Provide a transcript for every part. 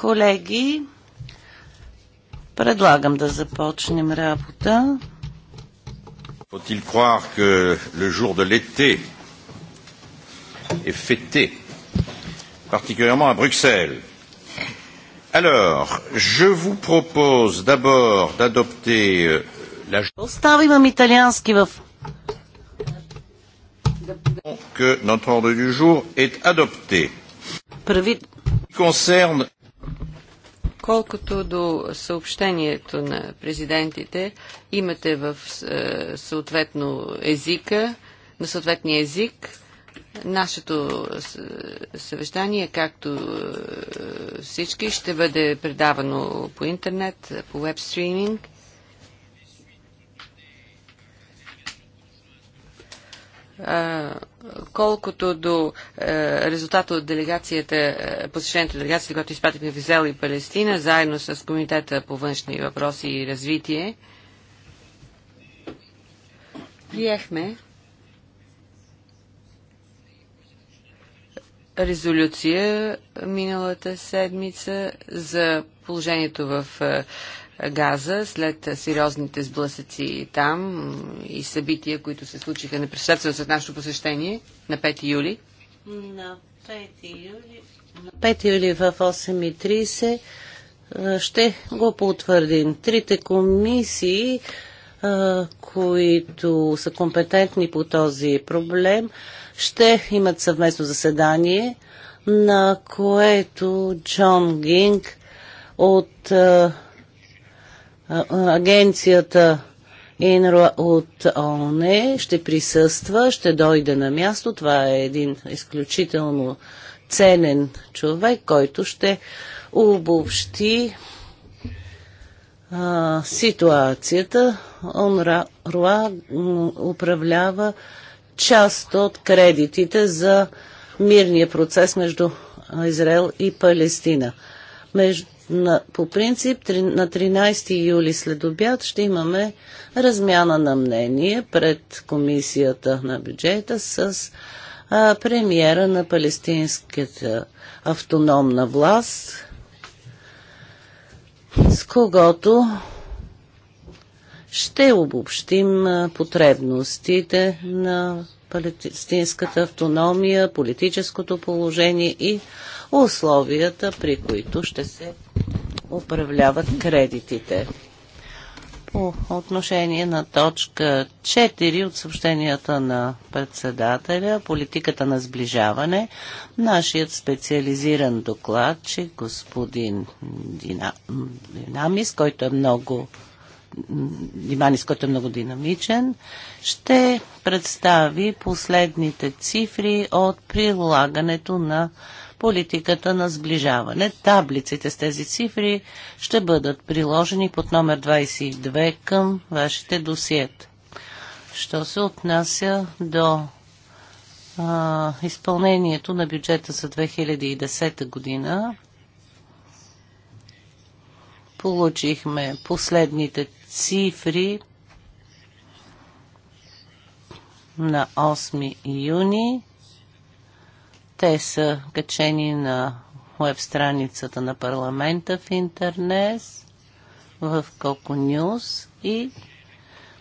Колеги, предлагам да започнем работа. Faut-il croire que le jour de l'été est fêté, particulièrement à Bruxelles Alors, je vous propose d'abord d'adopter euh, la... Оставим италиански в... Que notre ordre du jour est adopté. Concerne... Колкото до съобщението на президентите, имате в е, съответно езика, на съответния език Нашето съвещание, както е, всички, ще бъде предавано по интернет, по веб стриминг. Колкото до е, резултата от делегацията, е, посещението на делегацията, която изпратихме в Израел и Палестина, заедно с Комитета по външни въпроси и развитие, приехме резолюция миналата седмица за положението в е, Газа след сериозните сблъсъци там и събития, които се случиха непредседателно след нашето посещение на 5 юли. На 5 юли, на 5 юли в 8.30 е, ще го потвърдим. Трите комисии които са компетентни по този проблем, ще имат съвместно заседание, на което Джон Гинг от агенцията Инро от ОНЕ, ще присъства, ще дойде на място. Това е един изключително ценен човек, който ще обобщи ситуацията. ОНРА управлява част от кредитите за мирния процес между Израел и Палестина. на, по принцип на 13 юли след обяд ще имаме размяна на мнение пред комисията на бюджета с а, премиера на палестинската автономна власт с когото ще обобщим потребностите на палестинската автономия, политическото положение и условията, при които ще се управляват кредитите по отношение на точка 4 от съобщенията на председателя, политиката на сближаване, нашият специализиран докладчик, господин Дина... Динамис, който е много Диманис, който е много динамичен, ще представи последните цифри от прилагането на политиката на сближаване. Таблиците с тези цифри ще бъдат приложени под номер 22 към вашите досиет. Що се отнася до а, изпълнението на бюджета за 2010 година, получихме последните цифри на 8 юни те са качени на веб страницата на парламента в интернет, в Коко Нюз и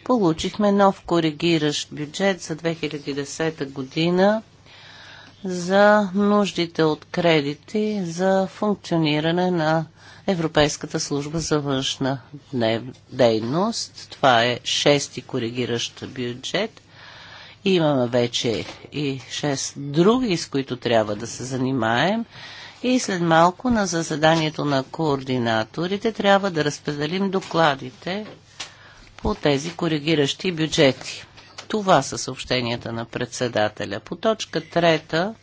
получихме нов коригиращ бюджет за 2010 година за нуждите от кредити за функциониране на Европейската служба за външна дейност. Това е шести коригиращ бюджет – Имаме вече и 6 други, с които трябва да се занимаем. И след малко на заседанието на координаторите трябва да разпределим докладите по тези коригиращи бюджети. Това са съобщенията на председателя. По точка трета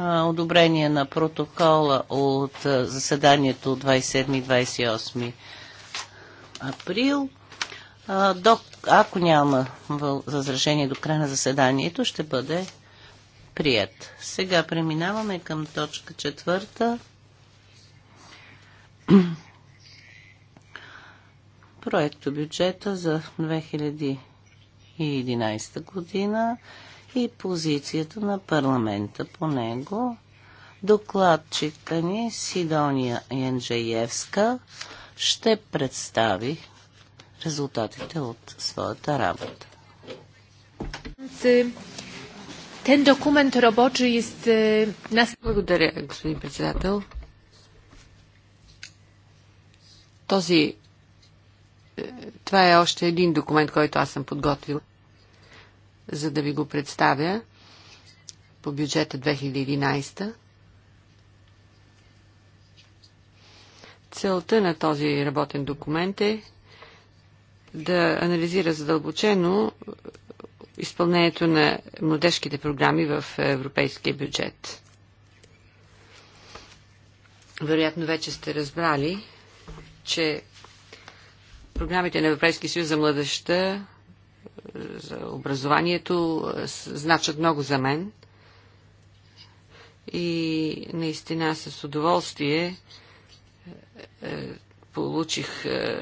одобрение на протокола от заседанието 27-28 април. А, ако няма възражение до края на заседанието, ще бъде прият. Сега преминаваме към точка четвърта. Проекто бюджета за 2011 година и позицията на парламента по него. Докладчика ни Сидония Янджеевска ще представи резултатите от своята работа. E, Благодаря, господин председател. Този... Е, това е още един документ, който аз съм подготвил, за да ви го представя по бюджета 2011. Целта на този работен документ е да анализира задълбочено изпълнението на младежките програми в европейския бюджет. Вероятно вече сте разбрали, че програмите на Европейския съюз за младеща, за образованието е, значат много за мен. И наистина с удоволствие е, е, Получих е,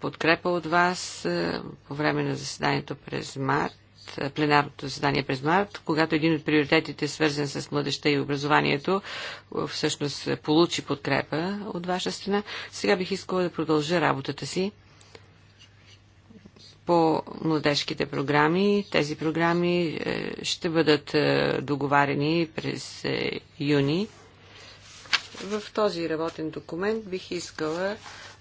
подкрепа от вас е, по време на заседанието през март е, пленарното заседание през март, когато един от приоритетите, свързан с младеща и образованието, всъщност получи подкрепа от ваша страна. Сега бих искала да продължа работата си по младежките програми. Тези програми ще бъдат договарени през юни. В този работен документ бих искала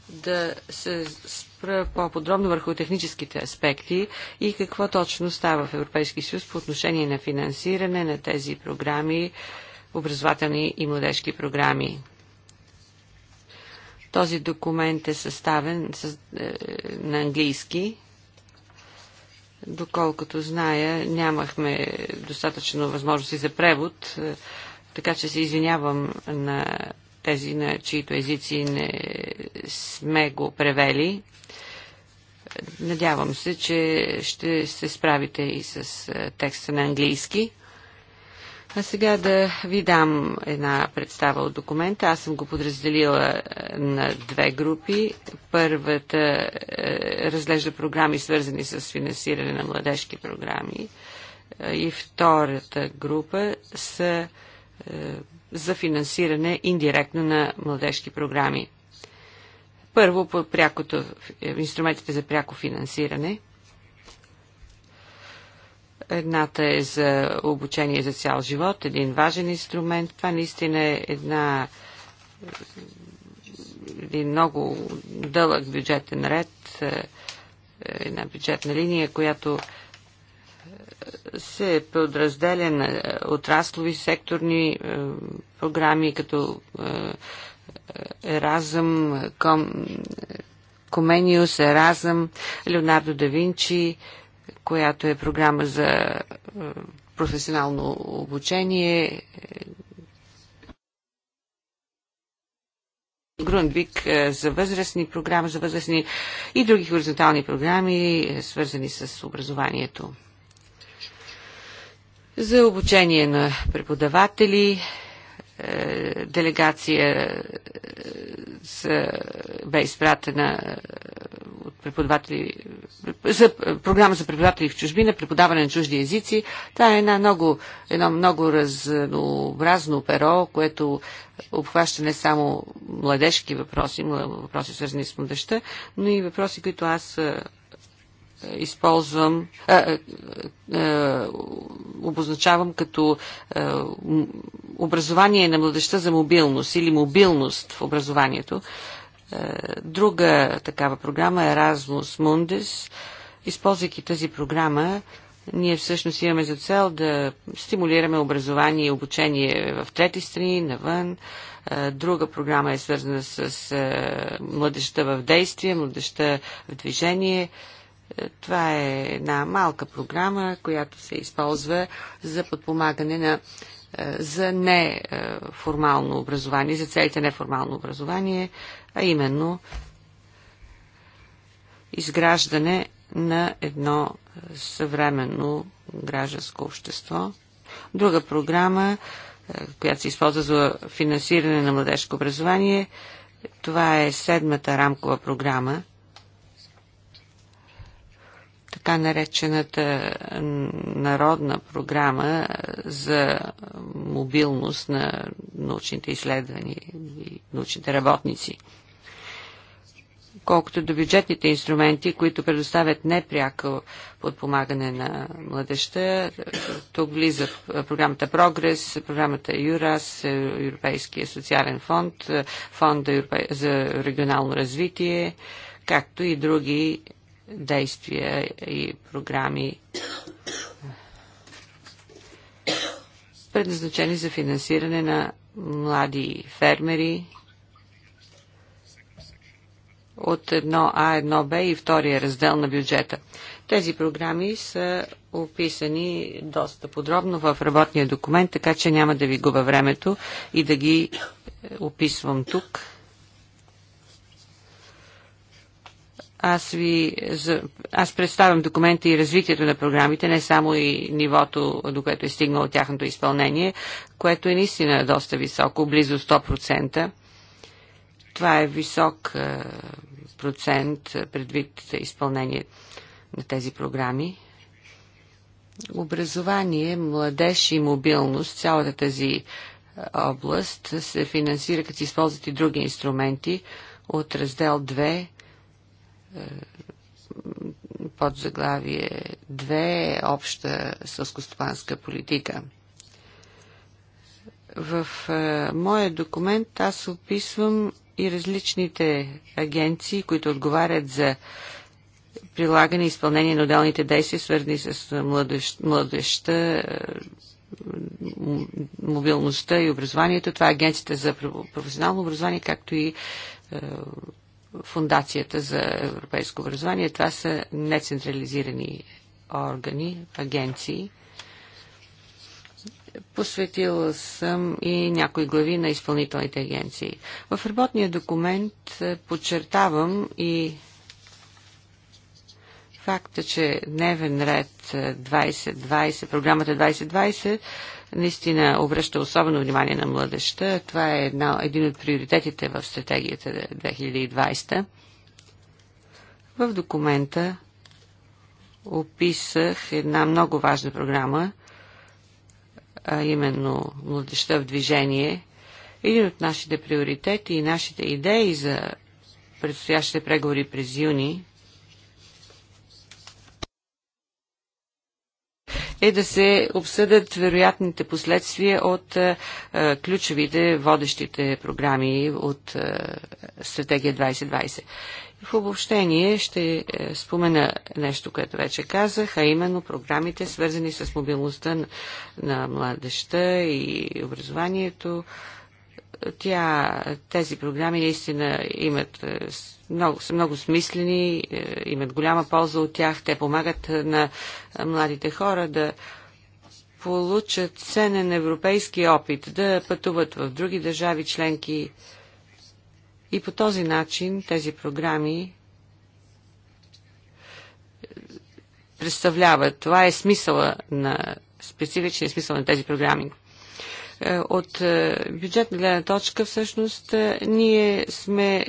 да се спра по-подробно върху техническите аспекти и какво точно става в Европейския съюз по отношение на финансиране на тези програми, образователни и младежки програми. Този документ е съставен е, на английски. Доколкото зная, нямахме достатъчно възможности за превод. Е, така че се извинявам на тези, на чието езици не сме го превели. Надявам се, че ще се справите и с текста на английски. А сега да ви дам една представа от документа. Аз съм го подразделила на две групи. Първата е, разглежда програми, свързани с финансиране на младежки програми. И втората група са е, е, за финансиране индиректно на младежки програми. Първо по прякото, е, инструментите за пряко финансиране. Едната е за обучение за цял живот, един важен инструмент. Това наистина е една е, един много дълъг бюджетен ред, една бюджетна линия, която се подразделя на е, отраслови секторни е, програми, като е, Еразъм, Комениус, Еразъм, Леонардо да Винчи, която е програма за професионално обучение. Грундвик за възрастни програми, за възрастни и други хоризонтални програми, свързани с образованието за обучение на преподаватели, е, делегация за, е, бе изпратена от преподаватели за програма за преподаватели в чужбина, преподаване на чужди езици. Това е една много, едно много разнообразно перо, което обхваща не само младежки въпроси, въпроси свързани с младеща, но и въпроси, които аз използвам, а, а, обозначавам като а, образование на младеща за мобилност или мобилност в образованието. Друга такава програма е Erasmus Mundus. Използвайки тази програма, ние всъщност имаме за цел да стимулираме образование и обучение в трети страни, навън. Друга програма е свързана с младеща в действие, младеща в движение. Това е една малка програма, която се използва за подпомагане на е, за неформално е, образование, за целите неформално образование, а именно изграждане на едно е, съвременно гражданско общество. Друга програма, която се използва за финансиране на младежко образование, това е седмата рамкова програма така наречената народна програма за мобилност на научните изследвания и научните работници. Колкото до бюджетните инструменти, които предоставят непряко подпомагане на младеща, тук влиза програмата Прогрес, програмата ЮРАС, е, Европейския социален фонд, фонда за регионално развитие, както и други действия и програми, предназначени за финансиране на млади фермери от 1А, 1Б и втория раздел на бюджета. Тези програми са описани доста подробно в работния документ, така че няма да ви губа времето и да ги е, описвам тук. Аз, ви, аз представям документи и развитието на програмите, не само и нивото, до което е стигнало тяхното изпълнение, което е наистина доста високо, близо 100%. Това е висок е, процент е, предвид изпълнение на тези програми. Образование, младеж и мобилност, цялата тази е, област се финансира, като се използват и други инструменти от раздел 2 под заглавие 2 е обща сълскостопанска политика. В е, моя документ аз описвам и различните агенции, които отговарят за прилагане и изпълнение на отделните действия, свързани с младеща, младежта, е, мобилността и образованието. Това е агенцията за професионално образование, както и Фундацията за европейско образование. Това са нецентрализирани органи, агенции. Посветил съм и някои глави на изпълнителните агенции. В работния документ е, подчертавам и факта, че дневен ред 2020, е, програмата 2020 наистина обръща особено внимание на младеща. Това е една, един от приоритетите в стратегията 2020. В документа описах една много важна програма, а именно младеща в движение. Един от нашите приоритети и нашите идеи за предстоящите преговори през юни е да се обсъдят вероятните последствия от е, е, ключовите водещите програми от е, Стратегия 2020. В обобщение ще спомена нещо, което вече казах, а именно програмите, свързани с мобилността на младеща и образованието, тя, тези програми наистина имат е, много, са много смислени, е, имат голяма полза от тях. Те помагат е, на младите хора да получат ценен европейски опит, да пътуват в други държави членки. И по този начин тези програми представляват. Това е смисъла на специфичния смисъл на тези програми. Е, от е, бюджетна гледна точка всъщност е, ние сме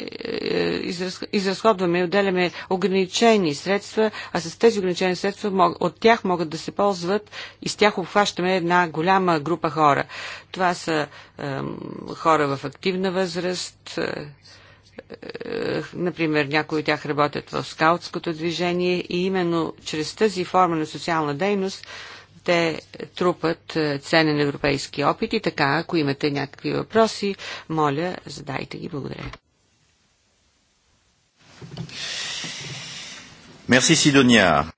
изразходваме, отделяме ограничени средства, а с тези ограничени средства от тях могат да се ползват и с тях обхващаме една голяма група хора. Това са хора в активна възраст, например, някои от тях работят в скаутското движение и именно чрез тази форма на социална дейност те трупат е, ценен европейски опит и така, ако имате някакви въпроси, моля, задайте ги. Благодаря. Мерси, Сидония.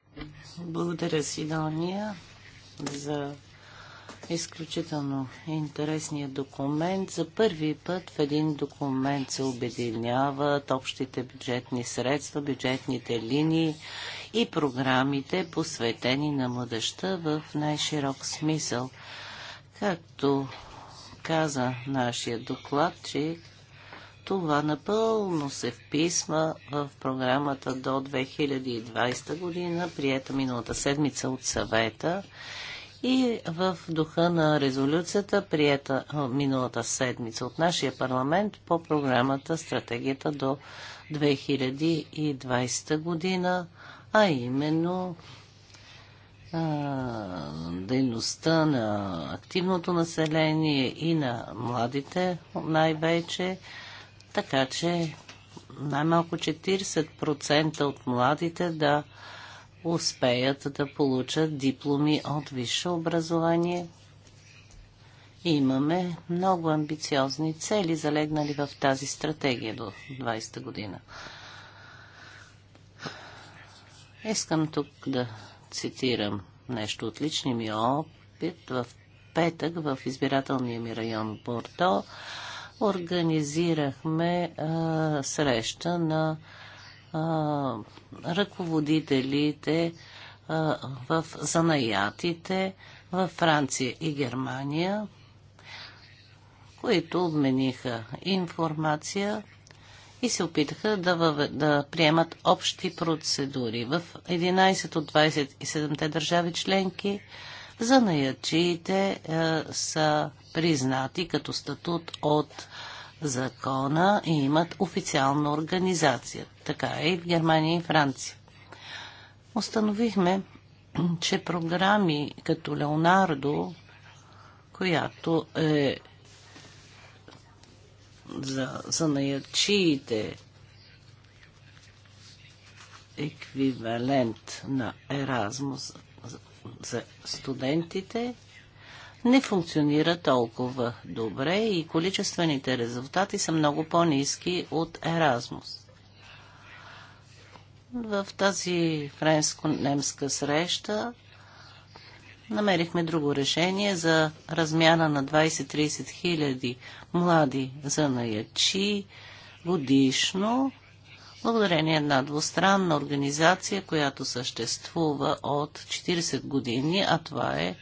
Благодаря, Сидония, за изключително интересният документ. За първи път в един документ се обединяват общите бюджетни средства, бюджетните линии и програмите, посветени на младеща в най-широк смисъл. Както каза нашия доклад, че това напълно се вписва в програмата до 2020 година, прията миналата седмица от съвета и в духа на резолюцията, прията миналата седмица от нашия парламент по програмата Стратегията до 2020 година, а именно а, дейността на активното население и на младите най-вече, така че най-малко 40% от младите да успеят да получат дипломи от висше образование. Имаме много амбициозни цели, залегнали в тази стратегия до 20-та година. Искам тук да цитирам нещо от лични ми опит. В петък в избирателния ми район Бордо организирахме а, среща на ръководителите в занаятите във Франция и Германия, които обмениха информация и се опитаха да, във... да приемат общи процедури. В 11 от 27-те държави членки занаячиите е, са признати като статут от е, закона и имат официална организация. Така е и в Германия и Франция. Установихме, че програми като Леонардо, която е за, за наячиите еквивалент на Еразмус за студентите, не функционира толкова добре и количествените резултати са много по-низки от Еразмус. В тази френско-немска среща намерихме друго решение за размяна на 20-30 хиляди млади занаячи годишно, благодарение на двустранна организация, която съществува от 40 години, а това е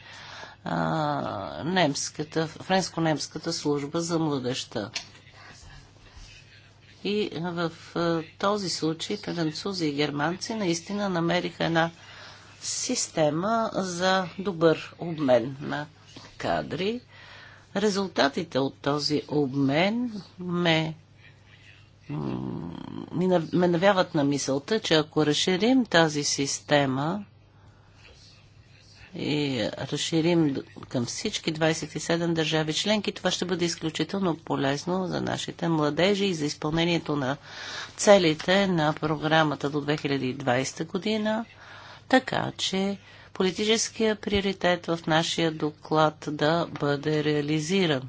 немската, френско-немската служба за младеща. И в този случай французи и германци наистина намериха една система за добър обмен на кадри. Резултатите от този обмен ме ме навяват на мисълта, че ако разширим тази система и разширим към всички 27 държави членки, това ще бъде изключително полезно за нашите младежи и за изпълнението на целите на програмата до 2020 година, така че политическия приоритет в нашия доклад да бъде реализиран.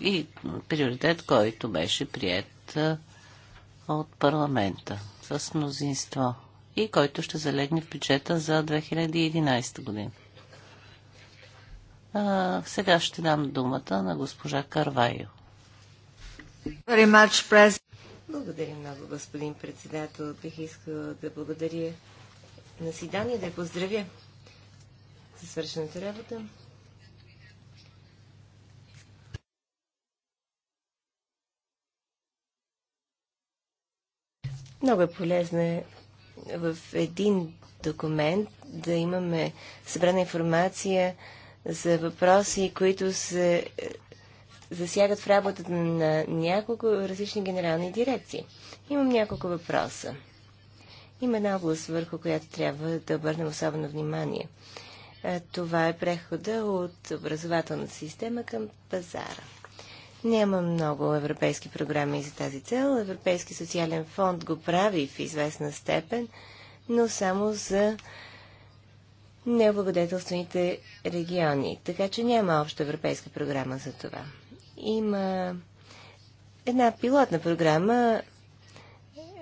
И приоритет, който беше прият от парламента с мнозинство и който ще залегне в бюджета за 2011 година. А, сега ще дам думата на госпожа Карвайо. Благодаря много, господин председател. Бих искала да благодаря на Сидания, да я поздравя за свършената работа. Много е полезна в един документ да имаме събрана информация за въпроси, които се е, засягат в работата на няколко различни генерални дирекции. Имам няколко въпроса. Има една област, върху която трябва да обърнем особено внимание. Е, това е прехода от образователната система към пазара. Няма много европейски програми за тази цел. Европейски социален фонд го прави в известна степен, но само за необлагодетелствените региони. Така че няма обща европейска програма за това. Има една пилотна програма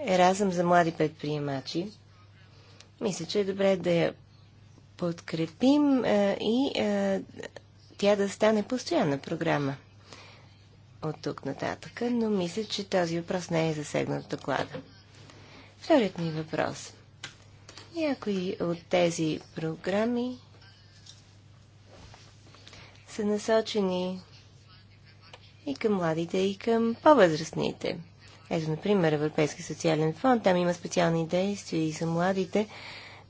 Еразъм за млади предприемачи. Мисля, че е добре да я подкрепим е, и е, тя да стане постоянна програма от тук нататък, но мисля, че този въпрос не е засегнат в доклада. Вторият ми въпрос. Някои от тези програми са насочени и към младите, и към по-възрастните. Ето, например, Европейски социален фонд, там има специални действия и за младите,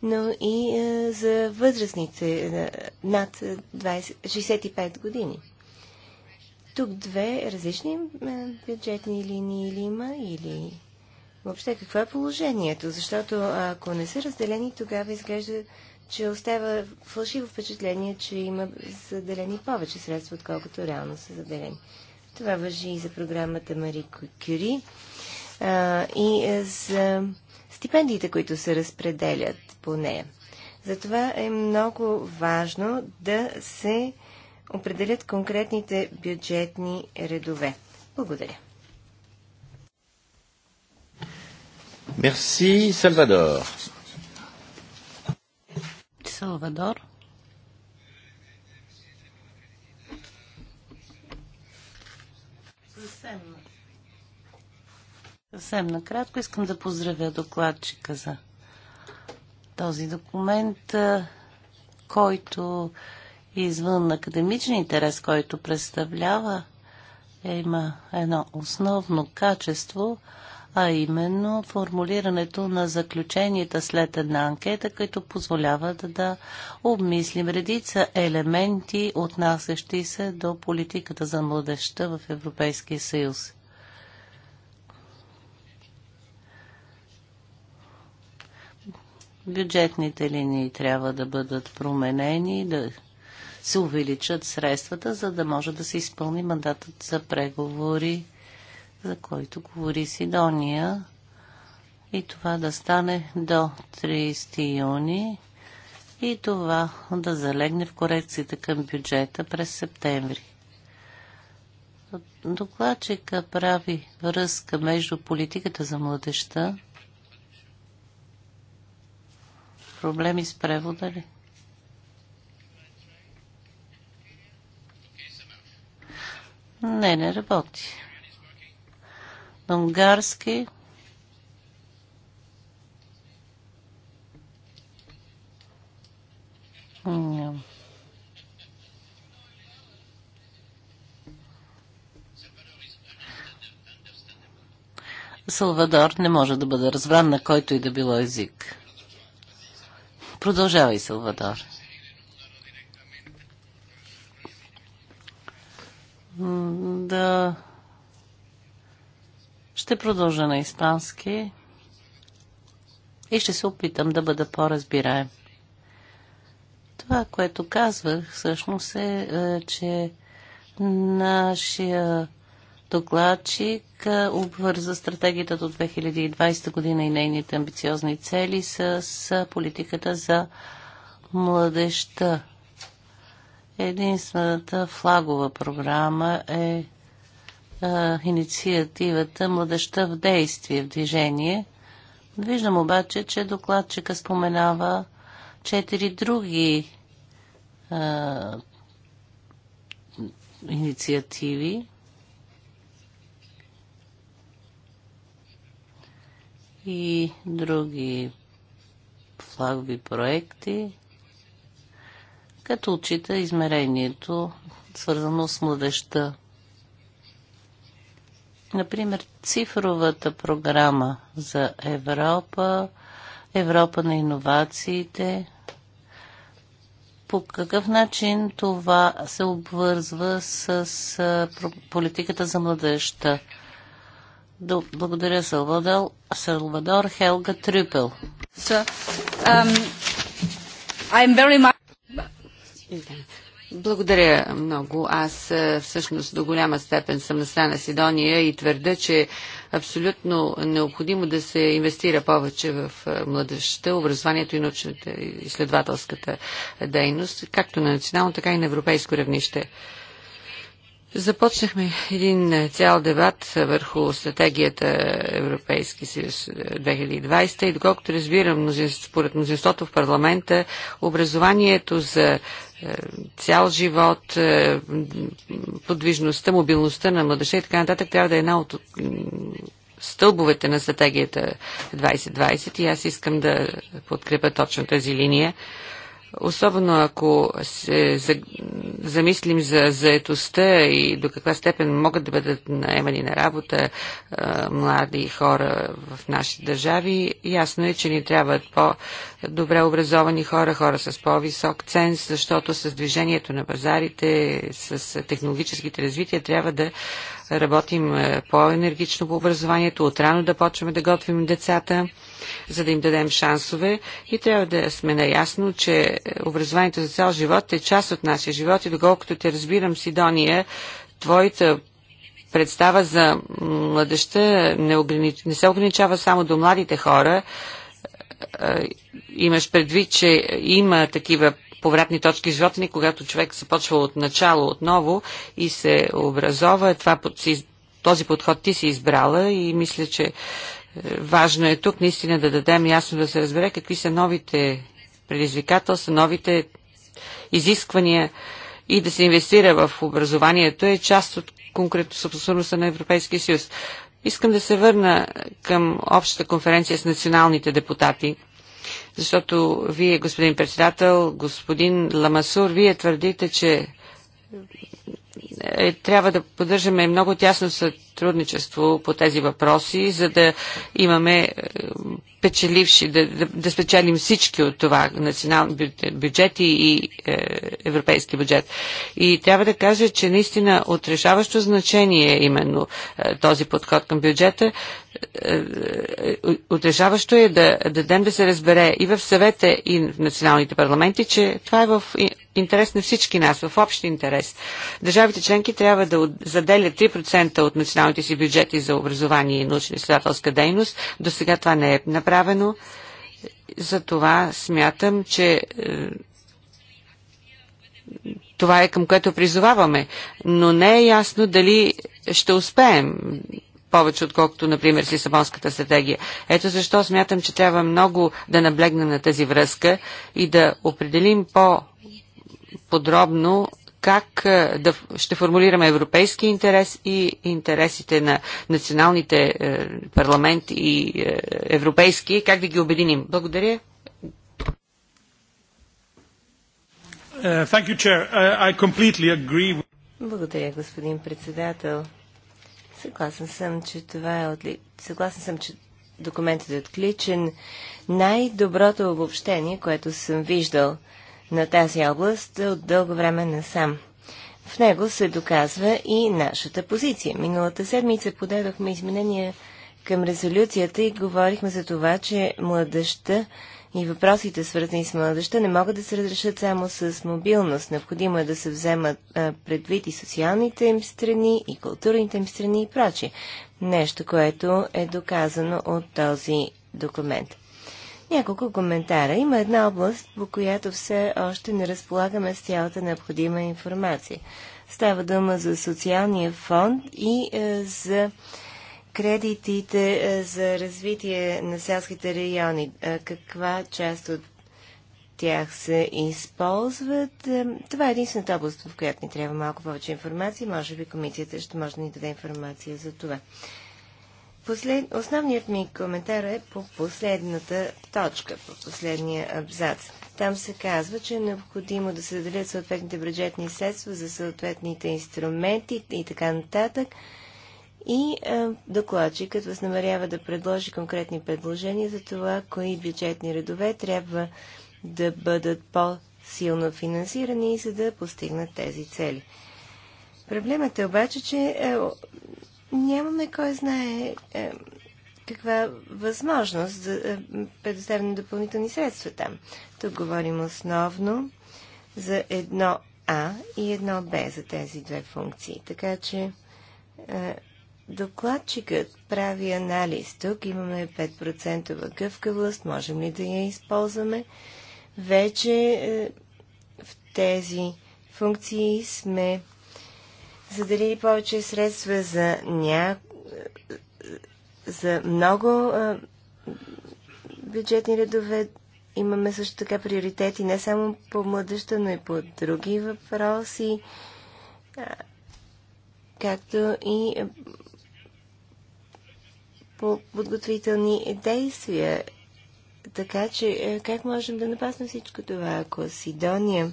но и е, за възрастните е, над 20, 65 години тук две различни е, бюджетни линии или има, или въобще какво е положението? Защото ако не са разделени, тогава изглежда, че остава фалшиво впечатление, че има заделени повече средства, отколкото реално са заделени. Това въжи и за програмата Мари Кюри и е, за стипендиите, които се разпределят по нея. Затова е много важно да се определят конкретните бюджетни редове. Благодаря. Мерси, Салвадор. Салвадор. Съвсем, съвсем накратко искам да поздравя докладчика за този документ, който извън академичния интерес, който представлява, е, има едно основно качество, а именно формулирането на заключенията след една анкета, които позволяват да обмислим редица елементи, отнасящи се до политиката за младеща в Европейския съюз. Бюджетните линии трябва да бъдат променени, да се увеличат средствата, за да може да се изпълни мандатът за преговори, за който говори Сидония. И това да стане до 30 юни и това да залегне в корекцията към бюджета през септември. Докладчика прави връзка между политиката за младеща. Проблеми с превода ли? Не, не работи. На унгарски. Салвадор не може да бъде разбран на който и да било език. Продължавай, Салвадор. да ще продължа на испански и ще се опитам да бъда по-разбираем. Това, което казвах, всъщност е, е че нашия докладчик е, обвърза стратегията до 2020 година и нейните амбициозни цели с политиката за младеща. Единствената флагова програма е а, инициативата Младеща в действие, в движение. Виждам обаче, че докладчика споменава четири други а, инициативи. И други флагови проекти като отчита измерението, свързано с младеща. Например, цифровата програма за Европа, Европа на иновациите, по какъв начин това се обвързва с политиката за младежта? Благодаря, Салвадор, Салвадор Хелга Трюпел. So, um, much... Да. Благодаря много. Аз е, всъщност до голяма степен съм на страна Сидония и твърда, че е абсолютно необходимо да се инвестира повече в е, младежта, образованието и научната изследователската дейност, както на национално, така и на европейско равнище. Започнахме един е, цял дебат върху стратегията Европейски съюз 2020 е, и доколкото разбирам, според мнозинството в парламента, образованието за е, цял живот, подвижността, мобилността на младеща и така нататък трябва да е една от стълбовете на стратегията 2020 и аз искам да подкрепя точно тази линия. Особено ако се замислим за заетостта и до каква степен могат да бъдат наемани на работа а, млади хора в нашите държави, ясно е, че ни трябват по-добре образовани хора, хора с по-висок ценз, защото с движението на пазарите, с технологическите развития трябва да работим е, по-енергично по образованието, отрано да почваме да готвим децата, за да им дадем шансове и трябва да сме наясно, че е, образованието за цял живот е част от нашия живот и доколкото те разбирам, Сидония, твоята представа за младеща не, ограни... не се ограничава само до младите хора, е, имаш предвид, че има такива повратни точки в живота ни, когато човек започва от начало отново и се образова. Това, този подход ти си избрала и мисля, че е, важно е тук наистина да дадем ясно да се разбере какви са новите предизвикателства, новите изисквания и да се инвестира в образованието е част от конкретно конкретоспособността на Европейския съюз. Искам да се върна към общата конференция с националните депутати – защото вие, господин председател, господин Ламасур, вие твърдите, че е, трябва да поддържаме много тясно сътрудничество по тези въпроси, за да имаме е, печеливши, да, да, да спечелим всички от това, национални бюджети и е, европейски бюджет. И трябва да кажа, че наистина от решаващо значение е именно е, този подход към бюджета, е, е, Отрешаващо е да, да дадем да се разбере и в съвета, и в националните парламенти, че това е в интерес на всички нас, в общ интерес. Държавите членки трябва да заделят 3% от националните си бюджети за образование и научно-изследователска дейност. До сега това не е направено направено. това смятам, че е, това е към което призоваваме, но не е ясно дали ще успеем повече отколкото, например, с Лисабонската стратегия. Ето защо смятам, че трябва много да наблегнем на тази връзка и да определим по подробно как да, ще формулираме европейски интерес и интересите на националните е, парламент и е, европейски, как да ги обединим. Благодаря. Uh, uh, Благодаря, господин председател. Съгласен съм, че това е отли... Съгласен съм, че документът е отличен. Най-доброто обобщение, което съм виждал – на тази област от дълго време насам. В него се доказва и нашата позиция. Миналата седмица подадохме изменения към резолюцията и говорихме за това, че младеща и въпросите, свързани с младеща, не могат да се разрешат само с мобилност. Необходимо е да се вземат предвид и социалните им страни, и културните им страни и прочие. Нещо, което е доказано от този документ. Няколко коментара. Има една област, по която все още не разполагаме с цялата необходима информация. Става дума за социалния фонд и е, за кредитите е, за развитие на селските райони. Е, каква част от тях се използват. Е, това е единствената област, в която ни трябва малко повече информация. Може би комисията ще може да ни даде информация за това. Послед... Основният ми коментар е по последната точка, по последния абзац. Там се казва, че е необходимо да се заделят съответните бюджетни средства за съответните инструменти и така нататък. И е, докладчикът възнамерява да предложи конкретни предложения за това, кои бюджетни редове трябва да бъдат по-силно финансирани, за да постигнат тези цели. Проблемът е обаче, че е, нямаме кой знае е, каква възможност за да е, предоставим допълнителни средства там. Тук говорим основно за едно А и едно Б за тези две функции. Така че е, докладчикът прави анализ. Тук имаме 5% гъвкавост, можем ли да я използваме? Вече е, в тези функции сме заделили повече средства за, ня... за много а, бюджетни редове. Имаме също така приоритети не само по младеща, но и по други въпроси, а, както и по подготвителни действия. Така че е, как можем да напаснем всичко това, ако Сидония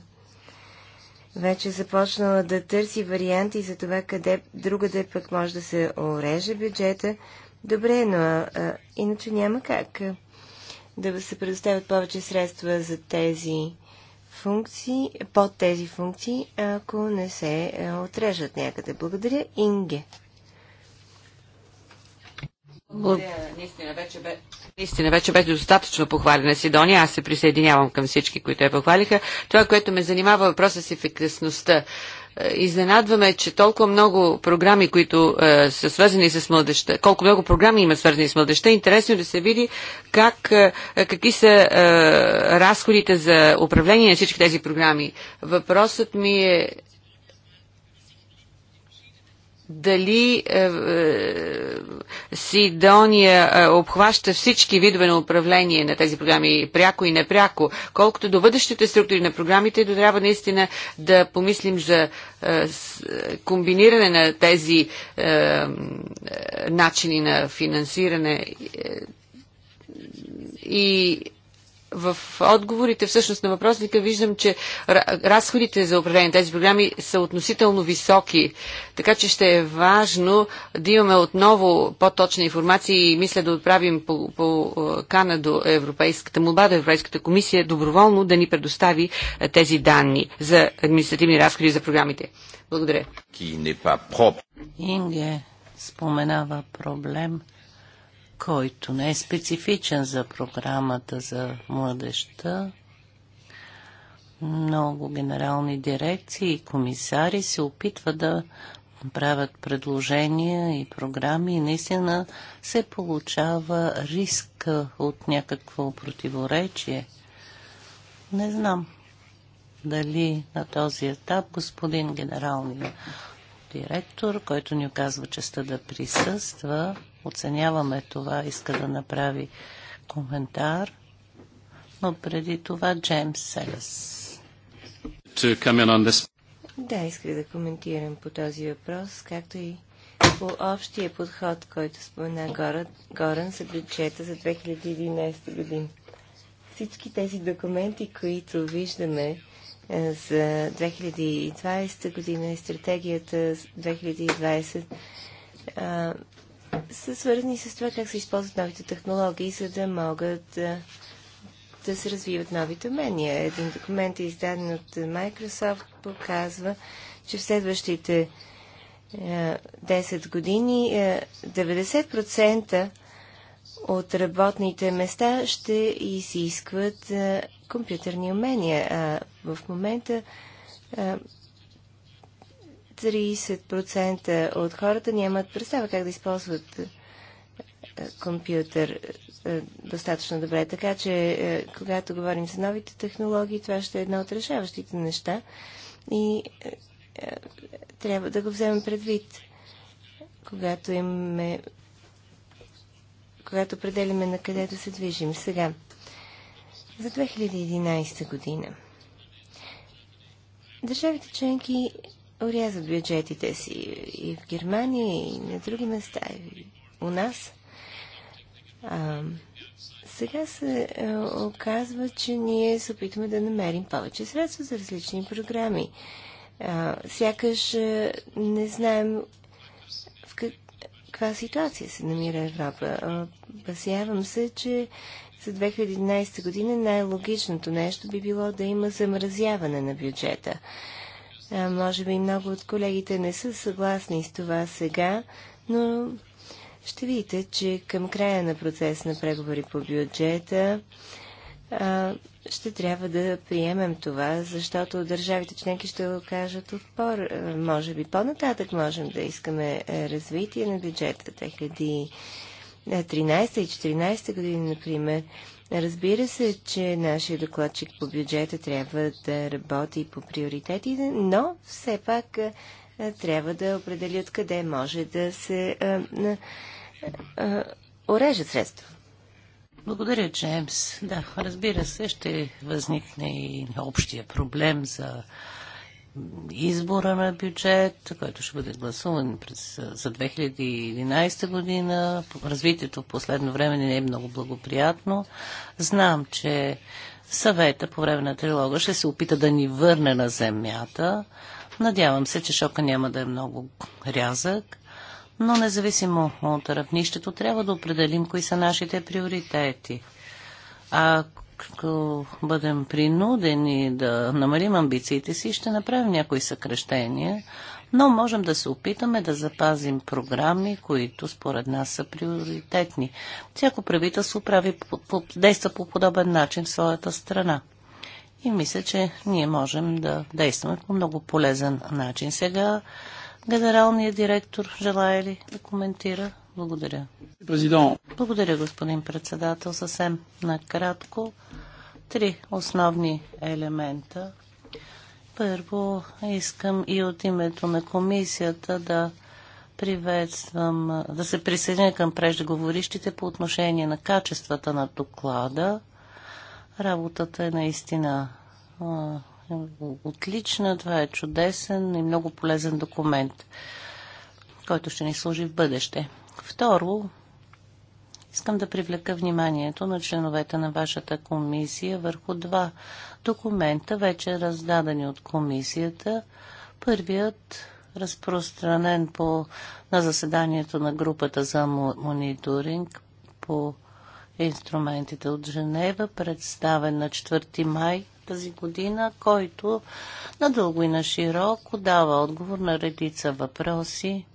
вече започнала да търси варианти за това къде другаде пък може да се ореже бюджета. Добре, но а, иначе няма как да се предоставят повече средства за тези функции, под тези функции, ако не се е, отрежат някъде. Благодаря, Инге. Благодаря. Наистина вече, бе, беше достатъчно похвалена Сидония. Аз се присъединявам към всички, които я похвалиха. Това, което ме занимава, въпроса с ефикасността. Е, изненадваме, че толкова много програми, които е, са свързани с младеща, колко много програми има свързани с младеща, интересно е да се види как, е, какви са е, разходите за управление на всички тези програми. Въпросът ми е дали е, е, Сидония е, обхваща всички видове на управление на тези програми, пряко и непряко. Колкото до бъдещите структури на програмите, до трябва наистина да помислим за е, комбиниране на тези е, е, начини на финансиране е, и в отговорите всъщност на въпросника виждам, че разходите за управление на тези програми са относително високи. Така че ще е важно да имаме отново по-точна информация и мисля да отправим по, по кана до Европейската молба до Европейската комисия доброволно да ни предостави тези данни за административни разходи за програмите. Благодаря. Инге споменава проблем който не е специфичен за програмата за младеща. Много генерални дирекции и комисари се опитват да правят предложения и програми и наистина се получава риск от някакво противоречие. Не знам дали на този етап господин генералният директор, който ни оказва честа да присъства, оценяваме това, иска да направи коментар. Но преди това Джеймс Селес. Да, исках да коментирам по този въпрос, както и по общия подход, който спомена Горан, за бюджета за 2011 година. Всички тези документи, които виждаме е, за 2020 година и стратегията 2020, са свързани с това как се използват новите технологии, за да могат да, да се развиват новите умения. Един документ, издаден от Microsoft, показва, че в следващите е, 10 години е, 90% от работните места ще изискват е, компютърни умения. А в момента 30% от хората нямат представа как да използват е, компютър е, достатъчно добре. Така че, е, когато говорим за новите технологии, това ще е едно от решаващите неща и трябва да го вземем предвид, когато имаме когато определяме на къде да се движим. Сега, за 2011 година. Държавите членки урязват бюджетите си и в Германия, и на други места, и у нас. А, сега се а, оказва, че ние се опитваме да намерим повече средства за различни програми. А, сякаш а, не знаем в как, каква ситуация се намира Европа. Пасявам се, че за 2011 година най-логичното нещо би било да има замразяване на бюджета. А, а, може би много от колегите не са съгласни с това сега, но ще видите, че към края на процес на преговори по бюджета а, ще трябва да приемем това, защото държавите членки ще окажат отпор. А, може би по-нататък можем да искаме развитие на бюджета 2013 и 2014 години, например. Разбира се, че нашия докладчик по бюджета трябва да работи по приоритетите, но все пак трябва да определи откъде може да се а, а, орежат средства. Благодаря, Джеймс. Да, разбира се, ще възникне и общия проблем за избора на бюджет, който ще бъде гласуван през, за 2011 година. Развитието в последно време не е много благоприятно. Знам, че съвета по време на трилога ще се опита да ни върне на земята. Надявам се, че шока няма да е много рязък. Но независимо от равнището, трябва да определим кои са нашите приоритети. Ако като бъдем принудени да намалим амбициите си, ще направим някои съкрещения, но можем да се опитаме да запазим програми, които според нас са приоритетни. Всяко правителство прави, действа по подобен начин в своята страна. И мисля, че ние можем да действаме по много полезен начин. Сега генералният директор желая ли да коментира? Благодаря. Президент. Благодаря, господин председател. Съвсем накратко. Три основни елемента. Първо, искам и от името на комисията да приветствам, да се присъединя към преждеговорищите по отношение на качествата на доклада. Работата е наистина отлична, това е чудесен и много полезен документ, който ще ни служи в бъдеще. Второ, искам да привлека вниманието на членовете на вашата комисия върху два документа, вече раздадени от комисията. Първият разпространен по, на заседанието на групата за мониторинг по инструментите от Женева, представен на 4 май тази година, който надълго и на широко дава отговор на редица въпроси,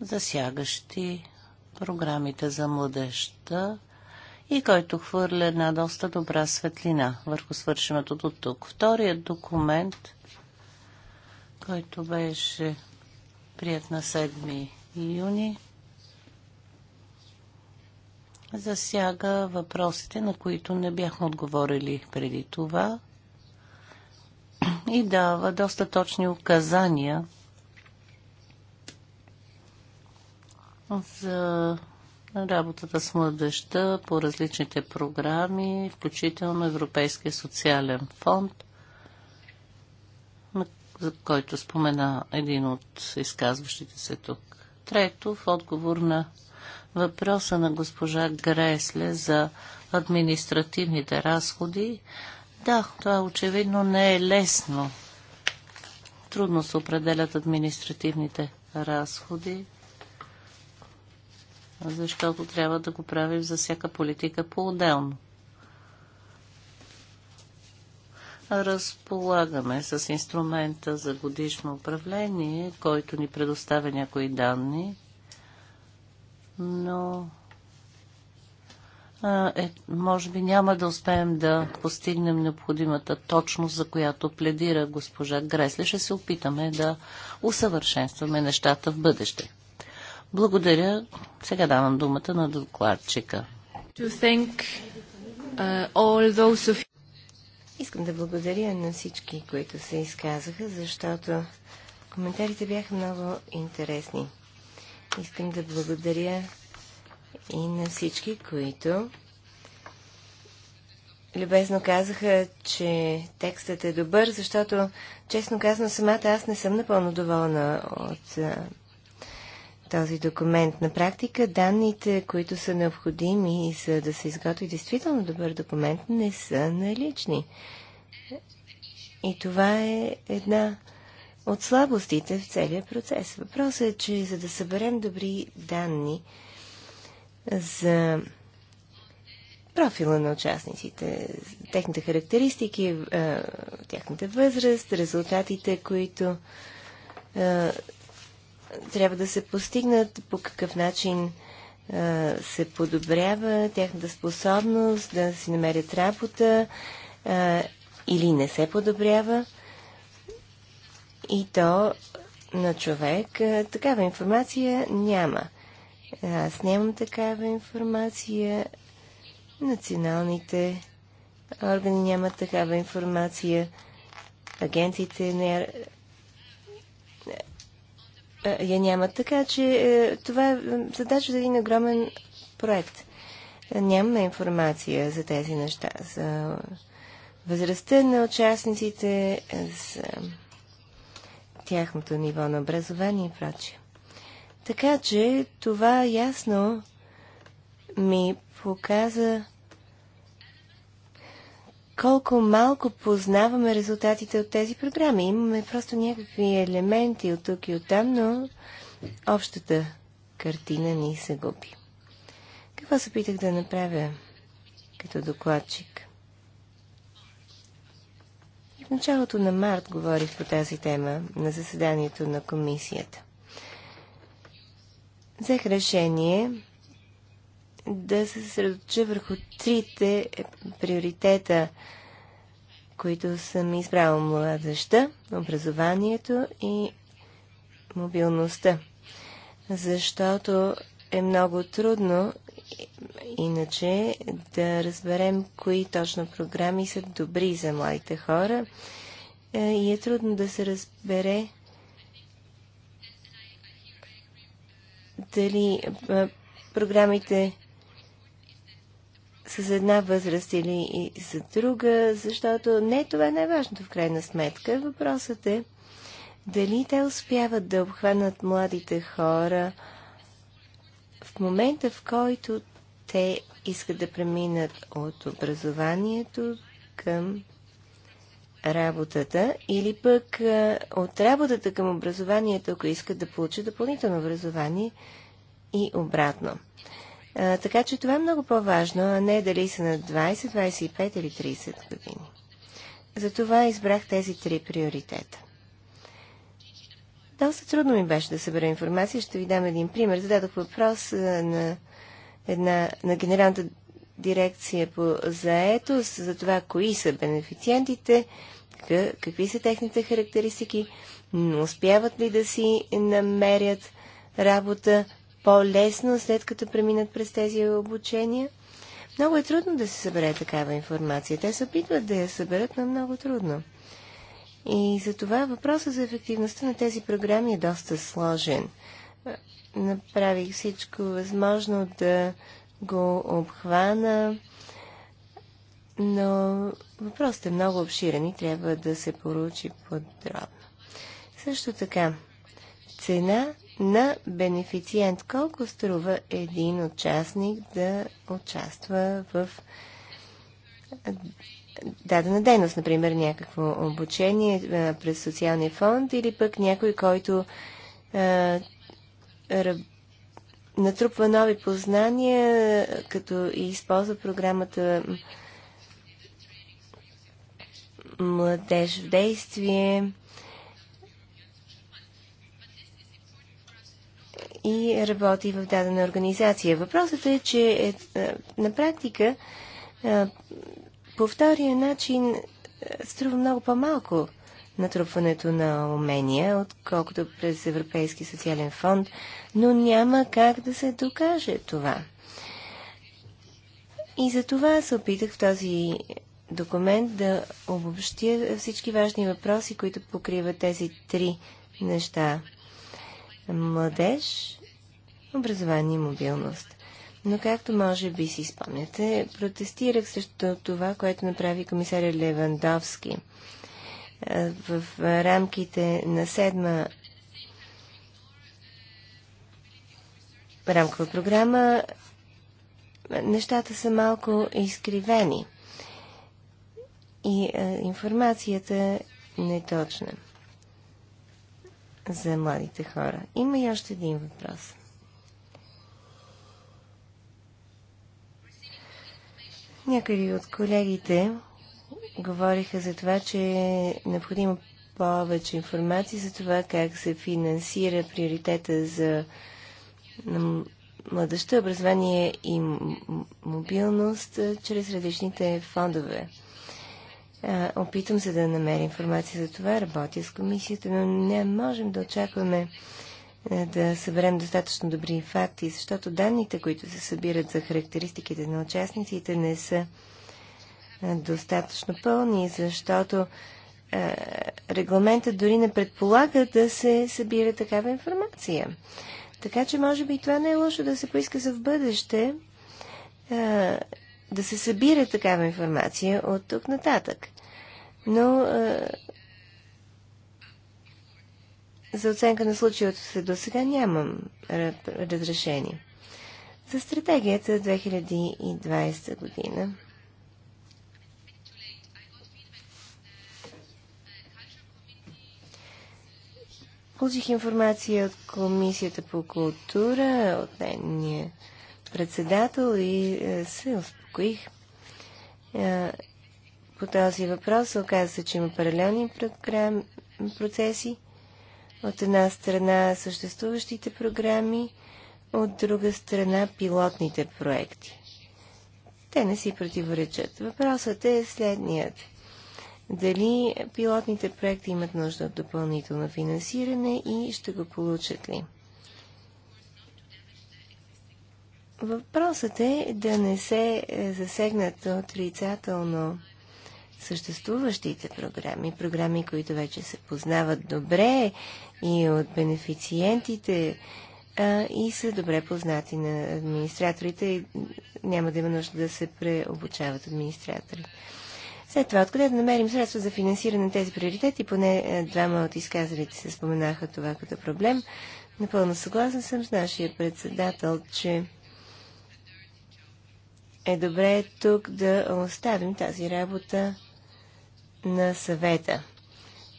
засягащи програмите за младежта и който хвърля една доста добра светлина върху свършеното до тук. Вторият документ, който беше прият на 7 юни, засяга въпросите, на които не бяхме отговорили преди това и дава доста точни указания за работата с младеща по различните програми, включително Европейския социален фонд, за който спомена един от изказващите се тук. Трето, в отговор на въпроса на госпожа Гресле за административните разходи, да, това очевидно не е лесно. Трудно се определят административните разходи защото трябва да го правим за всяка политика по-отделно. Разполагаме с инструмента за годишно управление, който ни предоставя някои данни, но е, може би няма да успеем да постигнем необходимата точност, за която пледира госпожа Гресле. Ще се опитаме да усъвършенстваме нещата в бъдеще. Благодаря. Сега давам думата на докладчика. Uh, Искам да благодаря на всички, които се изказаха, защото коментарите бяха много интересни. Искам да благодаря и на всички, които любезно казаха, че текстът е добър, защото, честно казано, самата аз не съм напълно доволна от този документ. На практика данните, които са необходими за да се изготви действително добър документ, не са налични. И това е една от слабостите в целия процес. Въпросът е, че за да съберем добри данни за профила на участниците, техните характеристики, е, тяхната възраст, резултатите, които е, трябва да се постигнат, по какъв начин а, се подобрява тяхната способност да си намерят работа а, или не се подобрява. И то на човек а, такава информация няма. Аз нямам такава информация. Националните органи нямат такава информация. Агенциите не е, я нямат. Така че е, това е задача за един огромен проект. Е, нямаме информация за тези неща, за възрастта на участниците, за тяхното ниво на образование и прочие. Така че това ясно ми показа колко малко познаваме резултатите от тези програми. Имаме просто някакви елементи от тук и от там, но общата картина ни се губи. Какво се опитах да направя като докладчик? И в началото на март говорих по тази тема на заседанието на комисията. Взех решение да се съсредоточа върху трите приоритета, които съм избрала младеща, образованието и мобилността. Защото е много трудно иначе да разберем кои точно програми са добри за младите хора е, и е трудно да се разбере дали е, програмите с една възраст или и за друга, защото не това е най-важното в крайна сметка. Въпросът е дали те успяват да обхванат младите хора в момента, в който те искат да преминат от образованието към работата или пък от работата към образованието, ако искат да получат допълнително образование и обратно така че това е много по-важно, а не дали са на 20, 25 или 30 години. Затова избрах тези три приоритета. Доста трудно ми беше да събера информация. Ще ви дам един пример. Зададох въпрос на, една, на генералната дирекция по заетост за това кои са бенефициентите, какви са техните характеристики, успяват ли да си намерят работа по-лесно, след като преминат през тези обучения. Много е трудно да се събере такава информация. Те се опитват да я съберат, но е много трудно. И за това въпросът за ефективността на тези програми е доста сложен. Направих всичко възможно да го обхвана, но въпросът е много обширен и трябва да се поручи подробно. Също така, цена на бенефициент. Колко струва един участник да участва в дадена дейност, например някакво обучение през социалния фонд или пък някой, който а, натрупва нови познания, като и използва програмата Младеж в действие и работи в дадена организация. Въпросът е, че е, е на практика е, по втория начин е, струва много по-малко натрупването на умения, отколкото през Европейски социален фонд, но няма как да се докаже това. И за това се опитах в този документ да обобщя всички важни въпроси, които покриват тези три неща младеж, образование и мобилност. Но както може би си спомняте, протестирах срещу това, което направи комисаря Левандовски е, в рамките на седма рамкова програма. Нещата са малко изкривени и е, информацията не е точна за младите хора. Има и още един въпрос. Някъде от колегите говориха за това, че е необходимо повече информация за това как се финансира приоритета за младеща, образование и мобилност чрез различните фондове. Е, опитам се да намеря информация за това, работя с комисията, но не можем да очакваме е, да съберем достатъчно добри факти, защото данните, които се събират за характеристиките на участниците, не са е, достатъчно пълни, защото регламентът дори не предполага да се събира такава информация. Така че може би това не е лошо да се поиска за в бъдеще да се събира такава информация от тук нататък. Но е, за оценка на случилото се до сега нямам разрешение. За стратегията 2020 година. Получих информация от Комисията по култура, от нейния председател и е, се успокоих. Е, по този въпрос оказа се, че има паралелни процеси. От една страна съществуващите програми, от друга страна пилотните проекти. Те не си противоречат. Въпросът е следният. Дали пилотните проекти имат нужда от допълнително финансиране и ще го получат ли? Въпросът е да не се е, засегнат отрицателно съществуващите програми, програми, които вече се познават добре и от бенефициентите а, и са добре познати на администраторите и няма да има нужда да се преобучават администратори. След това, откъде да намерим средства за финансиране на тези приоритети, поне е, двама от изказалите се споменаха това като проблем. Напълно съгласен съм с нашия председател, че е добре тук да оставим тази работа на съвета.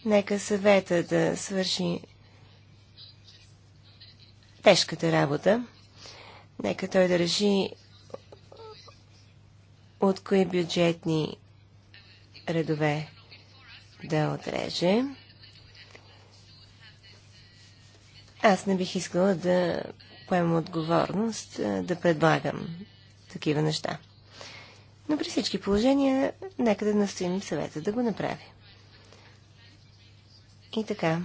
Нека съвета да свърши тежката работа. Нека той да реши от кои бюджетни редове да отреже. Аз не бих искала да поема отговорност да предлагам такива неща. Но при всички положения, нека да настоим съвета да го направи. И така.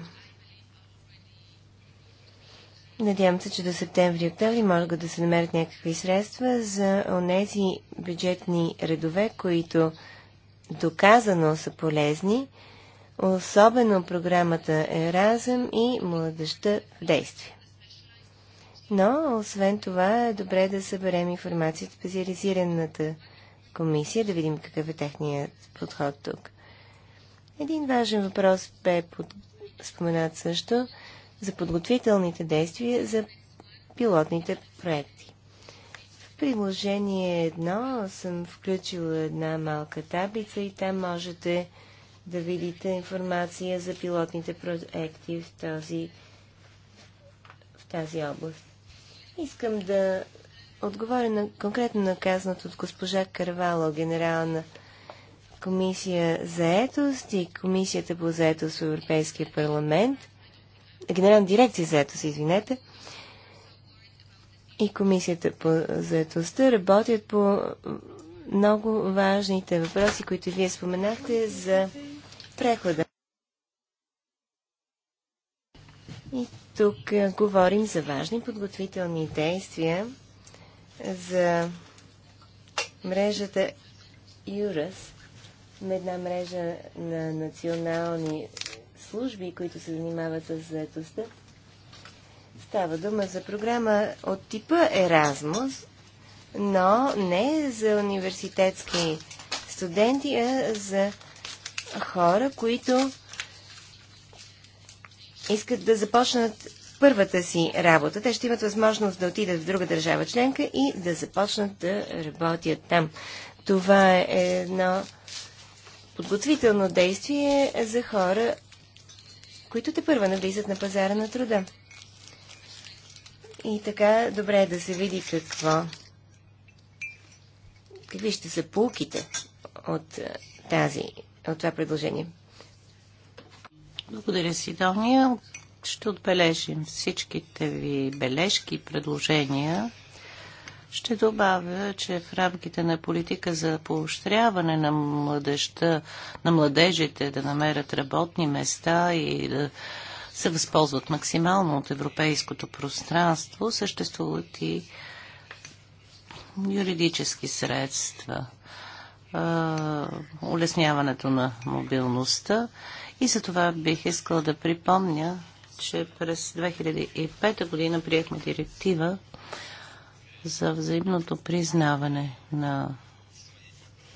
Надявам се, че до септември и октомври могат да се намерят някакви средства за онези бюджетни редове, които доказано са полезни, особено програмата Еразъм и младеща в действие. Но, освен това, е добре да съберем информация от специализираната комисия, да видим какъв е техният подход тук. Един важен въпрос бе под... споменат също за подготвителните действия за пилотните проекти. В приложение едно съм включила една малка таблица и там можете да видите информация за пилотните проекти в, този, в тази област. Искам да отговоря на, конкретно на казаното от госпожа Карвало, генерална комисия за етост и комисията по заетост в Европейския парламент, генерална дирекция за етост, извинете, и комисията по заетостта работят по много важните въпроси, които вие споменахте за прехода. И тук е, говорим за важни подготвителни действия за мрежата ЮРАС, на една мрежа на национални служби, които се занимават с заетостта. Става дума за програма от типа Еразмус, но не за университетски студенти, а за хора, които искат да започнат първата си работа. Те ще имат възможност да отидат в друга държава членка и да започнат да работят там. Това е едно подготвително действие за хора, които те първа навлизат на пазара на труда. И така, добре е да се види какво. Какви ще са полките от тази, от това предложение. Благодаря, Сидония. Ще отбележим всичките ви бележки и предложения. Ще добавя, че в рамките на политика за поощряване на младежта, на младежите да намерят работни места и да се възползват максимално от европейското пространство, съществуват и юридически средства, улесняването на мобилността и за това бих искал да припомня, че през 2005 година приехме директива за взаимното признаване на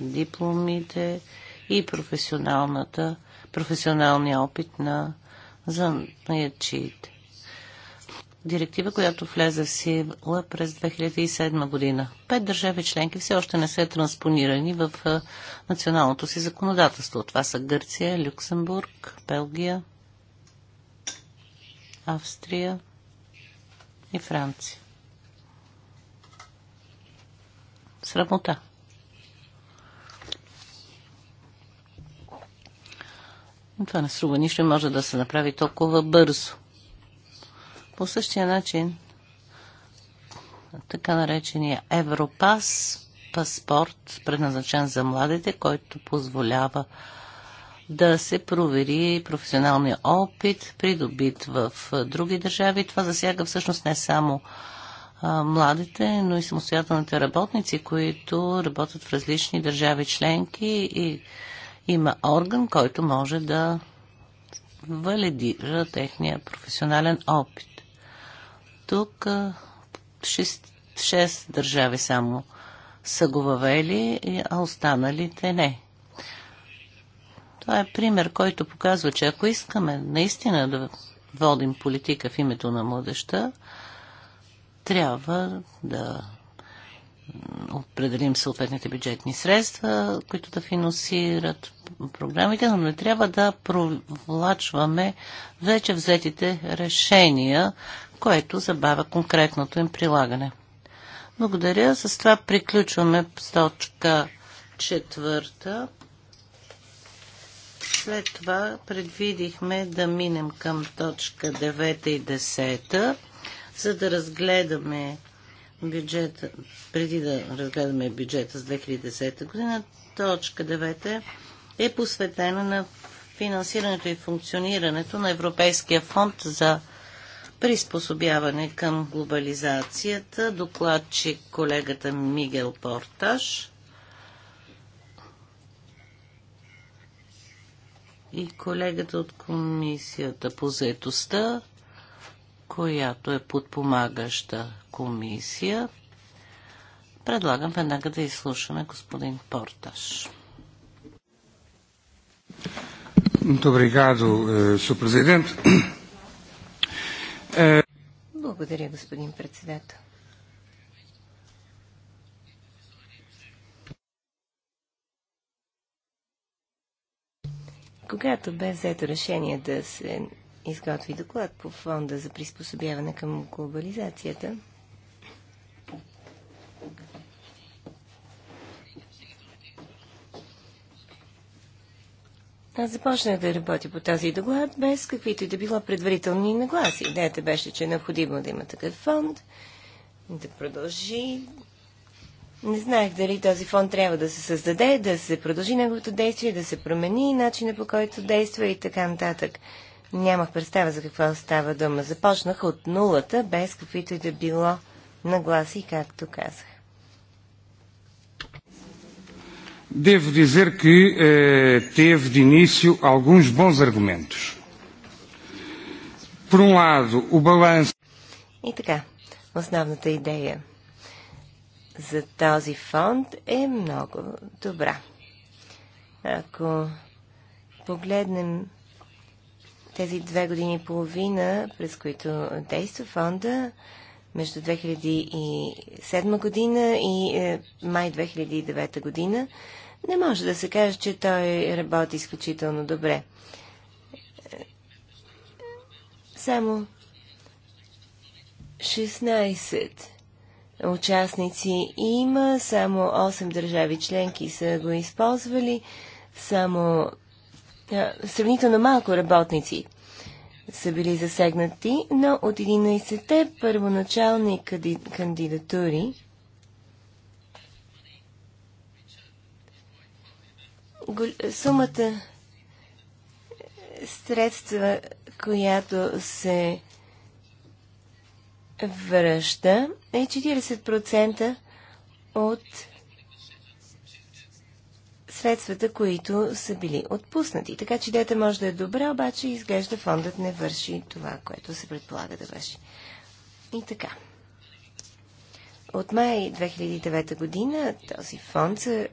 дипломите и професионалната, професионалния опит на занаячиите директива, която влезе в сила през 2007 година. Пет държави членки все още не са транспонирани в националното си законодателство. Това са Гърция, Люксембург, Белгия, Австрия и Франция. Срамота. Това не струва нищо и може да се направи толкова бързо. По същия начин, така наречения Европас, паспорт, предназначен за младите, който позволява да се провери професионалния опит, придобит в други държави. Това засяга всъщност не само младите, но и самостоятелните работници, които работят в различни държави членки и има орган, който може да валидира техния професионален опит. Тук 6, държави само са го въвели, а останалите не. Това е пример, който показва, че ако искаме наистина да водим политика в името на младеща, трябва да определим съответните бюджетни средства, които да финансират програмите, но не трябва да провлачваме вече взетите решения, което забавя конкретното им прилагане. Благодаря. С това приключваме с точка четвърта. След това предвидихме да минем към точка 9 и 10, за да разгледаме бюджета, преди да разгледаме бюджета с 2010 година, точка 9 е посветена на финансирането и функционирането на Европейския фонд за приспособяване към глобализацията. Докладчик колегата Мигел Порташ и колегата от Комисията по заетостта която е подпомагаща комисия. Предлагам веднага да изслушаме господин Порташ. Eh, eh, Благодаря, господин председател. Когато бе взето решение да се изготви доклад по фонда за приспособяване към глобализацията. Аз започнах да работя по този доклад без каквито и да било предварителни нагласи. Идеята беше, че е необходимо да има такъв фонд, да продължи. Не знаех дали този фонд трябва да се създаде, да се продължи неговото действие, да се промени начина по който действа и така нататък. Нямах представа за какво става дума. Започнах от нулата, без каквито и да било нагласи, както казах. Devo dizer que eh, teve de início alguns bons argumentos. Por um lado, o balanço. И така, основната идея за този фонд е много добра. Ако погледнем тези две години и половина, през които действа фонда, между 2007 година и е, май 2009 година, не може да се каже, че той работи изключително добре. Само 16 участници има, само 8 държави членки са го използвали, само сравнително малко работници са били засегнати, но от 11-те първоначални кандидатури сумата средства, която се връща е 40% от средствата, които са били отпуснати. Така че идеята може да е добра, обаче изглежда фондът не върши това, което се предполага да върши. И така. От май 2009 година този фонд се,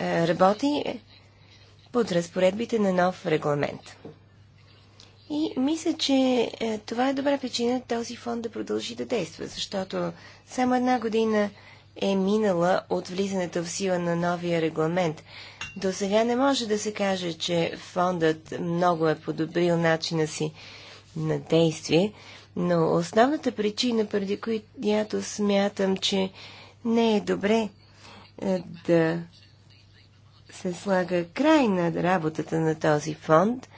работи под разпоредбите на нов регламент. И мисля, че това е добра причина този фонд да продължи да действа, защото само една година е минала от влизането в сила на новия регламент. До сега не може да се каже, че фондът много е подобрил начина си на действие, но основната причина, преди която смятам, че не е добре е, да се слага край на работата на този фонд,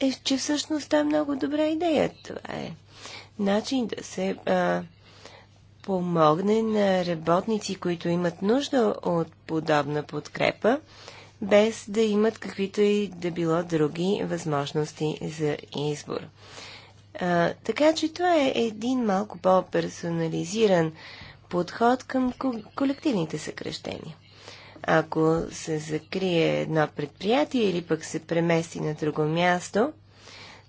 е, че всъщност е много добра идея. Това е начин да се а, помогне на работници, които имат нужда от подобна подкрепа, без да имат каквито и да било други възможности за избор. А, така че това е един малко по-персонализиран подход към колективните съкрещения. Ако се закрие едно предприятие или пък се премести на друго място,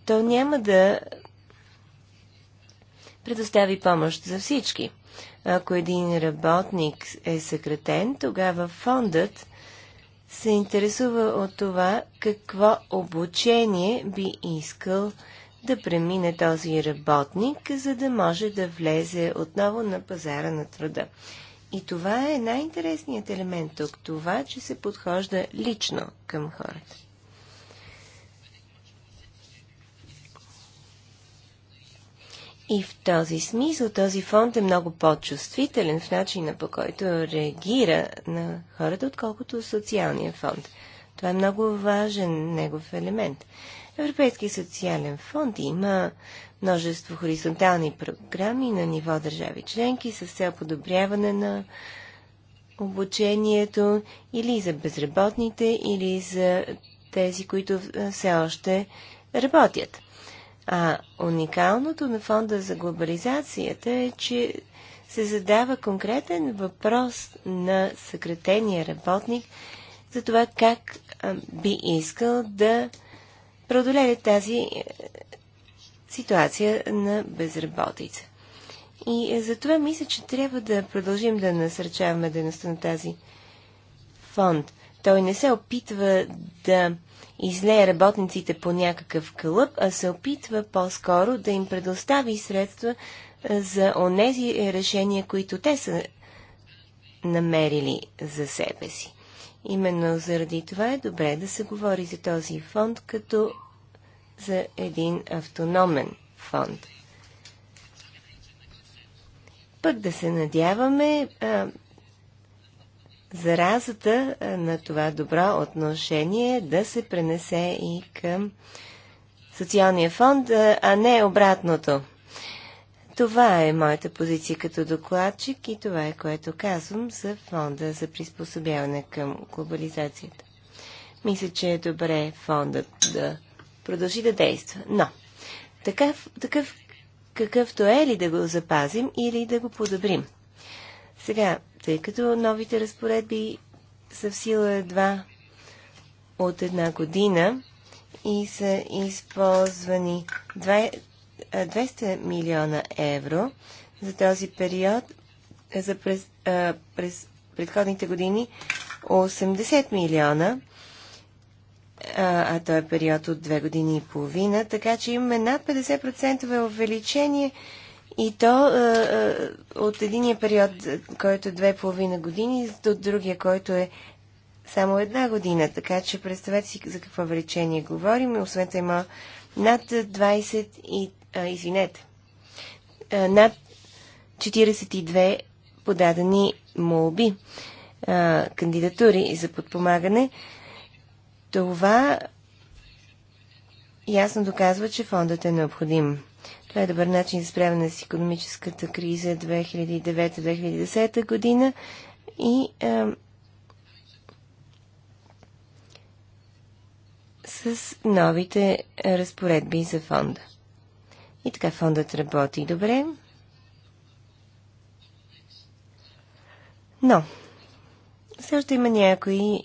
то няма да предостави помощ за всички. Ако един работник е съкратен, тогава фондът се интересува от това какво обучение би искал да премине този работник, за да може да влезе отново на пазара на труда. И това е най-интересният елемент тук. Това, че се подхожда лично към хората. И в този смисъл този фонд е много по-чувствителен в начина по който реагира на хората, отколкото социалния фонд. Това е много важен негов елемент. Европейският социален фонд има множество хоризонтални програми на ниво държави членки с цел подобряване на обучението или за безработните, или за тези, които все още работят. А уникалното на фонда за глобализацията е, че се задава конкретен въпрос на съкратения работник за това как би искал да преодолее тази е, ситуация на безработица. И е, затова мисля, че трябва да продължим да насърчаваме дейността на тази фонд. Той не се опитва да излее работниците по някакъв кълъп, а се опитва по-скоро да им предостави средства е, за онези решения, които те са намерили за себе си. Именно заради това е добре да се говори за този фонд като за един автономен фонд. Пък да се надяваме а, заразата на това добро отношение да се пренесе и към социалния фонд, а не обратното. Това е моята позиция като докладчик и това е което казвам за фонда за приспособяване към глобализацията. Мисля, че е добре фондът да продължи да действа. Но, такъв, такъв какъвто е ли да го запазим или да го подобрим? Сега, тъй като новите разпоредби са в сила едва от една година и са използвани 200 милиона евро за този период, за през, а, през предходните години 80 милиона, а, а то е период от 2 години и половина, така че имаме над 50% увеличение и то е, е, от единия период, който е две половина години, до другия, който е само една година. Така че представете си за какво величение говорим. Освен това има над 20 и, а, извинете, е, над 42 подадени молби, а, кандидатури за подпомагане. Това ясно доказва, че фондът е необходим. Това е добър начин за справяне с економическата криза 2009-2010 година и а, с новите разпоредби за фонда. И така фондът работи добре. Но, все още има някои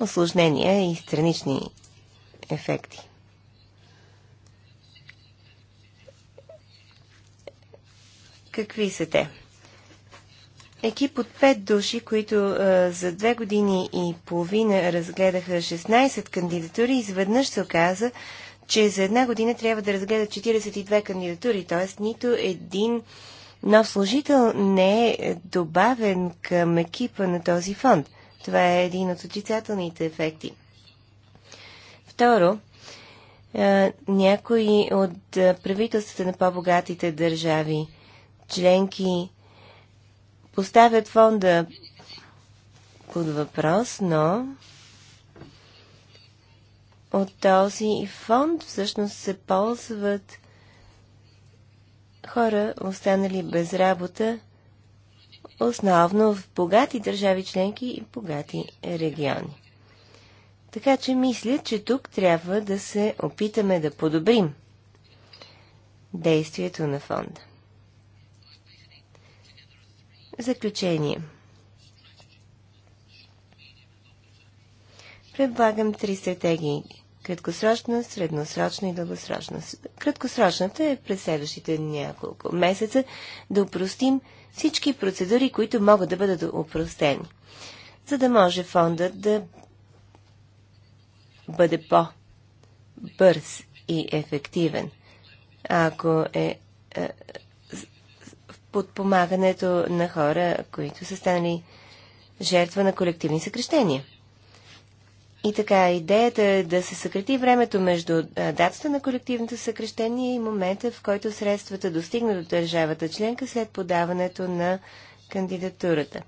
осложнения и странични ефекти. Какви са те? Екип от 5 души, които а, за 2 години и половина разгледаха 16 кандидатури, изведнъж се оказа, че за една година трябва да разгледат 42 кандидатури, т.е. нито един нов служител не е добавен към екипа на този фонд. Това е един от отрицателните ефекти. Второ, някои от правителствата на по-богатите държави членки поставят фонда под въпрос, но от този фонд всъщност се ползват хора, останали без работа, основно в богати държави членки и богати региони. Така че мисля, че тук трябва да се опитаме да подобрим действието на фонда. Заключение. Предлагам три стратегии. Краткосрочна, средносрочна и дългосрочна. Краткосрочната е през следващите няколко месеца да упростим всички процедури, които могат да бъдат упростени, за да може фондът да бъде по-бърз и ефективен. Ако е, е подпомагането на хора, които са станали жертва на колективни съкрещения. И така, идеята е да се съкрати времето между датата на колективното съкрещение и момента, в който средствата достигнат до държавата членка след подаването на кандидатурата.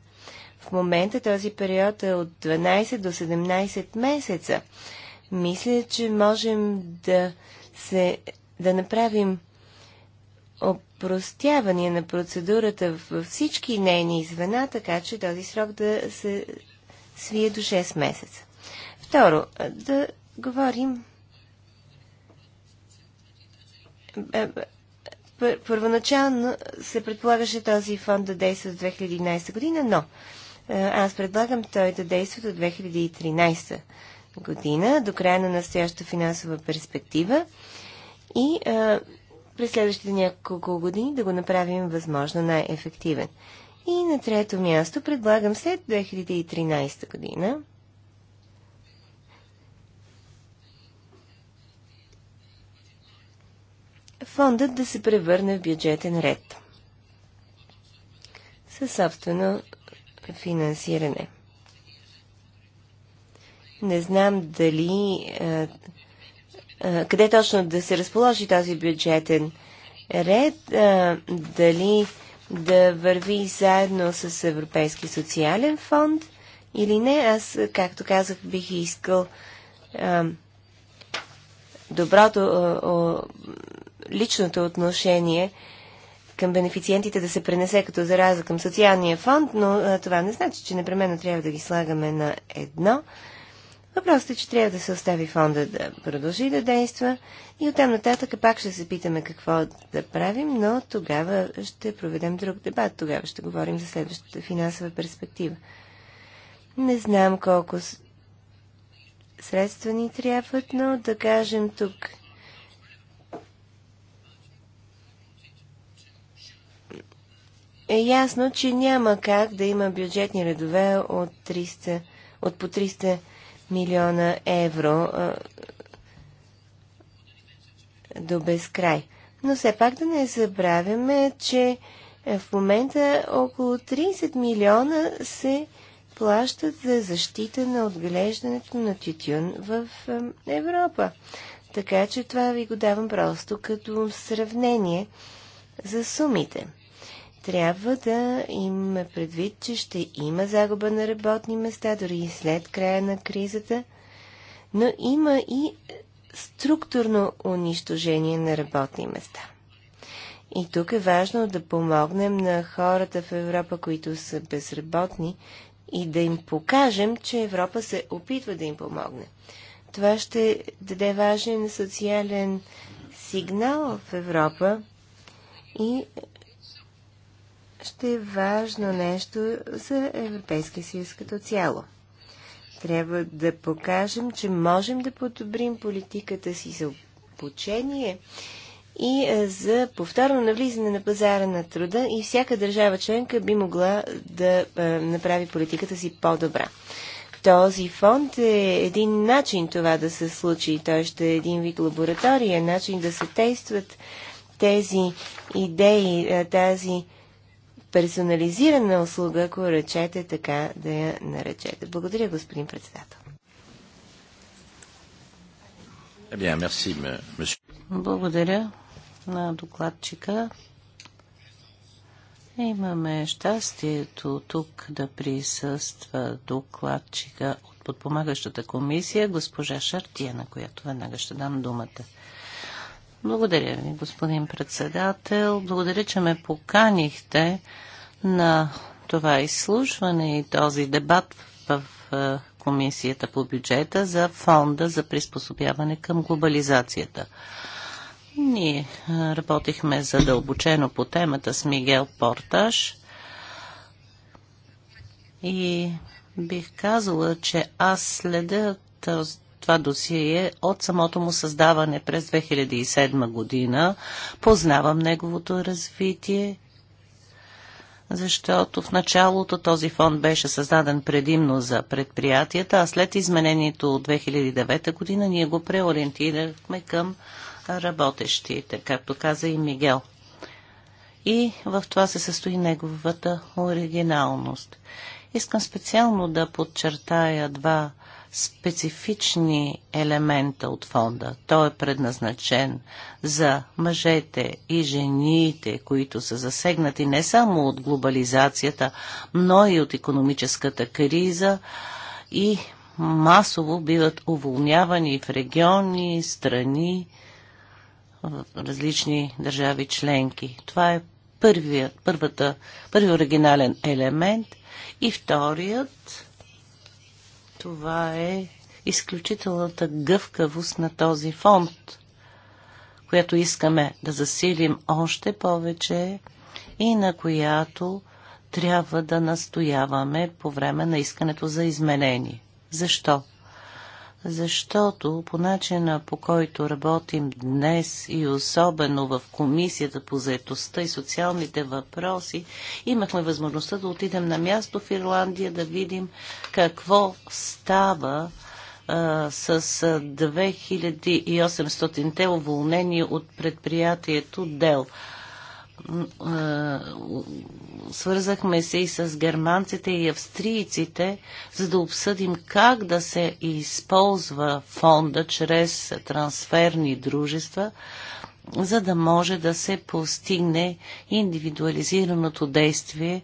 В момента този период е от 12 до 17 месеца. Мисля, че можем да, се, да направим опростяване на процедурата във всички нейни звена, така че този срок да се свие до 6 месеца. Второ, да говорим първоначално се предполагаше този фонд да действа до 2011 година, но аз предлагам той да действа до 2013 година, до края на настоящата финансова перспектива. И а, през следващите няколко години да го направим възможно най-ефективен. И на трето място предлагам след 2013 година фондът да се превърне в бюджетен ред със собствено финансиране. Не знам дали е, къде точно да се разположи този бюджетен ред, дали да върви заедно с Европейски социален фонд или не. Аз, както казах, бих искал доброто личното отношение към бенефициентите да се пренесе като зараза към социалния фонд, но това не значи, че непременно трябва да ги слагаме на едно. Въпросът е, че трябва да се остави фонда да продължи да действа и оттам нататък пак ще се питаме какво да правим, но тогава ще проведем друг дебат. Тогава ще говорим за следващата финансова перспектива. Не знам колко средства ни трябват, но да кажем тук е ясно, че няма как да има бюджетни редове от 300, от по 300 милиона евро до безкрай. Но все пак да не забравяме, че е, в момента около 30 милиона се плащат за защита на отглеждането на тютюн в е, Европа. Така че това ви го давам просто като сравнение за сумите трябва да имаме предвид, че ще има загуба на работни места, дори и след края на кризата, но има и структурно унищожение на работни места. И тук е важно да помогнем на хората в Европа, които са безработни, и да им покажем, че Европа се опитва да им помогне. Това ще даде важен социален сигнал в Европа и ще е важно нещо за Европейския съюз като цяло. Трябва да покажем, че можем да подобрим политиката си за обучение и за повторно навлизане на пазара на труда и всяка държава членка би могла да направи политиката си по-добра. Този фонд е един начин това да се случи. Той ще е един вид лаборатория, начин да се тестват тези идеи, тази персонализирана услуга, ако речете така да я наречете. Благодаря, господин председател. Eh Благодаря на докладчика. Имаме щастието тук да присъства докладчика от подпомагащата комисия, госпожа Шартия, на която веднага ще дам думата. Благодаря ви, господин председател. Благодаря, че ме поканихте на това изслушване и този дебат в е, Комисията по бюджета за фонда за приспособяване към глобализацията. Ние е, работихме задълбочено по темата с Мигел Порташ и бих казала, че аз следя този това досие от самото му създаване през 2007 година. Познавам неговото развитие, защото в началото този фонд беше създаден предимно за предприятията, а след изменението от 2009 година ние го преориентирахме към работещите, както каза и Мигел. И в това се състои неговата оригиналност. Искам специално да подчертая два специфични елемента от фонда. Той е предназначен за мъжете и жените, които са засегнати не само от глобализацията, но и от економическата криза и масово биват уволнявани в региони, страни, в различни държави членки. Това е първият, първата, първи оригинален елемент и вторият това е изключителната гъвкавост на този фонд, която искаме да засилим още повече и на която трябва да настояваме по време на искането за изменение. Защо? защото по начина по който работим днес и особено в Комисията по заетостта и социалните въпроси, имахме възможността да отидем на място в Ирландия да видим какво става а, с 2800-те уволнени от предприятието Дел свързахме се и с германците и австрийците, за да обсъдим как да се използва фонда чрез трансферни дружества, за да може да се постигне индивидуализираното действие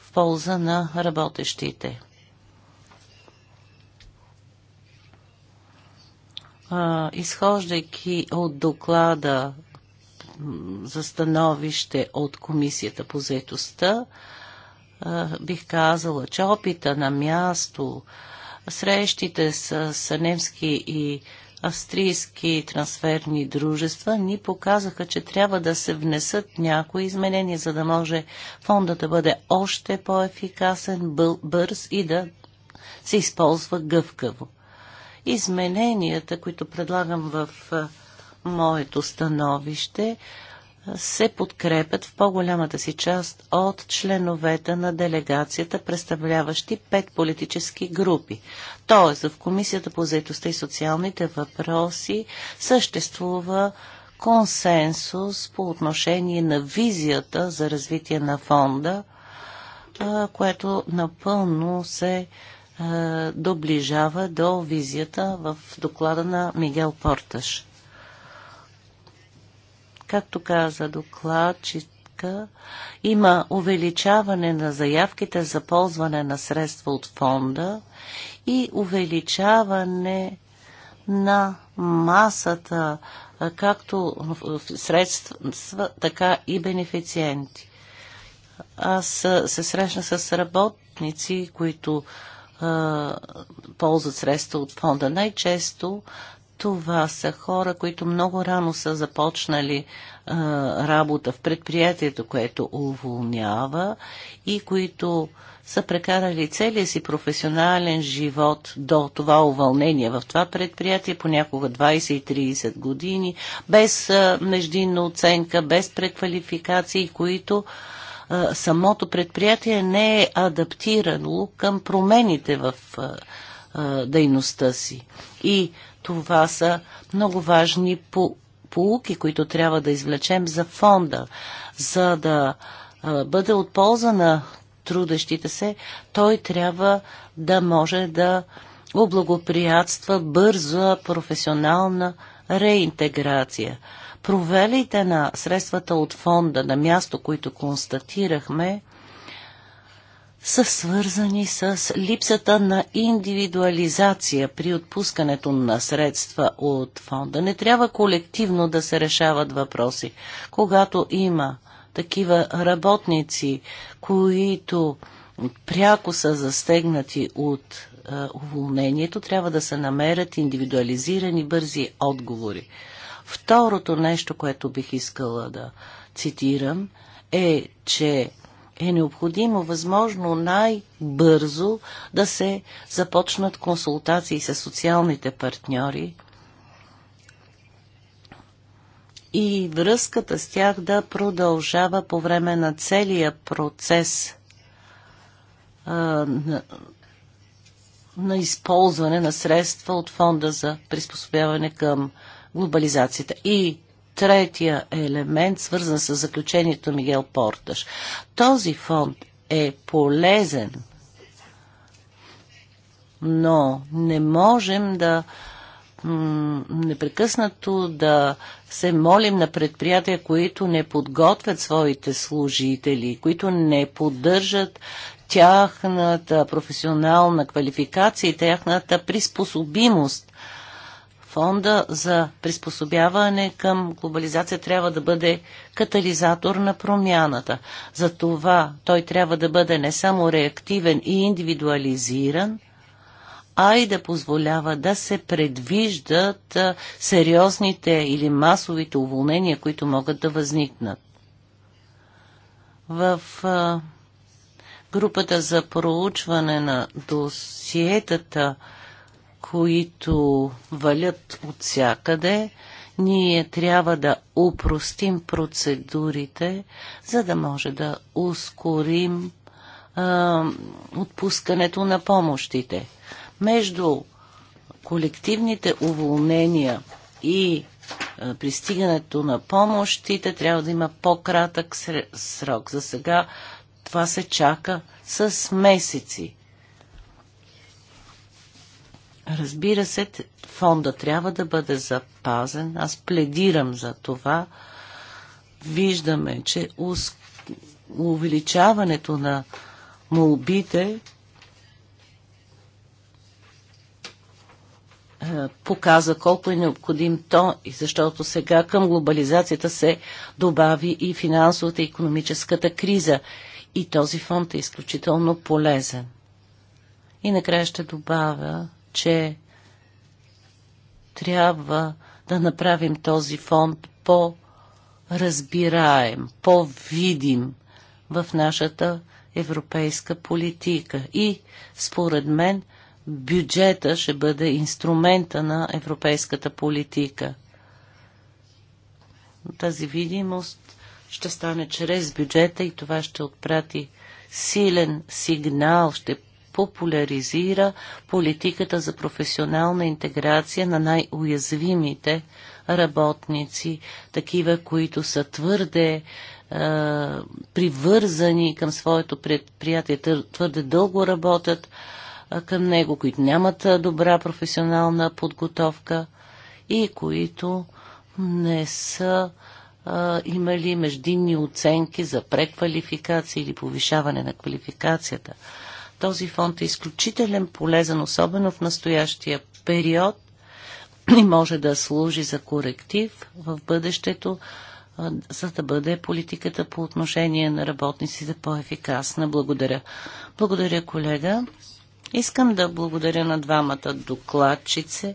в полза на работещите. изхождайки от доклада за становище от Комисията по заетостта. Бих казала, че опита на място, срещите с, с немски и австрийски трансферни дружества ни показаха, че трябва да се внесат някои изменения, за да може фонда да бъде още по-ефикасен, бърз и да се използва гъвкаво. Измененията, които предлагам в моето становище се подкрепят в по-голямата си част от членовете на делегацията, представляващи пет политически групи. Тоест, в Комисията по заедостта и социалните въпроси съществува консенсус по отношение на визията за развитие на фонда, което напълно се доближава до визията в доклада на Мигел Порташ. Както каза докладчика, има увеличаване на заявките за ползване на средства от фонда и увеличаване на масата както средства, така и бенефициенти. Аз се срещна с работници, които а, ползват средства от фонда. Най-често това са хора, които много рано са започнали а, работа в предприятието, което уволнява и които са прекарали целия си професионален живот до това увълнение в това предприятие, понякога 20-30 години, без а, междинна оценка, без преквалификации, които а, самото предприятие не е адаптирано към промените в а, дейността си. И това са много важни по полуки, които трябва да извлечем за фонда, за да а, бъде от полза на трудещите се, той трябва да може да облагоприятства бърза професионална реинтеграция. Провелите на средствата от фонда на място, които констатирахме, са свързани с липсата на индивидуализация при отпускането на средства от фонда. Не трябва колективно да се решават въпроси. Когато има такива работници, които пряко са застегнати от е, уволнението, трябва да се намерят индивидуализирани бързи отговори. Второто нещо, което бих искала да цитирам, е, че е необходимо възможно най-бързо да се започнат консултации с социалните партньори и връзката с тях да продължава по време на целия процес а, на, на използване на средства от фонда за приспособяване към глобализацията. И третия елемент, свързан с заключението Мигел Порташ. Този фонд е полезен, но не можем да непрекъснато да се молим на предприятия, които не подготвят своите служители, които не поддържат тяхната професионална квалификация и тяхната приспособимост Фонда за приспособяване към глобализация трябва да бъде катализатор на промяната. Затова той трябва да бъде не само реактивен и индивидуализиран, а и да позволява да се предвиждат сериозните или масовите уволнения, които могат да възникнат. В групата за проучване на досиетата които валят от всякъде, ние трябва да упростим процедурите, за да може да ускорим а, отпускането на помощите. Между колективните уволнения и а, пристигането на помощите трябва да има по-кратък срок. За сега това се чака с месеци. Разбира се, фонда трябва да бъде запазен. Аз пледирам за това. Виждаме, че увеличаването на молбите е, показа колко е необходим то, и защото сега към глобализацията се добави и финансовата и економическата криза. И този фонд е изключително полезен. И накрая ще добавя, че трябва да направим този фонд по-разбираем, по-видим в нашата европейска политика. И според мен бюджета ще бъде инструмента на европейската политика. Тази видимост ще стане чрез бюджета и това ще отпрати силен сигнал, ще популяризира политиката за професионална интеграция на най-уязвимите работници, такива, които са твърде е, привързани към своето предприятие, твърде дълго работят към него, които нямат добра професионална подготовка и които не са имали междинни оценки за преквалификация или повишаване на квалификацията. Този фонд е изключителен полезен, особено в настоящия период и може да служи за коректив в бъдещето, за да бъде политиката по отношение на работниците по-ефикасна. Благодаря. Благодаря, колега. Искам да благодаря на двамата докладчице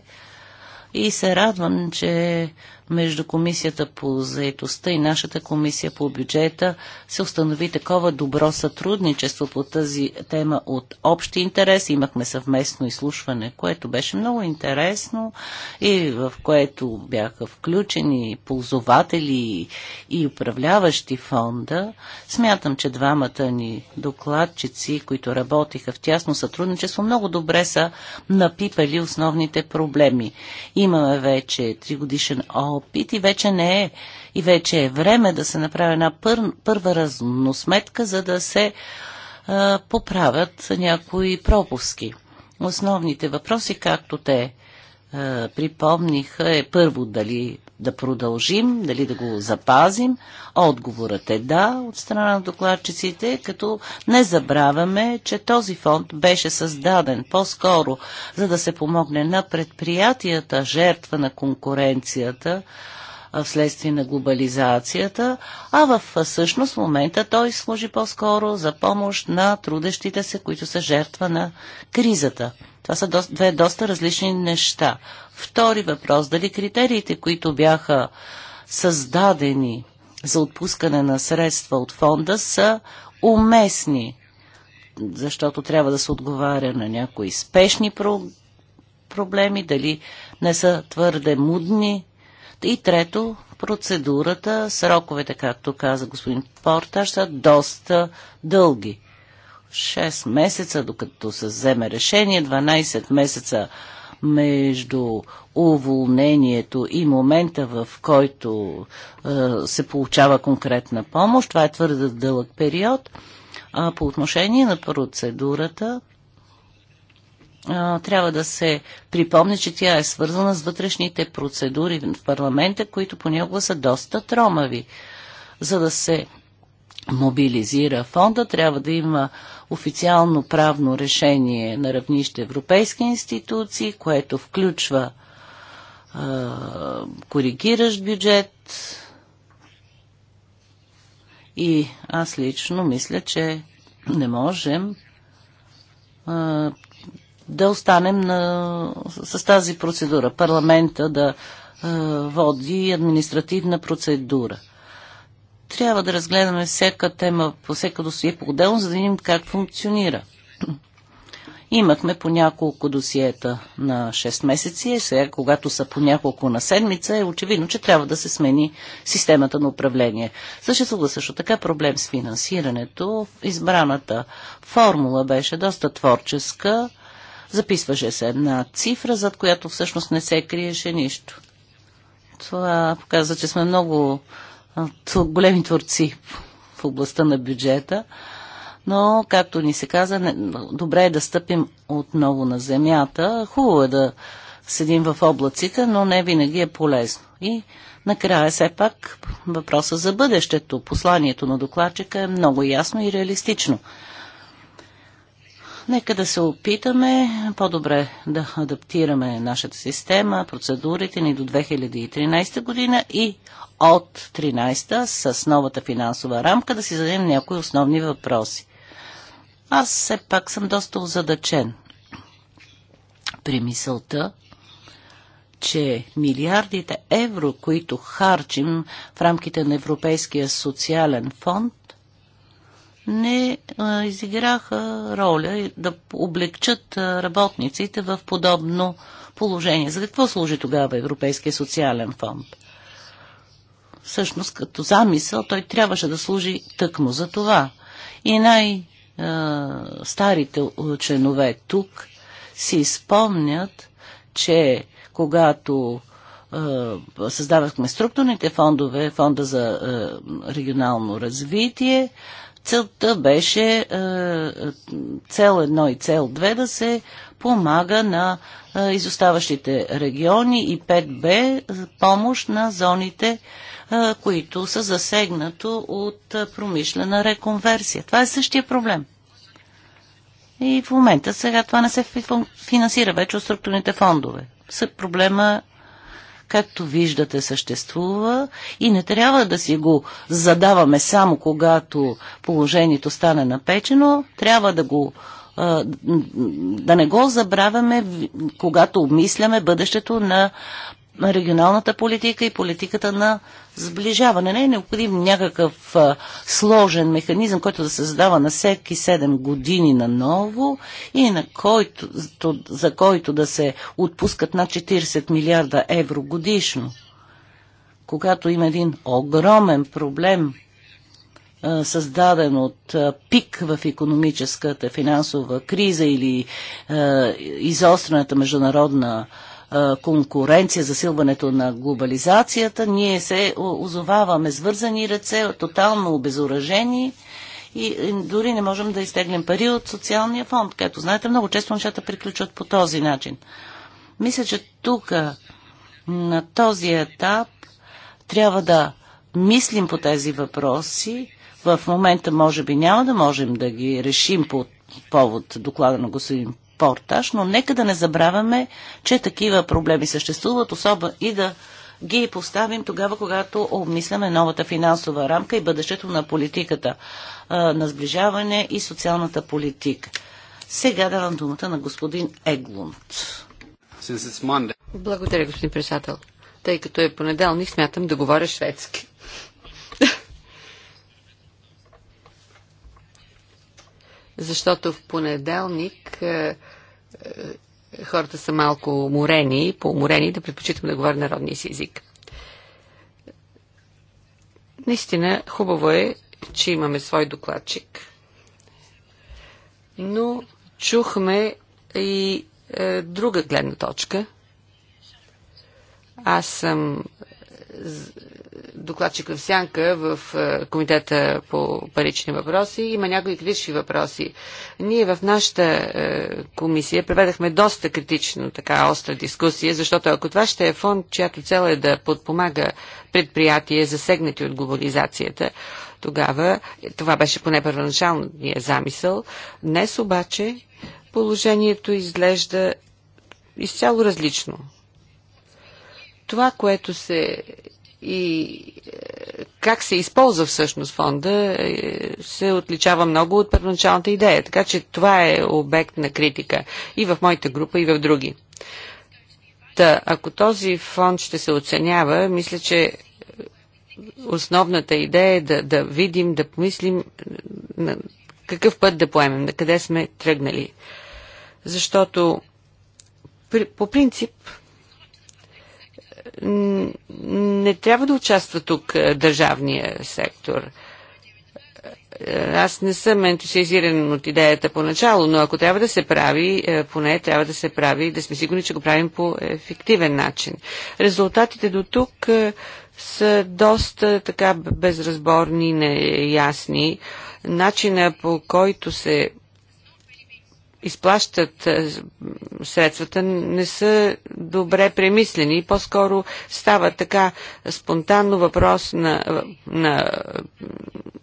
и се радвам, че между комисията по заетостта и нашата комисия по бюджета се установи такова добро сътрудничество по тази тема от общи интерес. Имахме съвместно изслушване, което беше много интересно и в което бяха включени ползователи и управляващи фонда. Смятам, че двамата ни докладчици, които работиха в тясно сътрудничество, много добре са напипали основните проблеми. Имаме вече тригодишен опит опит и вече не е и вече е време да се направи една пър, първа разносметка, за да се а, поправят някои пропуски. Основните въпроси, както те припомниха е първо дали да продължим, дали да го запазим. Отговорът е да от страна на докладчиците, като не забравяме, че този фонд беше създаден по-скоро, за да се помогне на предприятията, жертва на конкуренцията, вследствие на глобализацията, а в същност момента той служи по-скоро за помощ на трудещите се, които са жертва на кризата. Това са две доста различни неща. Втори въпрос, дали критериите, които бяха създадени за отпускане на средства от фонда са уместни, защото трябва да се отговаря на някои спешни проблеми, дали не са твърде мудни и трето, процедурата, сроковете, както каза господин Порта, са доста дълги. 6 месеца, докато се вземе решение, 12 месеца между уволнението и момента, в който е, се получава конкретна помощ. Това е твърде дълъг период. А по отношение на процедурата, трябва да се припомни, че тя е свързана с вътрешните процедури в парламента, които понякога са доста тромави. За да се мобилизира фонда, трябва да има официално правно решение на равнище европейски институции, което включва е, коригиращ бюджет. И аз лично мисля, че не можем да останем на, с тази процедура. Парламента да е, води административна процедура. Трябва да разгледаме всяка тема по всяка досие по-отделно, за да видим как функционира. Имахме по няколко досиета на 6 месеци, и е, сега, когато са по няколко на седмица, е очевидно, че трябва да се смени системата на управление. Съществува също така проблем с финансирането. Избраната формула беше доста творческа Записваше се една цифра, зад която всъщност не се криеше нищо. Това показва, че сме много големи творци в областта на бюджета, но, както ни се каза, не, добре е да стъпим отново на земята. Хубаво е да седим в облаците, но не винаги е полезно. И накрая все пак въпроса за бъдещето. Посланието на докладчика е много ясно и реалистично. Нека да се опитаме по-добре да адаптираме нашата система, процедурите ни до 2013 година и от 2013 с новата финансова рамка да си зададем някои основни въпроси. Аз все пак съм доста озадачен при мисълта, че милиардите евро, които харчим в рамките на Европейския социален фонд, не а, изиграха роля да облегчат а, работниците в подобно положение. За какво служи тогава Европейския социален фонд? Всъщност, като замисъл, той трябваше да служи тъкмо за това. И най-старите членове тук си спомнят, че когато създавахме структурните фондове, фонда за регионално развитие, Целта беше е, е, цел едно и цел две да се помага на е, изоставащите региони и 5Б помощ на зоните, които са засегнато от промишлена реконверсия. Това е същия проблем. И в момента сега това не се финансира вече от структурните фондове. Проблема както виждате, съществува и не трябва да си го задаваме само когато положението стане напечено, трябва да го да не го забравяме, когато обмисляме бъдещето на на регионалната политика и политиката на сближаване. Не е необходим някакъв а, сложен механизъм, който да се задава на всеки 7 години наново и на който, за който да се отпускат над 40 милиарда евро годишно. Когато има един огромен проблем, създаден от пик в економическата финансова криза или изострената международна конкуренция, засилването на глобализацията, ние се озоваваме с вързани ръце, тотално обезоръжени и дори не можем да изтеглим пари от социалния фонд, като знаете, много често нещата приключват по този начин. Мисля, че тук на този етап трябва да мислим по тези въпроси. В момента може би няма да можем да ги решим по повод доклада на господин портаж, но нека да не забравяме, че такива проблеми съществуват, особа и да ги поставим тогава, когато обмисляме новата финансова рамка и бъдещето на политиката на сближаване и социалната политика. Сега давам думата на господин Еглунд. Благодаря, господин председател. Тъй като е понеделник, смятам да говоря шведски. защото в понеделник е, е, хората са малко уморени, по-уморени, да предпочитам да говоря народния си език. Наистина, хубаво е, че имаме свой докладчик, но чухме и е, друга гледна точка. Аз съм докладчик в Сянка в е, Комитета по парични въпроси. Има някои критични въпроси. Ние в нашата е, комисия преведахме доста критично така остра дискусия, защото ако това ще е фонд, чиято цел е да подпомага предприятия, засегнати от глобализацията, тогава това беше поне първоначалният замисъл. Днес обаче положението изглежда изцяло различно това, което се и е, как се използва всъщност фонда е, се отличава много от първоначалната идея. Така че това е обект на критика и в моята група, и в други. Та, ако този фонд ще се оценява, мисля, че основната идея е да, да видим, да помислим е, на какъв път да поемем, на къде сме тръгнали. Защото при, по принцип не трябва да участва тук е, държавния сектор. Е, аз не съм ентусиазиран от идеята поначало, но ако трябва да се прави, е, поне трябва да се прави, да сме сигурни, че го правим по ефективен начин. Резултатите до тук са доста така безразборни, неясни. Начина по който се изплащат е, средствата, не са добре премислени и по-скоро става така спонтанно въпрос на, на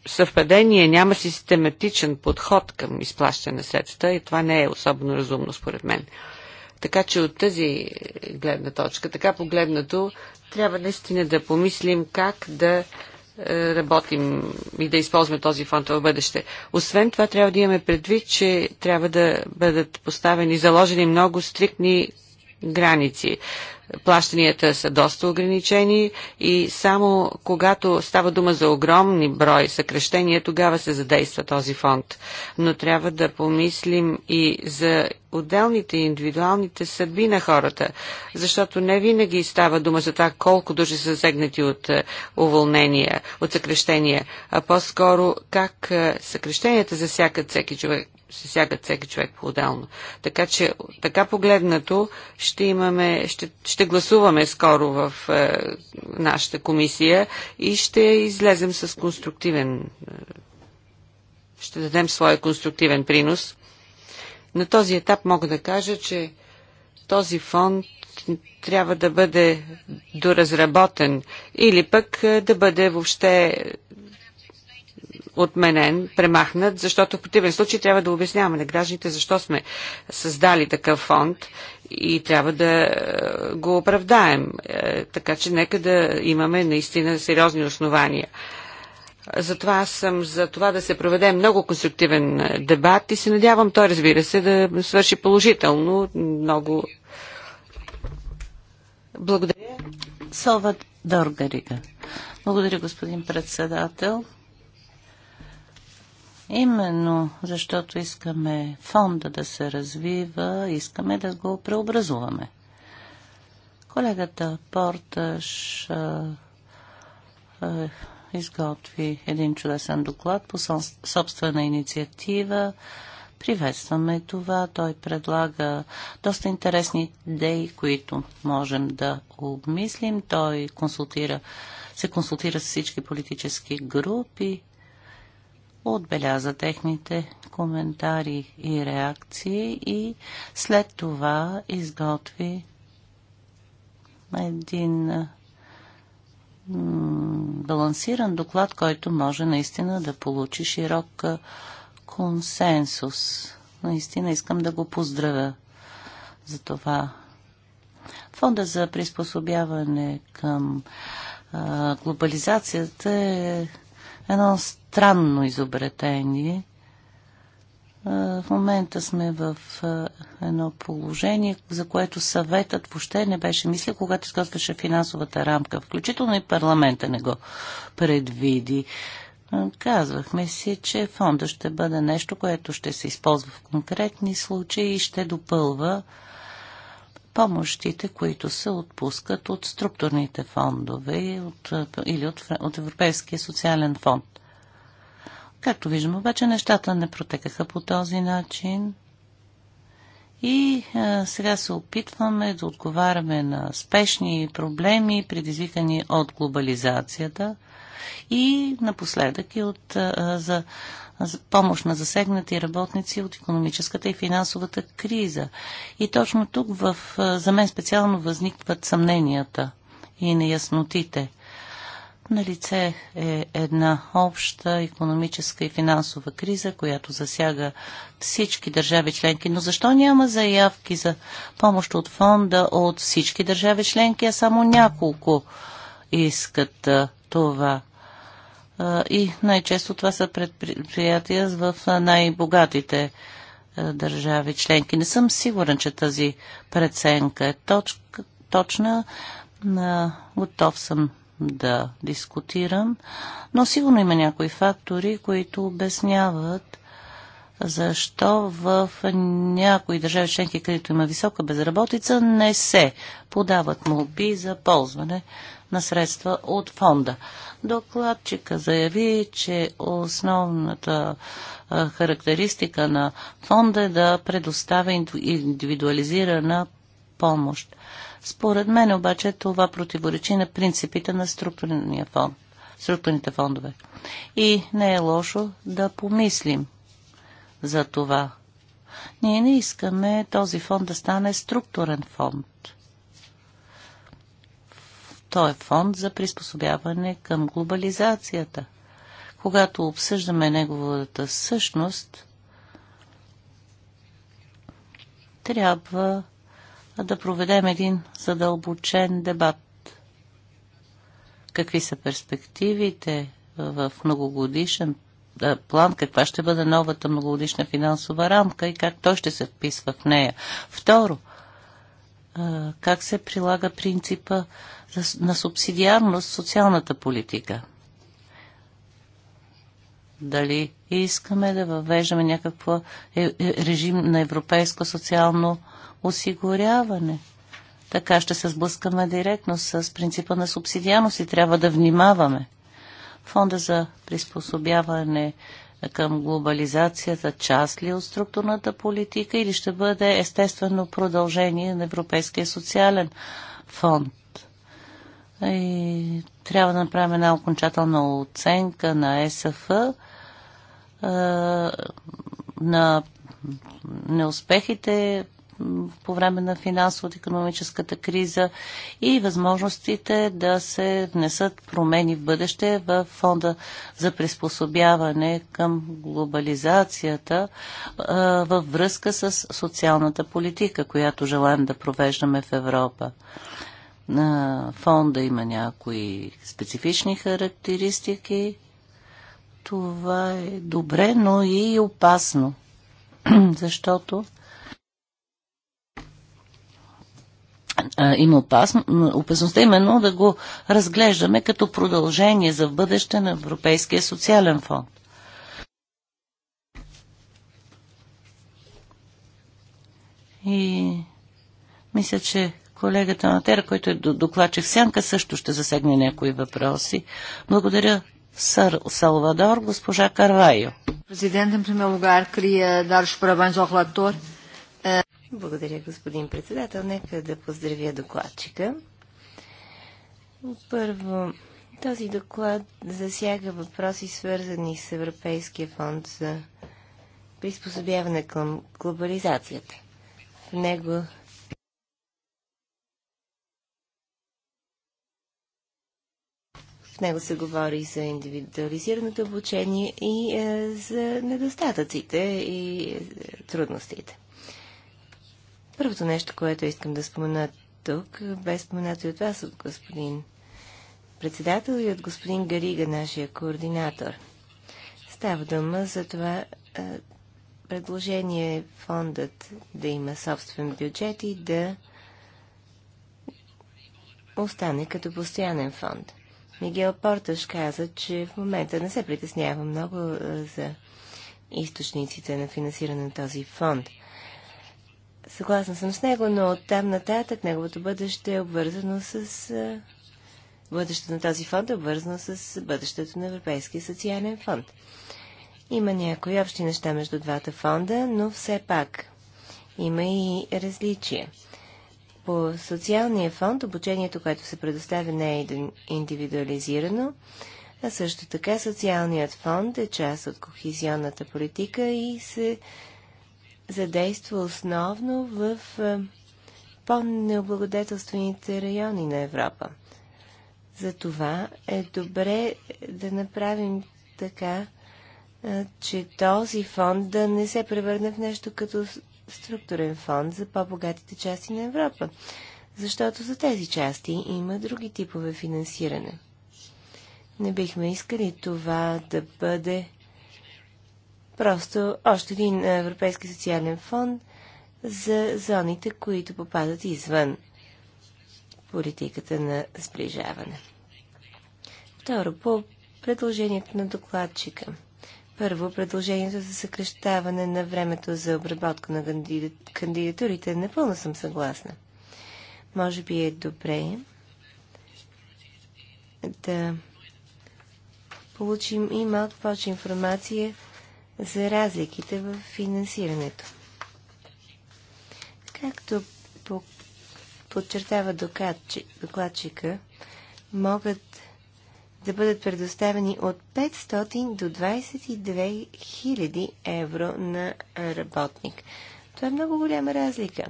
съвпадение, няма систематичен подход към изплащане на средствата и това не е особено разумно според мен. Така че от тази гледна точка, така погледнато, трябва наистина да помислим как да е, работим и да използваме този фонд в бъдеще. Освен това, трябва да имаме предвид, че трябва да бъдат поставени, заложени много стриктни граници плащанията са доста ограничени и само когато става дума за огромни брой съкрещения, тогава се задейства този фонд. Но трябва да помислим и за отделните и индивидуалните съдби на хората, защото не винаги става дума за това колко души са засегнати от е, уволнения, от съкрещения, а по-скоро как е, съкрещенията засякат всеки човек се сягат всеки човек по-отделно. Така че, така погледнато, ще, имаме, ще, ще гласуваме скоро в е, нашата комисия и ще излезем с конструктивен. Е, ще дадем своя конструктивен принос. На този етап мога да кажа, че този фонд трябва да бъде доразработен или пък е, да бъде въобще отменен, премахнат, защото в противен случай трябва да обясняваме на гражданите защо сме създали такъв фонд и трябва да е, го оправдаем. Е, така че нека да имаме наистина сериозни основания. Затова аз съм за това да се проведе много конструктивен е, дебат и се надявам той, разбира се, да свърши положително много. Благодаря. Сова Доргарига. Благодаря, господин председател. Именно защото искаме фонда да се развива, искаме да го преобразуваме. Колегата Порташ а, а, изготви един чудесен доклад по собствена инициатива. Приветстваме това. Той предлага доста интересни идеи, които можем да обмислим. Той консултира, се консултира с всички политически групи отбеляза техните коментари и реакции и след това изготви един балансиран доклад, който може наистина да получи широк консенсус. Наистина искам да го поздравя за това. Фонда за приспособяване към а, глобализацията е едно странно изобретение. В момента сме в едно положение, за което съветът въобще не беше мисля, когато изготвяше финансовата рамка. Включително и парламента не го предвиди. Казвахме си, че фонда ще бъде нещо, което ще се използва в конкретни случаи и ще допълва помощите, които се отпускат от структурните фондове от, или от, от Европейския социален фонд. Както виждам, обаче нещата не протекаха по този начин. И а, сега се опитваме да отговаряме на спешни проблеми, предизвикани от глобализацията и напоследък и от, а, за помощ на засегнати работници от економическата и финансовата криза. И точно тук в, за мен специално възникват съмненията и неяснотите. На лице е една обща економическа и финансова криза, която засяга всички държави членки. Но защо няма заявки за помощ от фонда от всички държави членки, а само няколко искат това? и най-често това са предприятия в най-богатите държави членки. Не съм сигурен, че тази преценка е точна. Готов съм да дискутирам, но сигурно има някои фактори, които обясняват защо в някои държави членки, където има висока безработица, не се подават молби за ползване на средства от фонда. Докладчика заяви, че основната характеристика на фонда е да предоставя индивидуализирана помощ. Според мен обаче това противоречи на принципите на структурния фонд, структурните фондове. И не е лошо да помислим за това. Ние не искаме този фонд да стане структурен фонд. Той е фонд за приспособяване към глобализацията. Когато обсъждаме неговата същност, трябва да проведем един задълбочен дебат. Какви са перспективите в многогодишен план, каква ще бъде новата многогодишна финансова рамка и как той ще се вписва в нея. Второ, как се прилага принципа на субсидиарност социалната политика. Дали искаме да въвеждаме някакъв е, е, режим на европейско социално осигуряване? Така ще се сблъскаме директно с принципа на субсидиарност и трябва да внимаваме. Фонда за приспособяване към глобализацията част ли е от структурната политика или ще бъде естествено продължение на Европейския социален фонд? И трябва да направим една окончателна оценка на СФ а, на неуспехите по време на финансово-економическата криза и възможностите да се внесат промени в бъдеще в фонда за приспособяване към глобализацията а, във връзка с социалната политика, която желаем да провеждаме в Европа. На фонда има някои специфични характеристики. Това е добре, но и опасно, защото има опасно, опасността именно да го разглеждаме като продължение за бъдеще на Европейския социален фонд. И мисля, че Колегата тера, който е докладчик Сянка, също ще засегне някои въпроси. Благодаря, Сър Салвадор, госпожа Карвайо. Президент, на primeiro lugar, Дарш dar е, Благодаря, господин председател. Нека да поздравя докладчика. Първо, този доклад засяга въпроси, свързани с Европейския фонд за приспособяване към глобализацията. В него него се говори за индивидуализираното обучение и е, за недостатъците и е, трудностите. Първото нещо, което искам да спомена тук, бе споменато и от вас, от господин председател и от господин Гарига, нашия координатор. Става дума за това е, предложение фондът да има собствен бюджет и да остане като постоянен фонд. Мигел Порташ каза, че в момента не се притеснява много за източниците на финансиране на този фонд. Съгласна съм с него, но оттам нататък неговото бъдеще е обвързано с... Бъдещето на този фонд е обвързано с бъдещето на Европейския социален фонд. Има някои общи неща между двата фонда, но все пак има и различия. По социалния фонд обучението, което се предоставя, не е индивидуализирано, а също така социалният фонд е част от кохезионната политика и се задейства основно в по-необлагодетелствените райони на Европа. Затова е добре да направим така, че този фонд да не се превърне в нещо като структурен фонд за по-богатите части на Европа, защото за тези части има други типове финансиране. Не бихме искали това да бъде просто още един Европейски социален фонд за зоните, които попадат извън политиката на сближаване. Второ, по предложението на докладчика – първо, предложението за съкрещаване на времето за обработка на кандидатурите. Напълно съм съгласна. Може би е добре да получим и малко повече информация за разликите в финансирането. Както подчертава докладчика, могат да бъдат предоставени от 500 до 22 000 евро на работник. Това е много голяма разлика.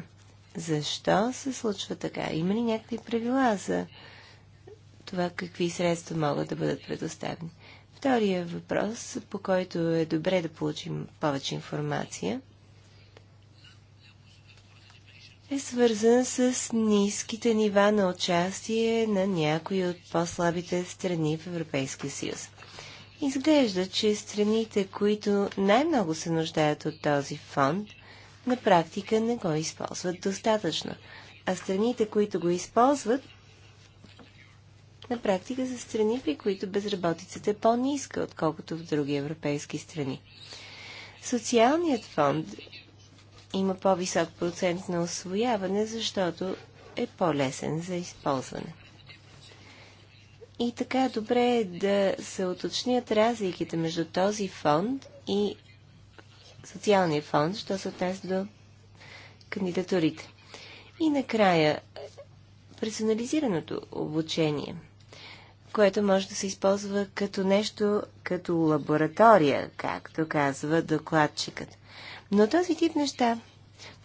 Защо се случва така? Има ли някакви правила за това какви средства могат да бъдат предоставени? Втория въпрос, по който е добре да получим повече информация, е свързан с ниските нива на участие на някои от по-слабите страни в Европейския съюз. Изглежда, че страните, които най-много се нуждаят от този фонд, на практика не го използват достатъчно. А страните, които го използват, на практика са страни, при които безработицата е по-ниска, отколкото в други европейски страни. Социалният фонд има по-висок процент на освояване, защото е по-лесен за използване. И така е добре е да се уточнят разликите между този фонд и социалния фонд, що се отнася до кандидатурите. И накрая, персонализираното обучение, което може да се използва като нещо, като лаборатория, както казва докладчикът. Но този тип неща,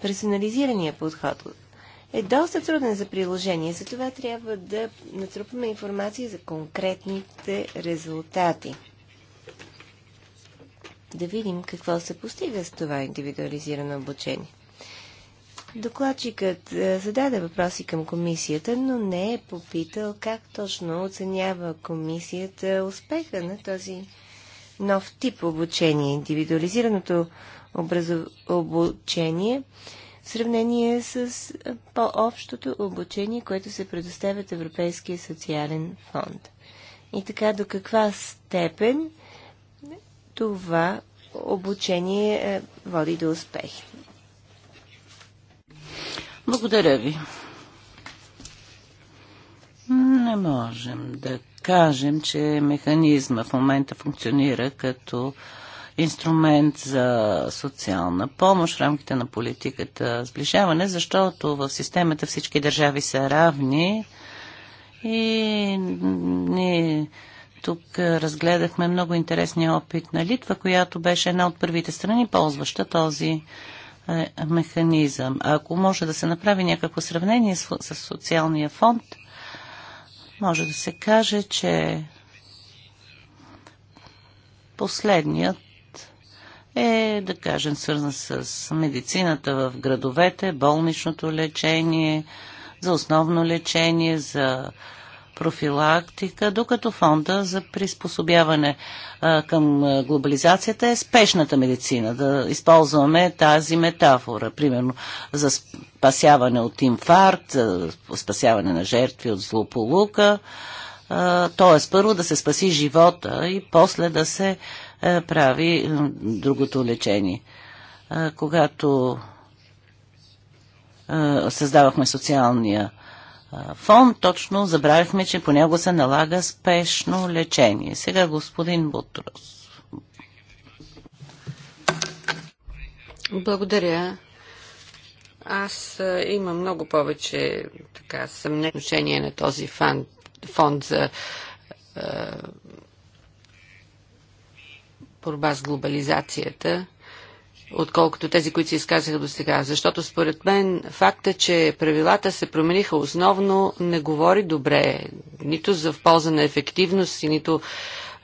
персонализирания подход, е доста труден за приложение. Затова трябва да натрупаме информация за конкретните резултати. Да видим какво се постига с това индивидуализирано обучение. Докладчикът е, зададе въпроси към комисията, но не е попитал как точно оценява комисията успеха на този нов тип обучение. Индивидуализираното обучение в сравнение с по-общото обучение, което се предоставя от Европейския социален фонд. И така, до каква степен това обучение е, води до успехи? Благодаря ви. Не можем да кажем, че механизма в момента функционира като инструмент за социална помощ в рамките на политиката сближаване, защото в системата всички държави са равни и ние тук разгледахме много интересния опит на Литва, която беше една от първите страни, ползваща този е, механизъм. А ако може да се направи някакво сравнение с, с социалния фонд, може да се каже, че последният е, да кажем, свързан с медицината в градовете, болничното лечение, за основно лечение, за профилактика, докато фонда за приспособяване а, към глобализацията е спешната медицина. Да използваме тази метафора, примерно за спасяване от инфаркт, за спасяване на жертви от злополука. Тоест, първо да се спаси живота и после да се е, прави е, другото лечение. Е, когато създавахме социалния фонд, точно забравихме, че понякога се налага спешно лечение. Сега господин Бутрос. Благодаря. Аз имам много повече така, съмнение на този фонд, фонд за борба с глобализацията, отколкото тези, които се изказаха до сега. Защото според мен факта, че правилата се промениха основно, не говори добре нито за в полза на ефективност, нито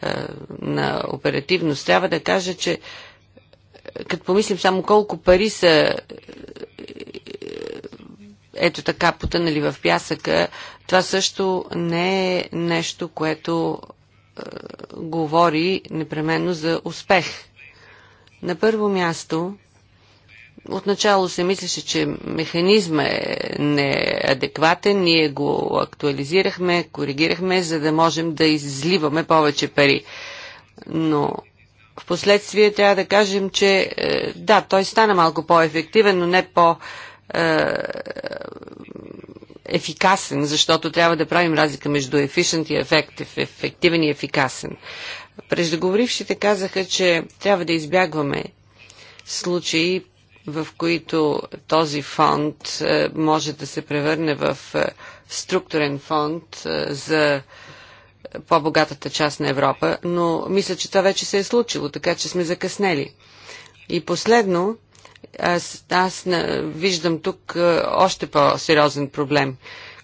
е, на оперативност. Трябва да кажа, че е, като помислим само колко пари са е, е, ето така потънали в пясъка, това също не е нещо, което е, говори непременно за успех. На първо място, отначало се мислеше, че механизма е неадекватен, ние го актуализирахме, коригирахме, за да можем да изливаме повече пари. Но в последствие трябва да кажем, че е, да, той стана малко по-ефективен, но не по- е, ефикасен, защото трябва да правим разлика между efficient и effective, ефективен и ефикасен. Преждеговорившите казаха, че трябва да избягваме случаи, в които този фонд е, може да се превърне в е, структурен фонд е, за по-богатата част на Европа, но мисля, че това вече се е случило, така че сме закъснели. И последно, аз, аз виждам тук още по-сериозен проблем.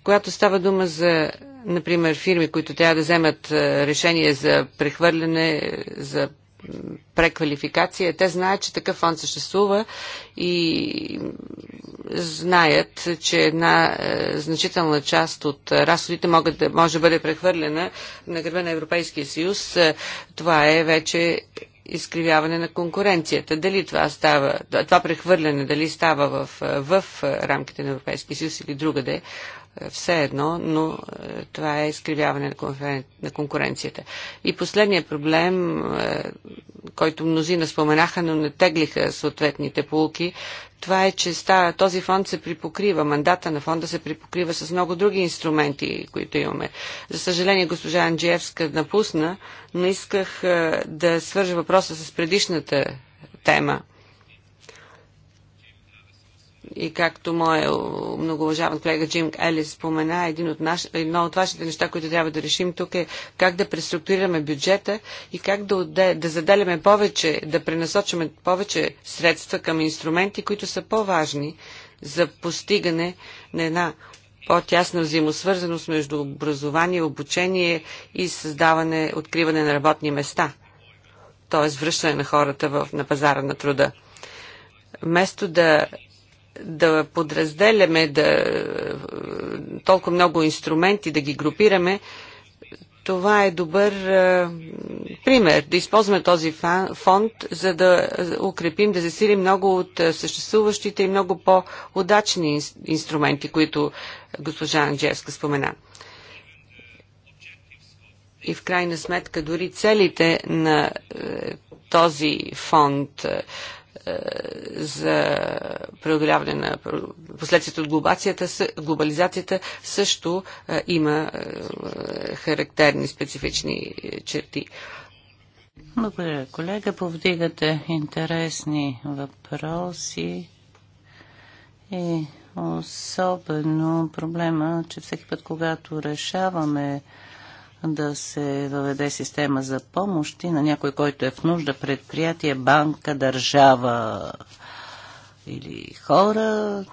Когато става дума за например, фирми, които трябва да вземат решение за прехвърляне, за преквалификация, те знаят, че такъв фонд съществува и знаят, че една значителна част от разходите могат да, може да бъде прехвърлена на гърба на Европейския съюз. Това е вече изкривяване на конкуренцията. Дали това става, това прехвърляне, дали става в, в рамките на Европейския съюз или другаде, все едно, но е, това е изкривяване на конкуренцията. И последният проблем, е, който мнозина споменаха, но не теглиха съответните полки, това е, че този фонд се припокрива, мандата на фонда се припокрива с много други инструменти, които имаме. За съжаление, госпожа Анджиевска напусна, но исках е, да свържа въпроса с предишната тема и както моя многоуважаван колега Джим Елис спомена, един от наш, едно от вашите неща, които трябва да решим тук е как да преструктурираме бюджета и как да, отде, да заделяме повече, да пренасочваме повече средства към инструменти, които са по-важни за постигане на една по-тясна взаимосвързаност между образование, обучение и създаване, откриване на работни места, т.е. връщане на хората в, на пазара на труда. Вместо да да подразделяме да, толкова много инструменти, да ги групираме, това е добър а, е, пример да използваме този фонд, за да укрепим, да засилим много от е, съществуващите и много по-удачни инструменти, които госпожа Анджевска спомена. И в крайна сметка дори целите на е, този фонд е, за преодоляване на последствията от глобацията, глобализацията също е, има е, характерни специфични черти. Благодаря, колега. Повдигате интересни въпроси и особено проблема, че всеки път, когато решаваме да се въведе система за помощи на някой, който е в нужда, предприятие, банка, държава или хора,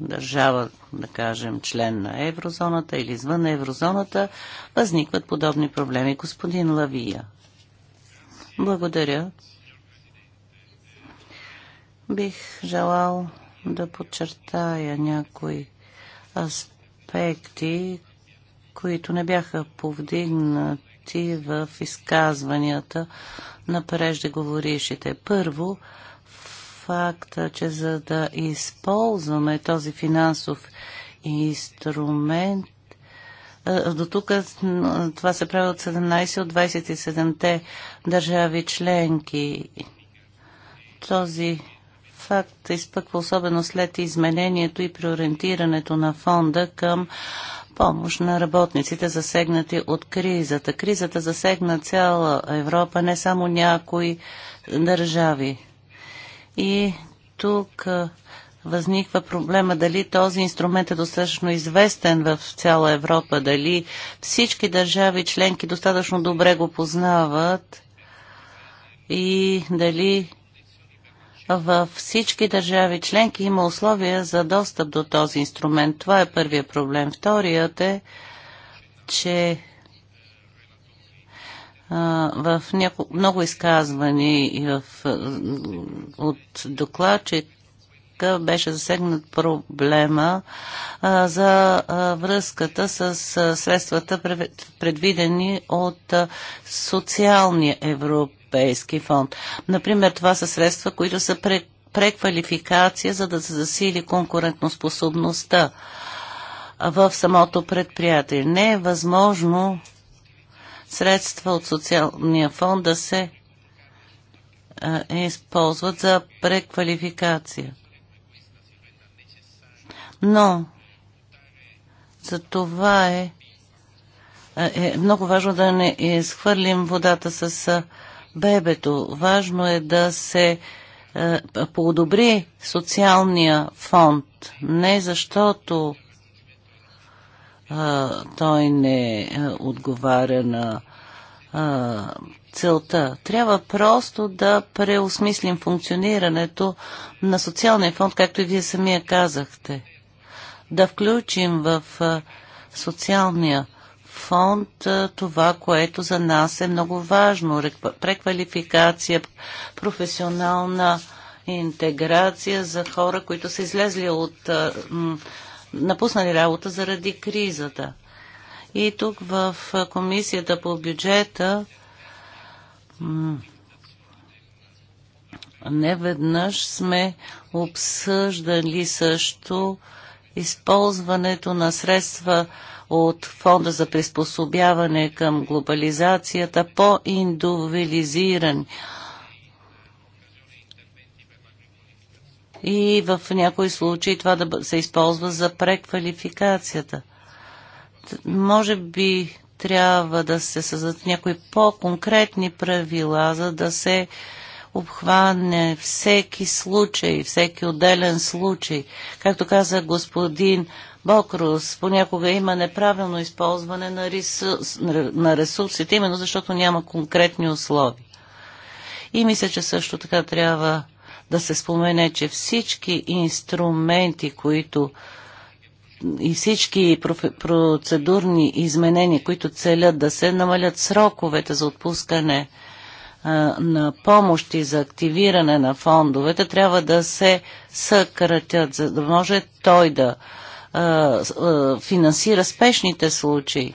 държава, да кажем, член на еврозоната или извън еврозоната, възникват подобни проблеми. Господин Лавия. Благодаря. Бих желал да подчертая някои аспекти, които не бяха повдигнати в изказванията на преждеговорившите. Първо, факта, че за да използваме този финансов инструмент, до тук това се прави от 17 от 27-те държави членки. Този факт, изпъква особено след изменението и приориентирането на фонда към помощ на работниците засегнати от кризата. Кризата засегна цяла Европа, не само някои държави. И тук възниква проблема дали този инструмент е достатъчно известен в цяла Европа, дали всички държави членки достатъчно добре го познават и дали във всички държави членки има условия за достъп до този инструмент. Това е първият проблем. Вторият е, че в няко... много изказвани и в... от докладчика беше засегнат проблема а, за а, връзката с а, средствата, предвидени от социалния Европ Европейски фонд. Например, това са средства, които са преквалификация, за да се засили конкурентноспособността в самото предприятие. Не е възможно средства от социалния фонд да се а, използват за преквалификация. Но за това е, е, е много важно да не изхвърлим водата с бебето. Важно е да се е, подобри социалния фонд, не защото е, той не е, отговаря на е, целта. Трябва просто да преосмислим функционирането на социалния фонд, както и вие самия казахте. Да включим в е, социалния фонд фонд това, което за нас е много важно. Преквалификация, професионална интеграция за хора, които са излезли от напуснали работа заради кризата. И тук в комисията по бюджета не веднъж сме обсъждали също използването на средства от Фонда за приспособяване към глобализацията по-индивидуализиран. И в някои случаи това да се използва за преквалификацията. Може би трябва да се създадат някои по-конкретни правила, за да се обхване всеки случай, всеки отделен случай. Както каза господин Бокрус. Понякога има неправилно използване на, ресурс, на ресурсите, именно защото няма конкретни условия. И мисля, че също така трябва да се спомене, че всички инструменти, които и всички процедурни изменения, които целят да се намалят сроковете за отпускане на помощи за активиране на фондовете трябва да се съкратят, за да може той да финансира спешните случаи.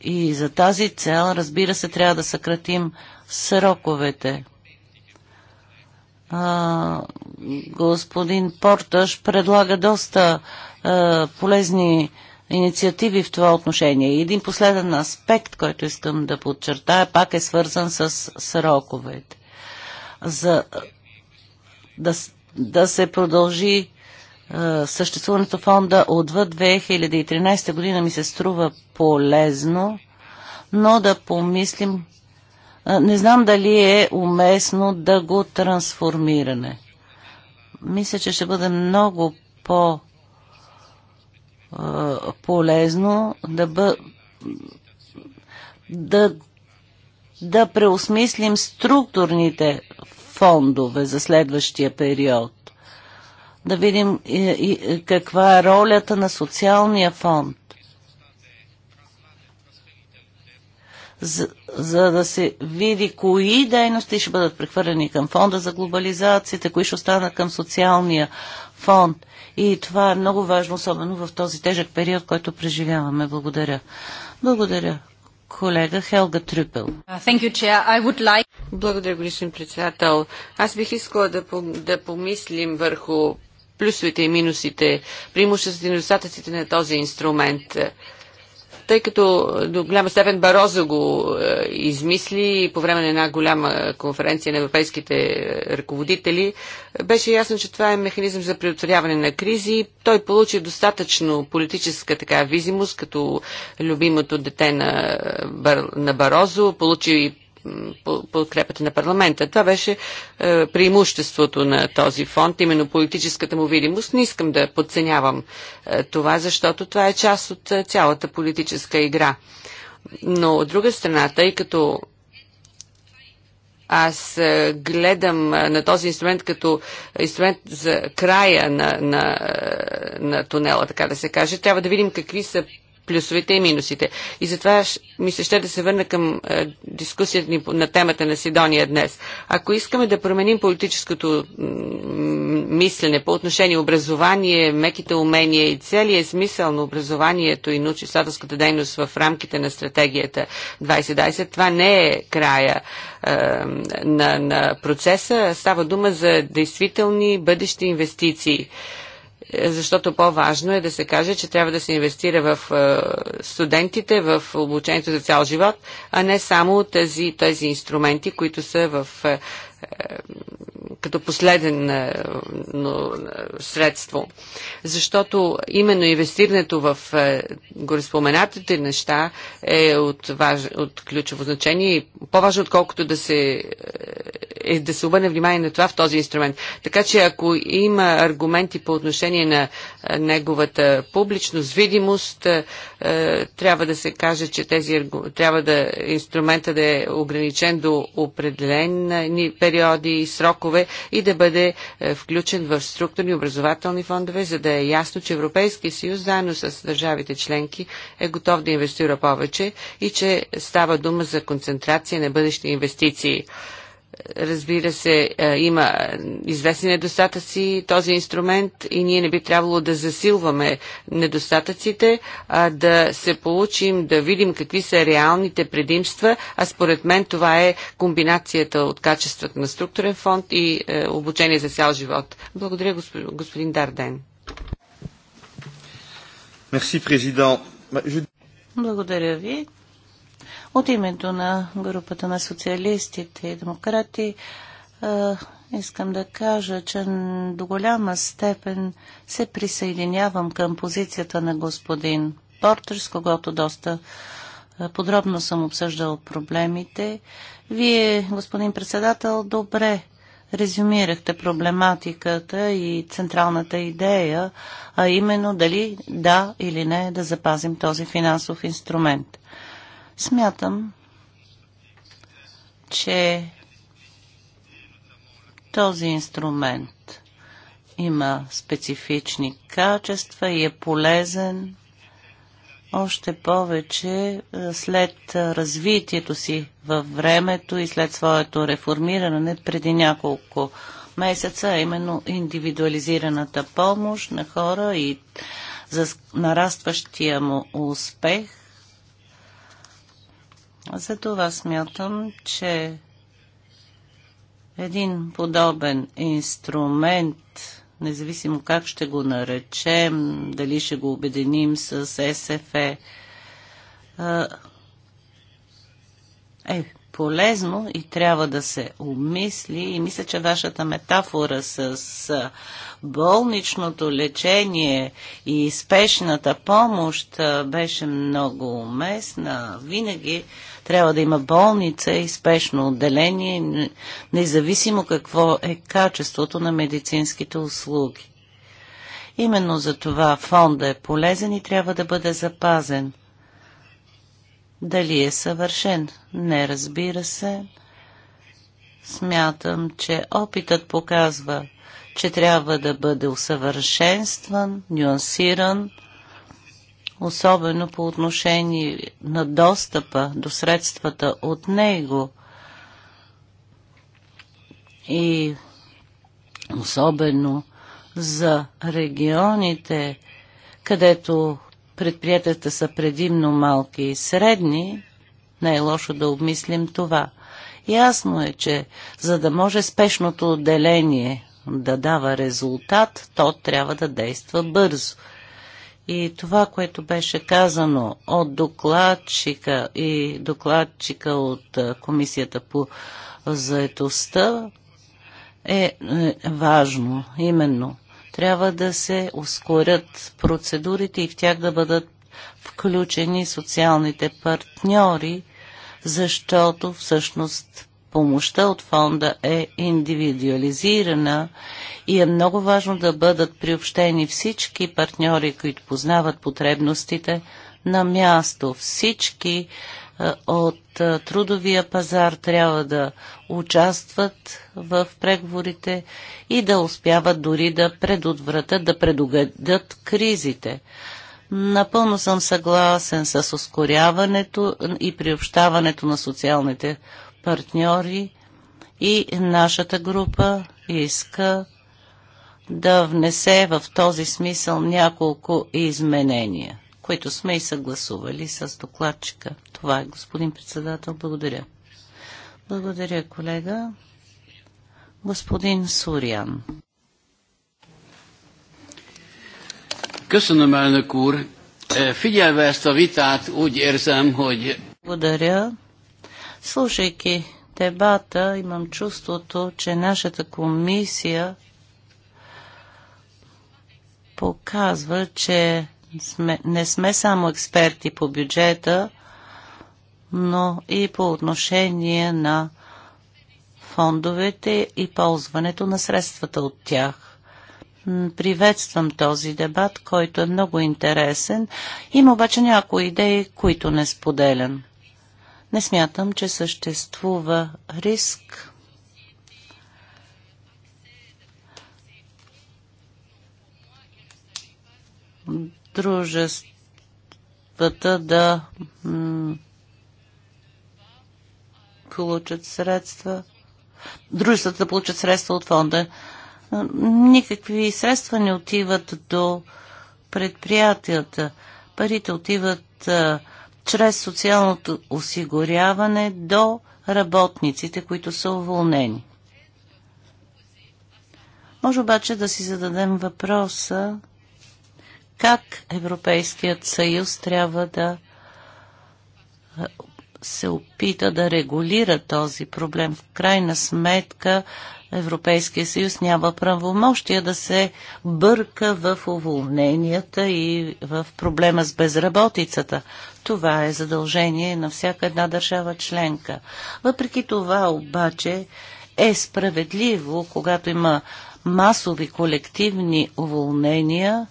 И за тази цел, разбира се, трябва да съкратим сроковете. А, господин Порташ предлага доста а, полезни инициативи в това отношение. И един последен аспект, който искам да подчертая, пак е свързан с сроковете. За да, да се продължи съществуването фонда отвъд 2013 година ми се струва полезно, но да помислим, не знам дали е уместно да го трансформираме. Мисля, че ще бъде много по полезно да, бъ... да, да преосмислим структурните фондове за следващия период да видим каква е ролята на социалния фонд. За, за да се види кои дейности ще бъдат прехвърлени към фонда за глобализацията, кои ще останат към социалния фонд. И това е много важно, особено в този тежък период, който преживяваме. Благодаря. Благодаря, колега Хелга Трюпел. Uh, Благодаря, господин председател. Аз бих искала да, да помислим върху плюсовете и минусите, преимуществата и недостатъците на този инструмент тъй като до голяма степен Барозо го е, измисли по време на една голяма конференция на европейските е, ръководители, беше ясно, че това е механизъм за предотвратяване на кризи. Той получи достатъчно политическа така визимост, като любимото дете на, е, на Барозо, получи подкрепата на парламента. Това беше е, преимуществото на този фонд, именно политическата му видимост. Не искам да подценявам е, това, защото това е част от е, цялата политическа игра. Но от друга страна, тъй като аз гледам на този инструмент като инструмент за края на, на, на тунела, така да се каже. Трябва да видим какви са плюсовете и минусите. И затова ми се ще да се върна към е, дискусията ни на темата на Сидония днес. Ако искаме да променим политическото мислене по отношение образование, меките умения и целият смисъл на образованието и научно-изследователската дейност в рамките на стратегията 2020, това не е края е, на, на процеса. Става дума за действителни бъдещи инвестиции защото по-важно е да се каже, че трябва да се инвестира в е, студентите, в обучението за цял живот, а не само тези, тези инструменти, които са в е, е, като последен е, но, е, средство. Защото именно инвестирането в гореспоменатите неща е от, важ, от ключово значение и по-важно, отколкото да се, е да се обърне внимание на това в този инструмент. Така че ако има аргументи по отношение на неговата публичност, видимост, е, трябва да се каже, че тези, трябва да инструмента да е ограничен до определени е, периоди и срокове и да бъде е, включен в структурни образователни фондове, за да е ясно, че Европейския съюз заедно с държавите членки е готов да инвестира повече и че става дума за концентрация на бъдещи инвестиции. Разбира се, е, има известни недостатъци този инструмент и ние не би трябвало да засилваме недостатъците, а да се получим, да видим какви са реалните предимства, а според мен това е комбинацията от качествата на структурен фонд и е, обучение за цял живот. Благодаря, господин Дарден. Благодаря ви. От името на групата на социалистите и демократи искам да кажа, че до голяма степен се присъединявам към позицията на господин Портер, с когото доста подробно съм обсъждал проблемите. Вие, господин председател, добре резюмирахте проблематиката и централната идея, а именно дали да или не да запазим този финансов инструмент. Смятам, че този инструмент има специфични качества и е полезен още повече е, след развитието си във времето и след своето реформиране преди няколко месеца, именно индивидуализираната помощ на хора и за нарастващия му успех за това смятам, че един подобен инструмент, независимо как ще го наречем, дали ще го обединим с СФЕ, е полезно и трябва да се обмисли. И мисля, че вашата метафора с болничното лечение и спешната помощ беше много уместна. Винаги трябва да има болница и спешно отделение, независимо какво е качеството на медицинските услуги. Именно за това фонда е полезен и трябва да бъде запазен. Дали е съвършен? Не, разбира се. Смятам, че опитът показва, че трябва да бъде усъвършенстван, нюансиран, особено по отношение на достъпа до средствата от него и особено за регионите, където предприятията са предимно малки и средни, не е лошо да обмислим това. Ясно е, че за да може спешното отделение да дава резултат, то трябва да действа бързо – и това, което беше казано от докладчика и докладчика от Комисията по заетостта е, е важно. Именно трябва да се ускорят процедурите и в тях да бъдат включени социалните партньори, защото всъщност помощта от фонда е индивидуализирана и е много важно да бъдат приобщени всички партньори, които познават потребностите на място. Всички е, от е, трудовия пазар трябва да участват в преговорите и да успяват дори да предотвратят, да предугадят кризите. Напълно съм съгласен с ускоряването и приобщаването на социалните партньори и нашата група иска да внесе в този смисъл няколко изменения, които сме и съгласували с докладчика. Това е, господин председател. Благодаря. Благодаря, колега. Господин Сурян. Köszönöm, elnök úr. Figyelve авитат, a vitát, Благодаря. Слушайки дебата, имам чувството, че нашата комисия показва, че сме, не сме само експерти по бюджета, но и по отношение на фондовете и ползването на средствата от тях. Приветствам този дебат, който е много интересен. Има обаче някои идеи, които не споделям. Не смятам, че съществува риск дружествата да получат средства, дружествата да получат средства от фонда. Никакви средства не отиват до предприятията. Парите отиват чрез социалното осигуряване до работниците, които са уволнени. Може обаче да си зададем въпроса как Европейският съюз трябва да се опита да регулира този проблем. В крайна сметка Европейския съюз няма правомощия да се бърка в уволненията и в проблема с безработицата. Това е задължение на всяка една държава членка. Въпреки това обаче е справедливо, когато има масови колективни уволнения,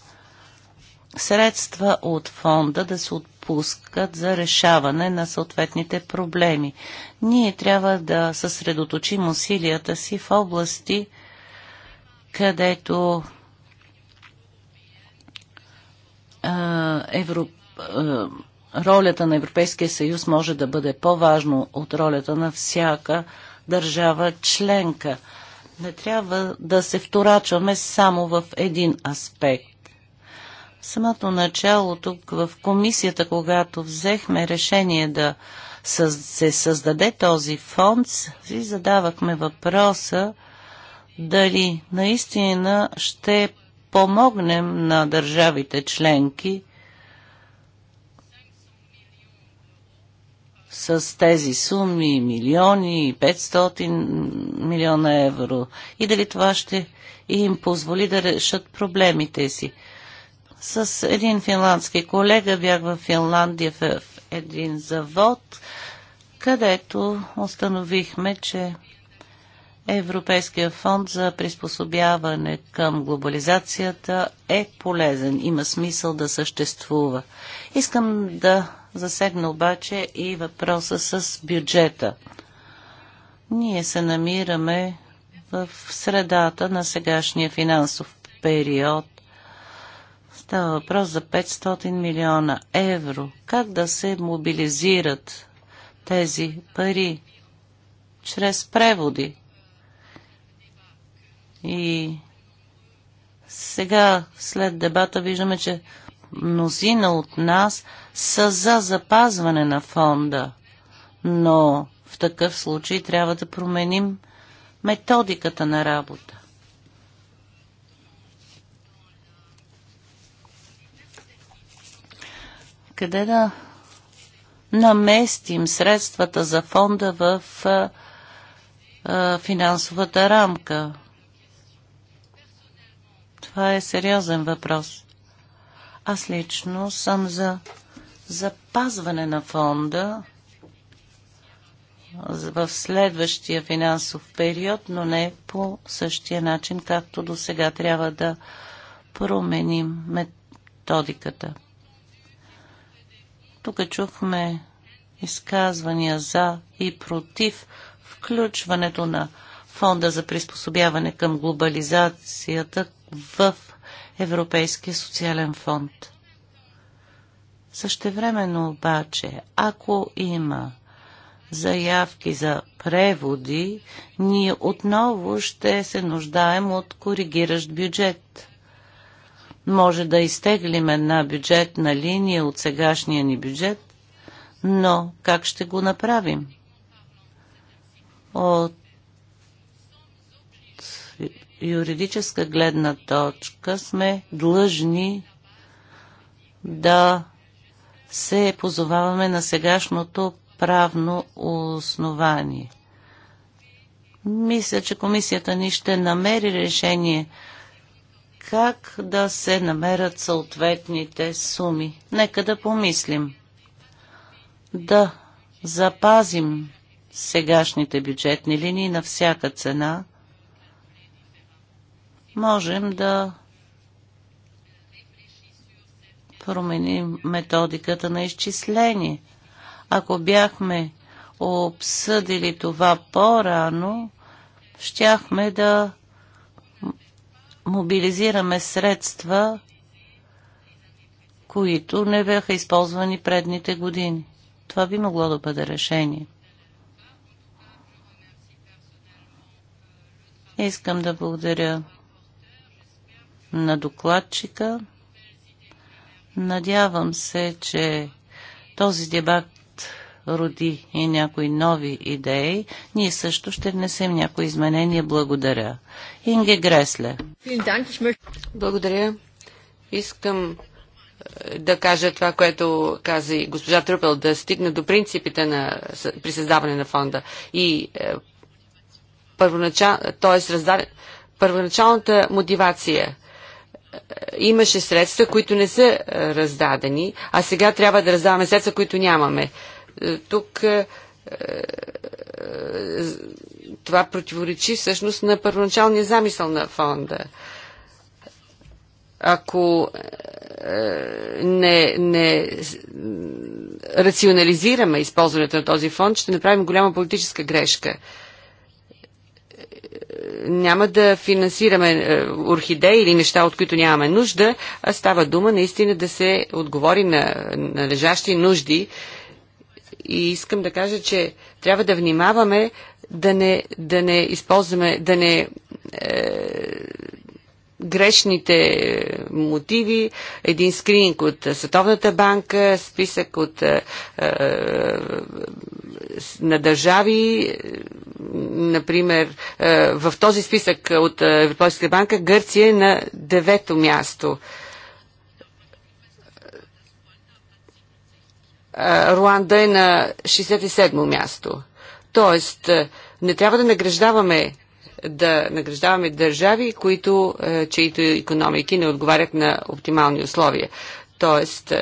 средства от фонда да се отпускат допускат за решаване на съответните проблеми. Ние трябва да съсредоточим усилията си в области, където Евро... ролята на Европейския съюз може да бъде по-важно от ролята на всяка държава членка. Не трябва да се вторачваме само в един аспект самото начало тук в комисията, когато взехме решение да се създаде този фонд, си задавахме въпроса дали наистина ще помогнем на държавите членки с тези суми, милиони, 500 милиона евро и дали това ще им позволи да решат проблемите си. С един финландски колега бях в Финландия в един завод, където установихме, че Европейския фонд за приспособяване към глобализацията е полезен. Има смисъл да съществува. Искам да засегна обаче и въпроса с бюджета. Ние се намираме в средата на сегашния финансов период Става въпрос за 500 милиона евро. Как да се мобилизират тези пари? Чрез преводи. И сега, след дебата, виждаме, че мнозина от нас са за запазване на фонда. Но в такъв случай трябва да променим методиката на работа. къде да наместим средствата за фонда в финансовата рамка? Това е сериозен въпрос. Аз лично съм за запазване на фонда в следващия финансов период, но не по същия начин, както до сега трябва да променим методиката. Тук чухме изказвания за и против включването на фонда за приспособяване към глобализацията в Европейския социален фонд. Същевременно обаче, ако има заявки за преводи, ние отново ще се нуждаем от коригиращ бюджет. Може да изтеглим една бюджетна линия от сегашния ни бюджет, но как ще го направим? От юридическа гледна точка сме длъжни да се позоваваме на сегашното правно основание. Мисля, че комисията ни ще намери решение как да се намерят съответните суми. Нека да помислим. Да запазим сегашните бюджетни линии на всяка цена. Можем да променим методиката на изчисление. Ако бяхме обсъдили това по-рано, щяхме да мобилизираме средства, които не бяха използвани предните години. Това би могло да бъде решение. Искам да благодаря на докладчика. Надявам се, че този дебат роди и някои нови идеи, ние също ще внесем някои изменения. Благодаря. Инге Гресле. Благодаря. Искам е, да кажа това, което каза и госпожа Трупел, да стигна до принципите на, при създаване на фонда. И е, първоначал, т.е. първоначалната мотивация е, имаше средства, които не са е, раздадени, а сега трябва да раздаваме средства, които нямаме. Тук е, е, това противоречи всъщност на първоначалния замисъл на фонда. Ако е, не, не рационализираме използването на този фонд, ще направим голяма политическа грешка. Няма да финансираме орхидеи или неща, от които нямаме нужда, а става дума наистина да се отговори на, на лежащи нужди и искам да кажа, че трябва да внимаваме да не, да не използваме, да не е, грешните мотиви, един скрининг от Световната банка, списък от е, е на държави, например, е, в този списък от Европейска банка Гърция е на девето място. Е, Руанда е на 67-о място. Тоест, не трябва да награждаваме да награждаваме държави, които, чието економики не отговарят на оптимални условия. Тоест,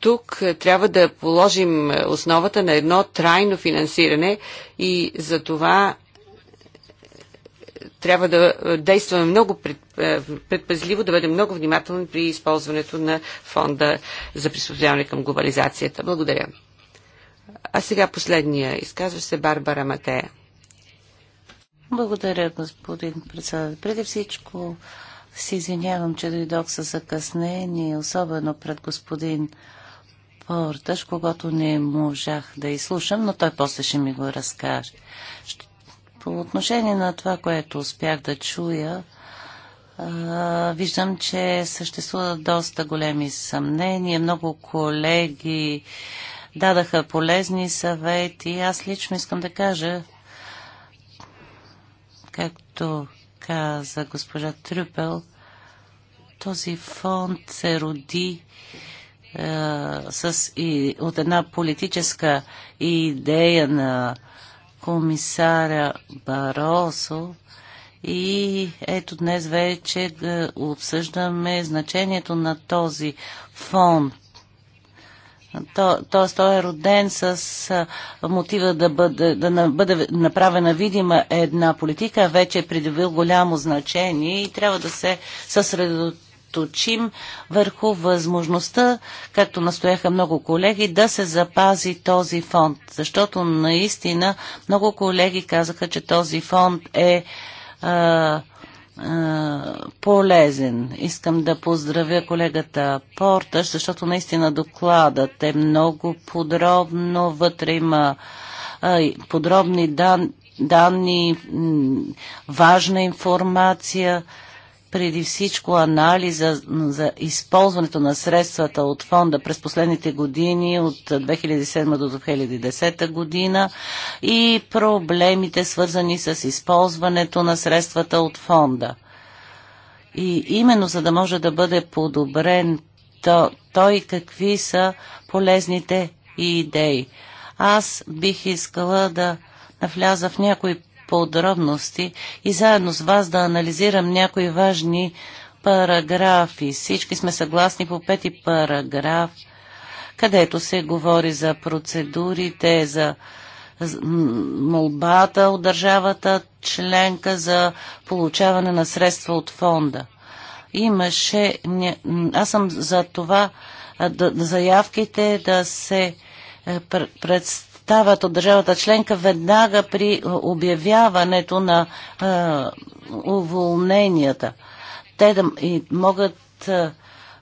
тук трябва да положим основата на едно трайно финансиране и за това трябва да е, действаме много е, предпазливо, да бъдем много внимателни при използването на фонда за приспособяване към глобализацията. Благодаря. А сега последния. Изказва се Барбара Матея. Благодаря, господин председател. Преди всичко се извинявам, че дойдох с закъснение, особено пред господин Порташ, когато не можах да изслушам, но той после ще ми го разкаже. По отношение на това, което успях да чуя, виждам, че съществуват доста големи съмнения. Много колеги дадаха полезни съвети. Аз лично искам да кажа, както каза госпожа Трюпел, този фонд се роди е, с, и, от една политическа идея на комисаря Баросо и ето днес вече да обсъждаме значението на този фонд. т.е. той е роден с мотива да бъде, да бъде направена видима една политика, вече е придобил голямо значение и трябва да се съсредоточи съсредоточим върху възможността, както настояха много колеги, да се запази този фонд. Защото наистина много колеги казаха, че този фонд е а, а, полезен. Искам да поздравя колегата Порта, защото наистина докладът е много подробно. Вътре има а, подробни дан, данни, важна информация преди всичко анализа за използването на средствата от фонда през последните години, от 2007 до 2010 година и проблемите свързани с използването на средствата от фонда. И именно за да може да бъде подобрен то, той какви са полезните идеи. Аз бих искала да навляза в някои подробности и заедно с вас да анализирам някои важни параграфи. Всички сме съгласни по пети параграф, където се говори за процедурите, за молбата от държавата членка за получаване на средства от фонда. Имаше. Аз съм за това заявките да се е, представят стават от държавата членка веднага при е, обявяването на а, е, уволненията. Те да, и могат а,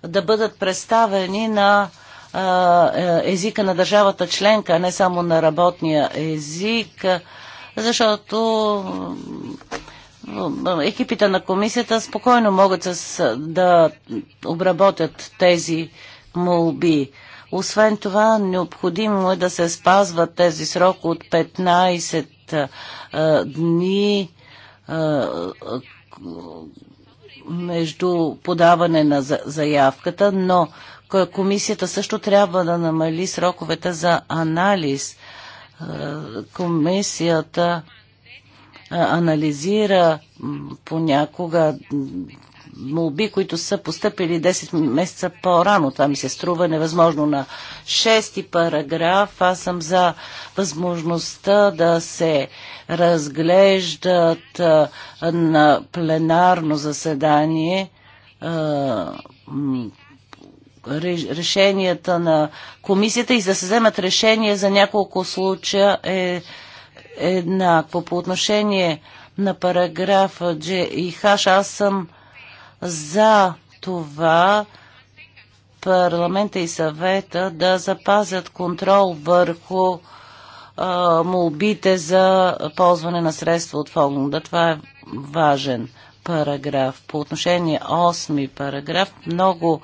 е, да бъдат представени на а, езика на държавата членка, а не само на работния език, защото екипите на комисията спокойно могат с, да обработят тези молби. Освен това, необходимо е да се спазват тези срок от 15 а, дни а, между подаване на заявката, но комисията също трябва да намали сроковете за анализ. Комисията анализира понякога молби, които са поступили 10 месеца по-рано. Това ми се струва невъзможно. На шести параграф аз съм за възможността да се разглеждат на пленарно заседание решенията на комисията и да се вземат решения за няколко случая е еднакво. По отношение на параграф Дж и Хаш, аз съм за това парламента и съвета да запазят контрол върху молбите за ползване на средства от фонда. Това е важен параграф. По отношение 8 параграф, много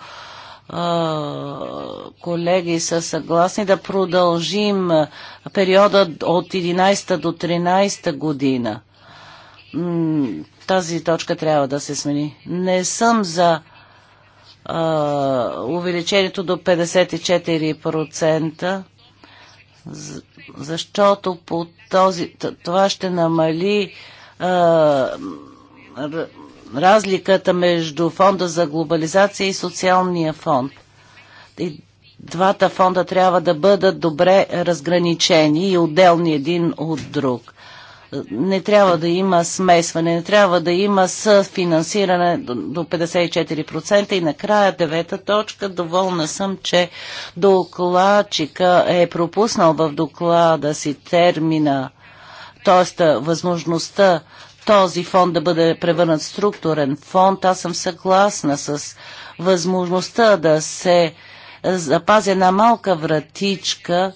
колеги са съгласни да продължим периода от 11 до 13 година тази точка трябва да се смени. Не съм за а, увеличението до 54%, защото по този, това ще намали а, разликата между фонда за глобализация и социалния фонд. И двата фонда трябва да бъдат добре разграничени и отделни един от друг не трябва да има смесване, не трябва да има съфинансиране до 54% и накрая девета точка. Доволна съм, че докладчика е пропуснал в доклада си термина, т.е. възможността този фонд да бъде превърнат в структурен фонд. Аз съм съгласна с възможността да се запази една малка вратичка,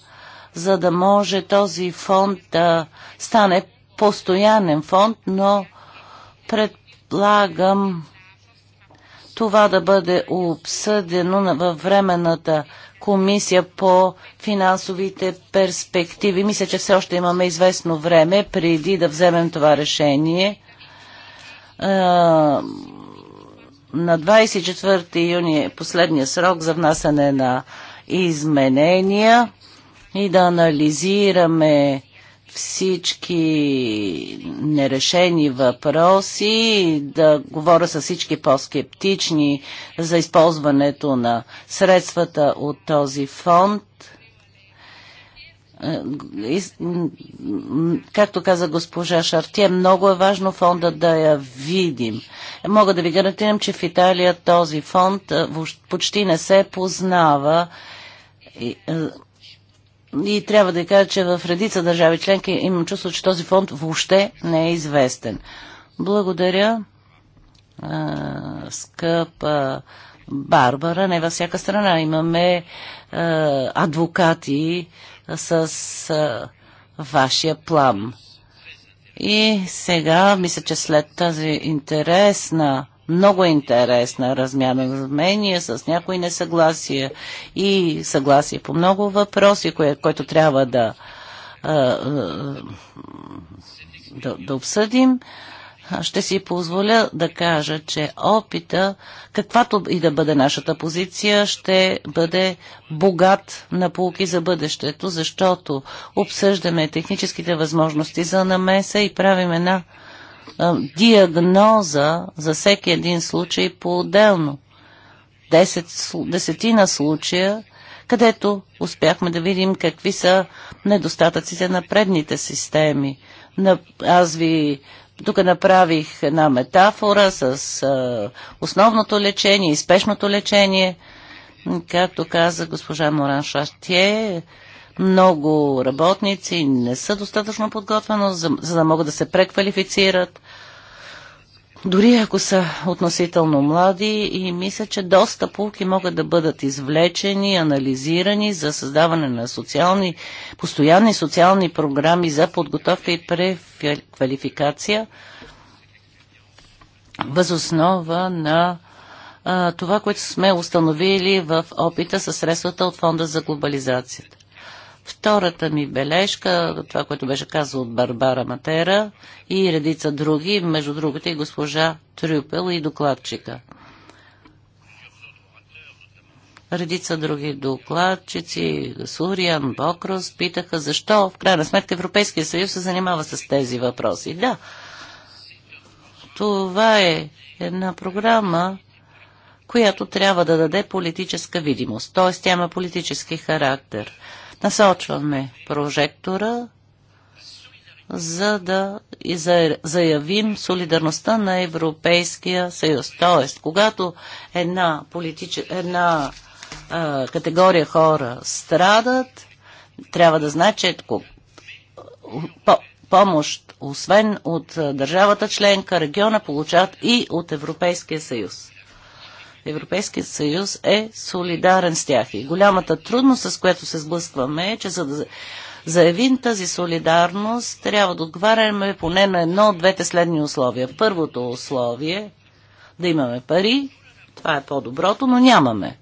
за да може този фонд да стане постоянен фонд, но предлагам това да бъде обсъдено във временната комисия по финансовите перспективи. Мисля, че все още имаме известно време преди да вземем това решение. На 24 юни е последния срок за внасяне на изменения и да анализираме всички нерешени въпроси, да говоря с всички по-скептични за използването на средствата от този фонд. Е, както каза госпожа Шартие, много е важно фонда да я видим. Мога да ви гарантирам, че в Италия този фонд е, почти не се познава е, и трябва да кажа, че в редица държави членки имам чувство, че този фонд въобще не е известен. Благодаря, скъпа Барбара. Не във всяка страна имаме адвокати с вашия плам. И сега, мисля, че след тази интересна много е интересна размяна в мнение, с някои несъгласия и съгласие по много въпроси, кое, което трябва да, да, да обсъдим. Ще си позволя да кажа, че опита, каквато и да бъде нашата позиция, ще бъде богат на полки за бъдещето, защото обсъждаме техническите възможности за намеса и правим една диагноза за всеки един случай по-отделно. Десет, десетина случая, където успяхме да видим какви са недостатъците на предните системи. На, аз ви тук направих една метафора с а, основното лечение и спешното лечение. Както каза госпожа Моран Шартие, много работници не са достатъчно подготвени, за, за да могат да се преквалифицират. Дори ако са относително млади и мисля, че доста полки могат да бъдат извлечени, анализирани за създаване на социални, постоянни социални програми за подготовка и преквалификация възоснова на а, това, което сме установили в опита със средствата от Фонда за глобализацията. Втората ми бележка, това, което беше казал от Барбара Матера и редица други, между другото и госпожа Трюпел и докладчика. Редица други докладчици, Суриан, Бокрос, питаха защо в крайна сметка Европейския съюз се занимава с тези въпроси. Да, това е една програма, която трябва да даде политическа видимост, т.е. тя има политически характер. Насочваме прожектора, за да заявим солидарността на Европейския съюз. Тоест, когато една, политич... една а, категория хора страдат, трябва да знае, че по помощ, освен от държавата членка, региона, получават и от Европейския съюз. Европейският съюз е солидарен с тях. И голямата трудност, с която се сблъскваме е, че за да заявим тази солидарност, трябва да отговаряме поне на едно от двете следни условия. Първото условие е да имаме пари, това е по-доброто, но нямаме.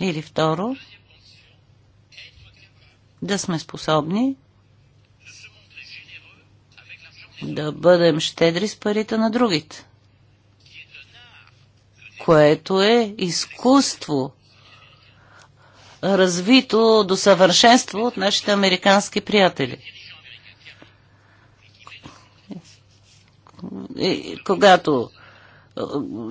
Или второ, да сме способни да бъдем щедри с парите на другите. Което е изкуство, развито до съвършенство от нашите американски приятели. И, когато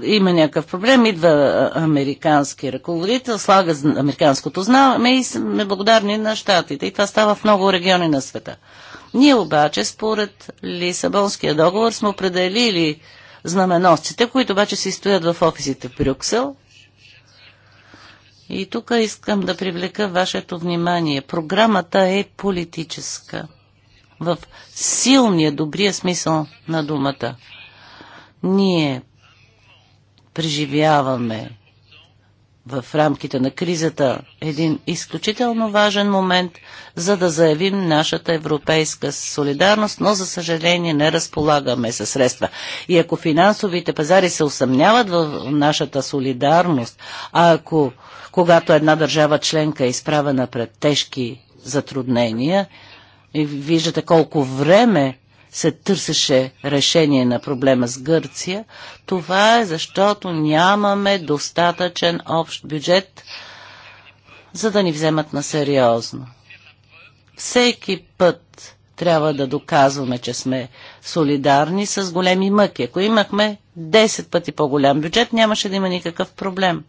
е, има някакъв проблем, идва американски ръководител, слага американското знаме и сме благодарни на щатите. И това става в много региони на света. Ние обаче, според Лисабонския договор, сме определили знаменосците, които обаче се стоят в офисите в Брюксел. И тук искам да привлека вашето внимание. Програмата е политическа. В силния, добрия смисъл на думата. Ние преживяваме в рамките на кризата един изключително важен момент, за да заявим нашата европейска солидарност, но за съжаление не разполагаме със средства. И ако финансовите пазари се усъмняват в нашата солидарност, а ако когато една държава членка е изправена пред тежки затруднения, и виждате колко време се търсеше решение на проблема с Гърция, това е защото нямаме достатъчен общ бюджет, за да ни вземат на сериозно. Всеки път трябва да доказваме, че сме солидарни с големи мъки. Ако имахме 10 пъти по-голям бюджет, нямаше да има никакъв проблем.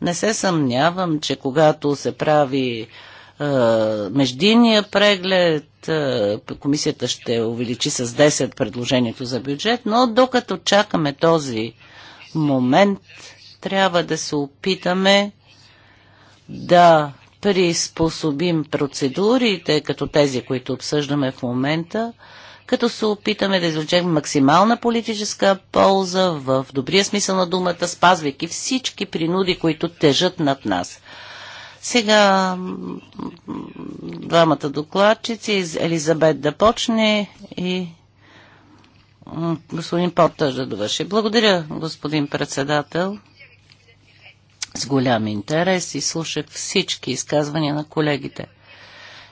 Не се съмнявам, че когато се прави междинния преглед. Комисията ще увеличи с 10 предложението за бюджет, но докато чакаме този момент, трябва да се опитаме да приспособим процедурите, като тези, които обсъждаме в момента, като се опитаме да извлечем максимална политическа полза в добрия смисъл на думата, спазвайки всички принуди, които тежат над нас. Сега двамата докладчици, Елизабет да почне и господин Портаж да довърши. Благодаря, господин председател. С голям интерес и слушах всички изказвания на колегите.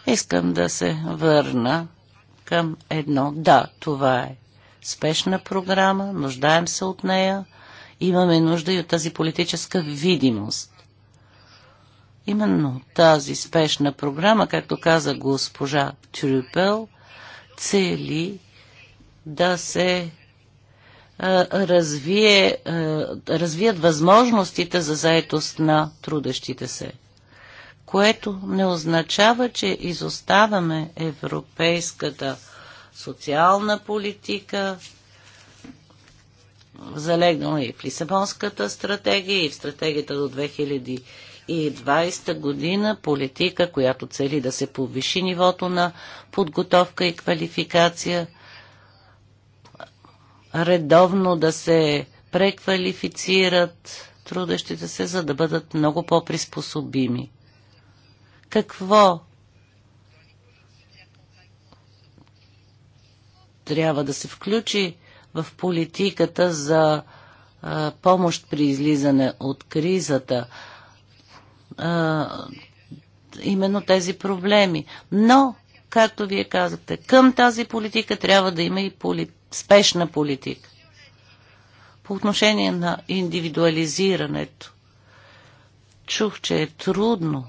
Искам да се върна към едно. Да, това е спешна програма, нуждаем се от нея, имаме нужда и от тази политическа видимост. Именно тази спешна програма, както каза госпожа Трюпел, цели да се развие, развият възможностите за заетост на трудещите се. Което не означава, че изоставаме европейската социална политика, залегнала и в Лисабонската стратегия, и в стратегията до 2020 година политика, която цели да се повиши нивото на подготовка и квалификация, редовно да се преквалифицират трудещите се, за да бъдат много по-приспособими. Какво трябва да се включи в политиката за помощ при излизане от кризата? а, именно тези проблеми. Но, както вие казахте, към тази политика трябва да има и поли... спешна политика. По отношение на индивидуализирането, чух, че е трудно,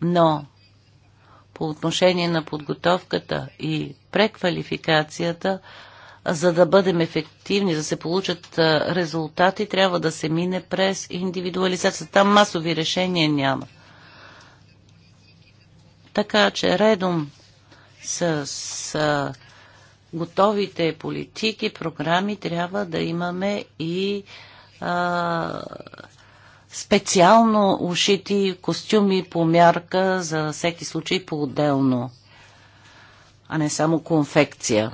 но по отношение на подготовката и преквалификацията, за да бъдем ефективни, да се получат резултати, трябва да се мине през индивидуализация. Там масови решения няма. Така че редом с, с готовите политики, програми, трябва да имаме и а, специално ушити костюми по мярка за всеки случай по-отделно, а не само конфекция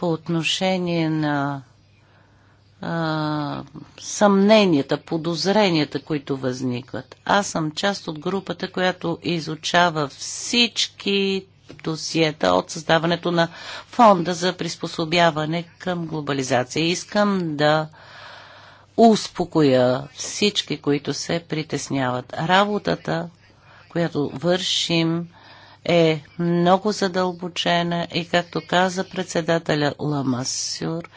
по отношение на а, съмненията, подозренията, които възникват. Аз съм част от групата, която изучава всички досиета от създаването на фонда за приспособяване към глобализация. Искам да успокоя всички, които се притесняват. Работата, която вършим, е много задълбочена и, както каза председателя Ламасюр,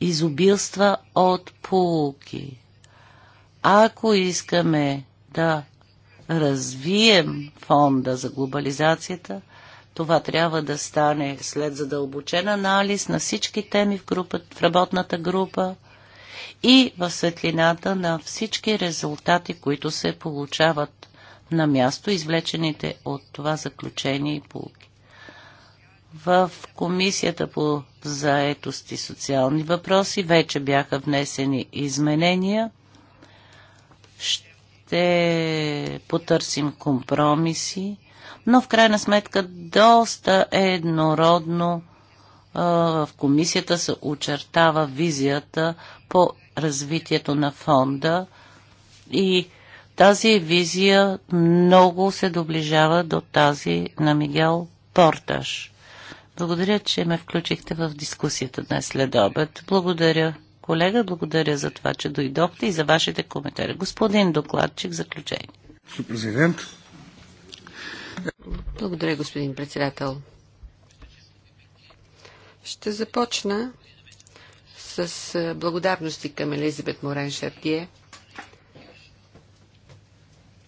изобилства от полуки. Ако искаме да развием фонда за глобализацията, това трябва да стане след задълбочен анализ на всички теми в, група, в работната група и в светлината на всички резултати, които се получават на място извлечените от това заключение и полки. В Комисията по заетост и социални въпроси вече бяха внесени изменения. Ще потърсим компромиси, но в крайна сметка доста еднородно в комисията се очертава визията по развитието на фонда и тази визия много се доближава до тази на Мигел Порташ. Благодаря, че ме включихте в дискусията днес след обед. Благодаря, колега, благодаря за това, че дойдохте и за вашите коментари. Господин докладчик, заключение. Президент. Благодаря, господин председател. Ще започна с благодарности към Елизабет Морен Шартие –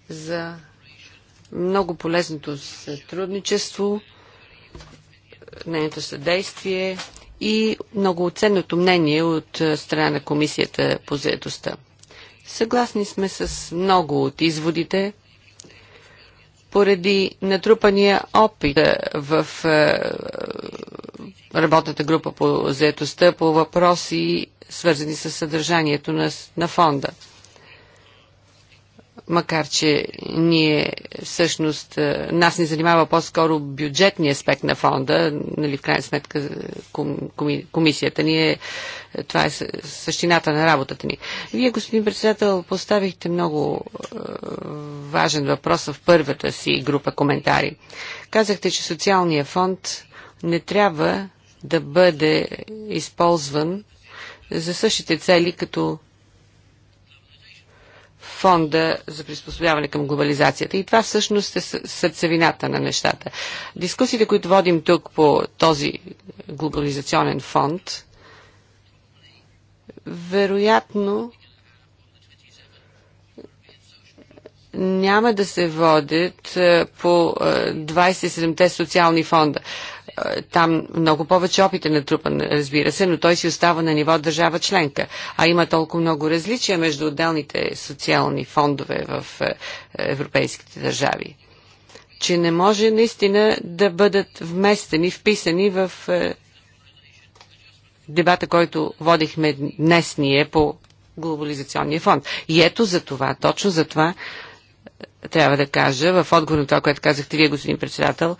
за много полезното сътрудничество, нейното съдействие и много ценното мнение от страна на Комисията по заедостта. Съгласни сме с много от изводите, поради натрупания опит е, в е, работната група по заетостта по въпроси, свързани с съдържанието на, на фонда макар че ние всъщност е, нас ни занимава по-скоро бюджетния аспект на фонда, нали, в крайна сметка комисията ни е, това е същината на работата ни. Вие, господин председател, поставихте много е, важен въпрос в първата си група коментари. Казахте, че социалния фонд не трябва да бъде използван за същите цели като фонда за приспособяване към глобализацията. И това всъщност е сърцевината на нещата. Дискусиите, които водим тук по този глобализационен фонд, вероятно няма да се водят по 27-те социални фонда там много повече опит е натрупан, разбира се, но той си остава на ниво държава членка. А има толкова много различия между отделните социални фондове в е, европейските държави, че не може наистина да бъдат вместени, вписани в е, дебата, който водихме днес ние по глобализационния фонд. И ето за това, точно за това е, трябва да кажа в отговор на това, което казахте вие, господин председател,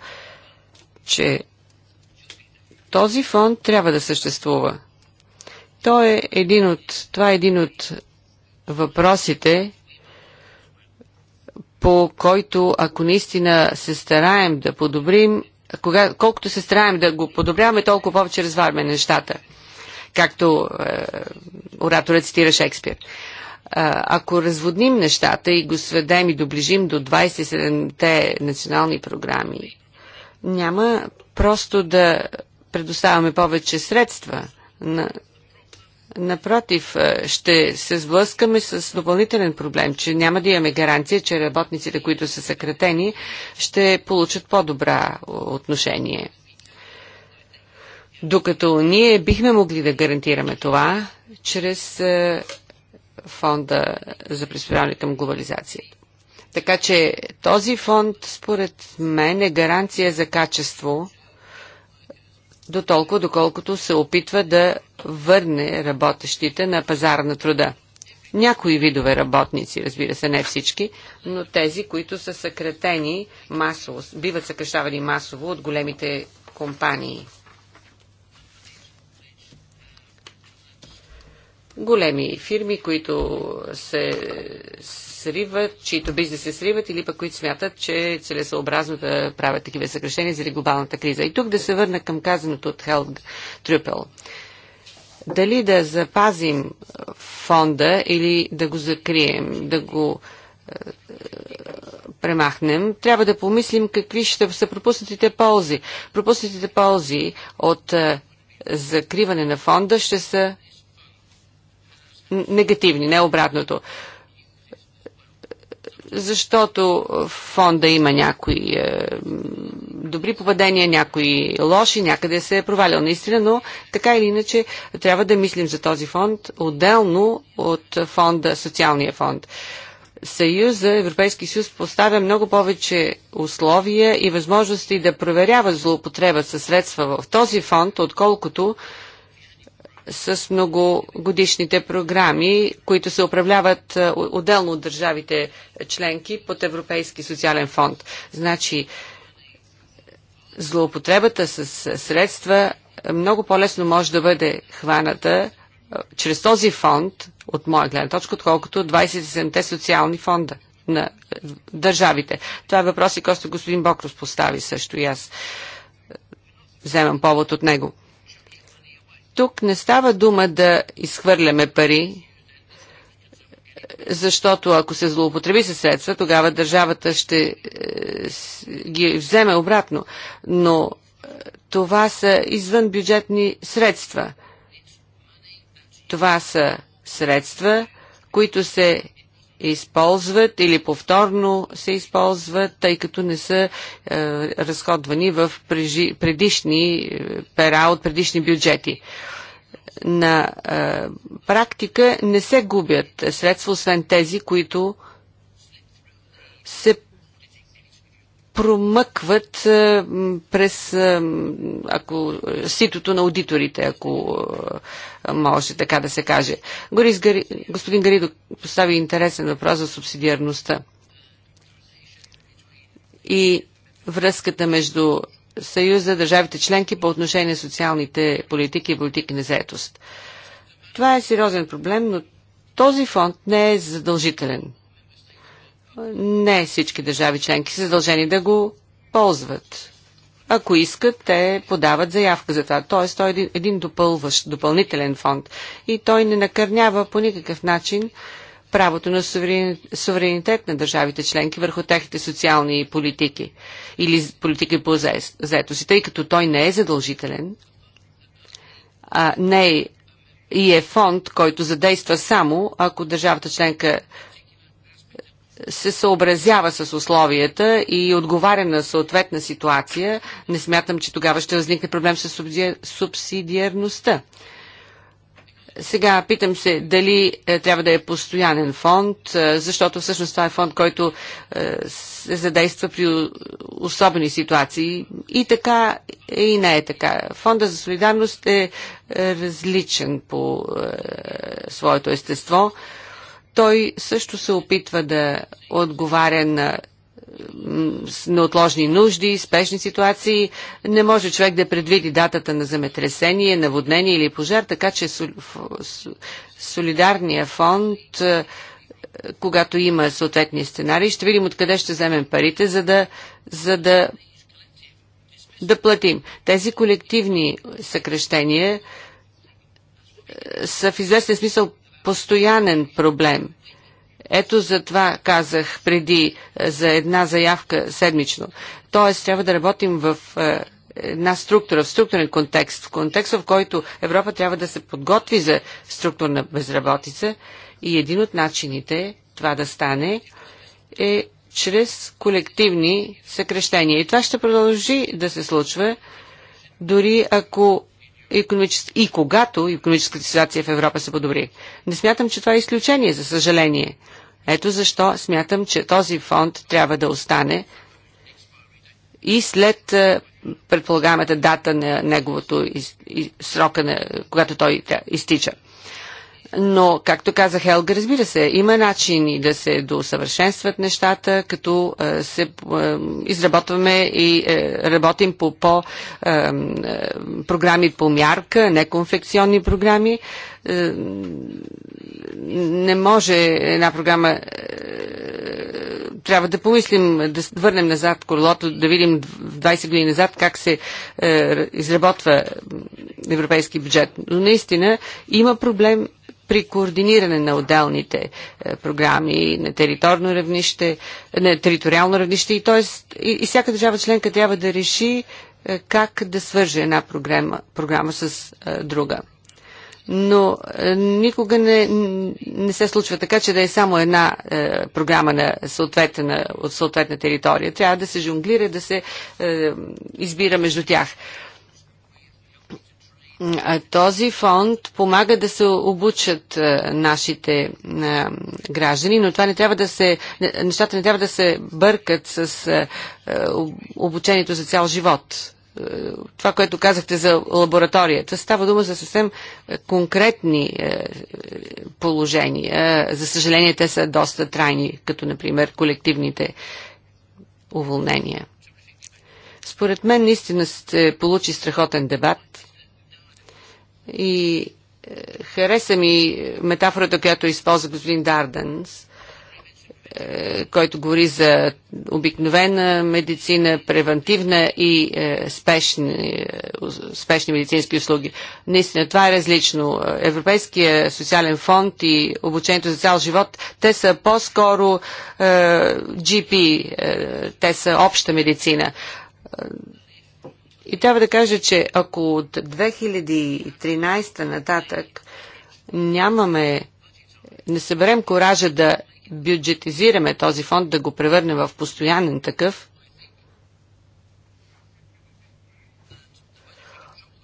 че този фонд трябва да съществува. Той е един от, това е един от въпросите, по който, ако наистина се стараем да подобрим, кога, колкото се стараем да го подобряваме, толкова повече разварме нещата, както е, ораторът цитира Шекспир. Ако разводним нещата и го сведем и доближим до 27-те национални програми, няма просто да предоставяме повече средства. На, Напротив, е, ще се сблъскаме с допълнителен проблем, че няма да имаме гаранция, че работниците, които са съкратени, ще получат по-добра отношение. Докато ние бихме могли да гарантираме това чрез е, фонда за приспособяване към глобализацията. Така че този фонд, според мен, е гаранция за качество – до толкова, доколкото се опитва да върне работещите на пазара на труда. Някои видове работници, разбира се, не всички, но тези, които са съкретени масово, биват съкрещавани масово от големите компании. Големи фирми, които се сриват, чието бизнес се сриват или пък които смятат, че е целесообразно да правят такива съкрещения заради глобалната криза. И тук да се върна към казаното от Хелг Трюпел. Дали да запазим фонда или да го закрием, да го е, премахнем, трябва да помислим какви ще са пропуснатите ползи. Пропуснатите ползи от е, закриване на фонда ще са негативни, не обратното защото в фонда има някои е, добри поведения, някои лоши, някъде се е провалял наистина, но така или иначе трябва да мислим за този фонд отделно от фонда, социалния фонд. Съюза, Европейски съюз поставя много повече условия и възможности да проверява злоупотреба със средства в този фонд, отколкото с многогодишните програми, които се управляват е, отделно от държавите членки под Европейски социален фонд. Значи, злоупотребата с е, средства е, много по-лесно може да бъде хваната чрез този фонд, от моя гледна точка, отколкото 27-те социални фонда на държавите. Това е въпрос и който господин Бокрос постави също и аз вземам повод от него. Тук не става дума да изхвърляме пари, защото ако се злоупотреби със средства, тогава държавата ще е, ги вземе обратно. Но е, това са извън бюджетни средства. Това са средства, които се използват или повторно се използват, тъй като не са е, разходвани в предишни е, пера от предишни бюджети. На е, практика не се губят средства, освен тези, които се промъкват е, през е, ако, ситото на аудиторите, ако е, може така да се каже. Горис, господин Гаридо постави интересен въпрос за субсидиарността и връзката между Съюза, държавите членки по отношение на социалните политики и политики на заетост. Това е сериозен проблем, но този фонд не е задължителен не всички държави членки са задължени да го ползват. Ако искат, те подават заявка за това. Т.е. той е един, един допълващ, допълнителен фонд. И той не накърнява по никакъв начин правото на суверенитет на държавите членки върху техните социални политики или политики по заето си, тъй като той не е задължителен, а не е и е фонд, който задейства само ако държавата членка се съобразява с условията и отговаря на съответна ситуация, не смятам, че тогава ще възникне проблем с субсидиарността. Сега питам се дали е, трябва да е постоянен фонд, е, защото всъщност това е фонд, който е, се задейства при особени ситуации. И така, и не е така. Фонда за солидарност е различен по своето естество той също се опитва да отговаря на неотложни нужди, спешни ситуации. Не може човек да предвиди датата на земетресение, наводнение или пожар, така че солидарния фонд, е, когато има съответния сценарии, ще видим откъде ще вземем парите, за да, за да, да платим. Тези колективни съкрещения е, са в известен смисъл постоянен проблем. Ето за това казах преди е, за една заявка седмично. Тоест трябва да работим в е, една структура, в структурен контекст, в контекст, в който Европа трябва да се подготви за структурна безработица и един от начините това да стане е чрез колективни съкрещения. И това ще продължи да се случва, дори ако и когато економическата ситуация в Европа се подобри. Не смятам, че това е изключение, за съжаление. Ето защо смятам, че този фонд трябва да остане и след е, предполагаемата дата на неговото из... срока, на... когато той изтича. Но, както каза Хелга, разбира се, има начини да се досъвършенстват нещата, като е, се е, изработваме и е, работим по, по програми по мярка, неконфекционни програми. Не може една програма. Трябва да помислим, да върнем назад колелото, да видим 20 години назад как се изработва европейски бюджет. Но наистина има проблем при координиране на отделните е, програми на територно равнище, на териториално равнище и, т.е. и, всяка държава членка трябва да реши е, как да свърже една програма, програма с е, друга. Но никога не, не се случва така, че да е само една е, програма на съответна, от съответна територия. Трябва да се жонглира, да се е, избира между тях. Е, този фонд помага да се обучат нашите граждани, но това не трябва да се, нещата не трябва да се бъркат с обучението за цял живот. Това, което казахте за лабораторията, става дума за съвсем конкретни положения. За съжаление, те са доста трайни, като, например, колективните уволнения. Според мен наистина се получи страхотен дебат и е, хареса ми метафората, която използва господин Дарденс, е, който говори за обикновена медицина, превентивна и е, спешни, спешни медицински услуги. Наистина, това е различно. Европейския социален фонд и обучението за цял живот, те са по-скоро е, GP, е, те са обща медицина и трябва да кажа, че ако от 2013 нататък нямаме, не съберем коража да бюджетизираме този фонд, да го превърнем в постоянен такъв,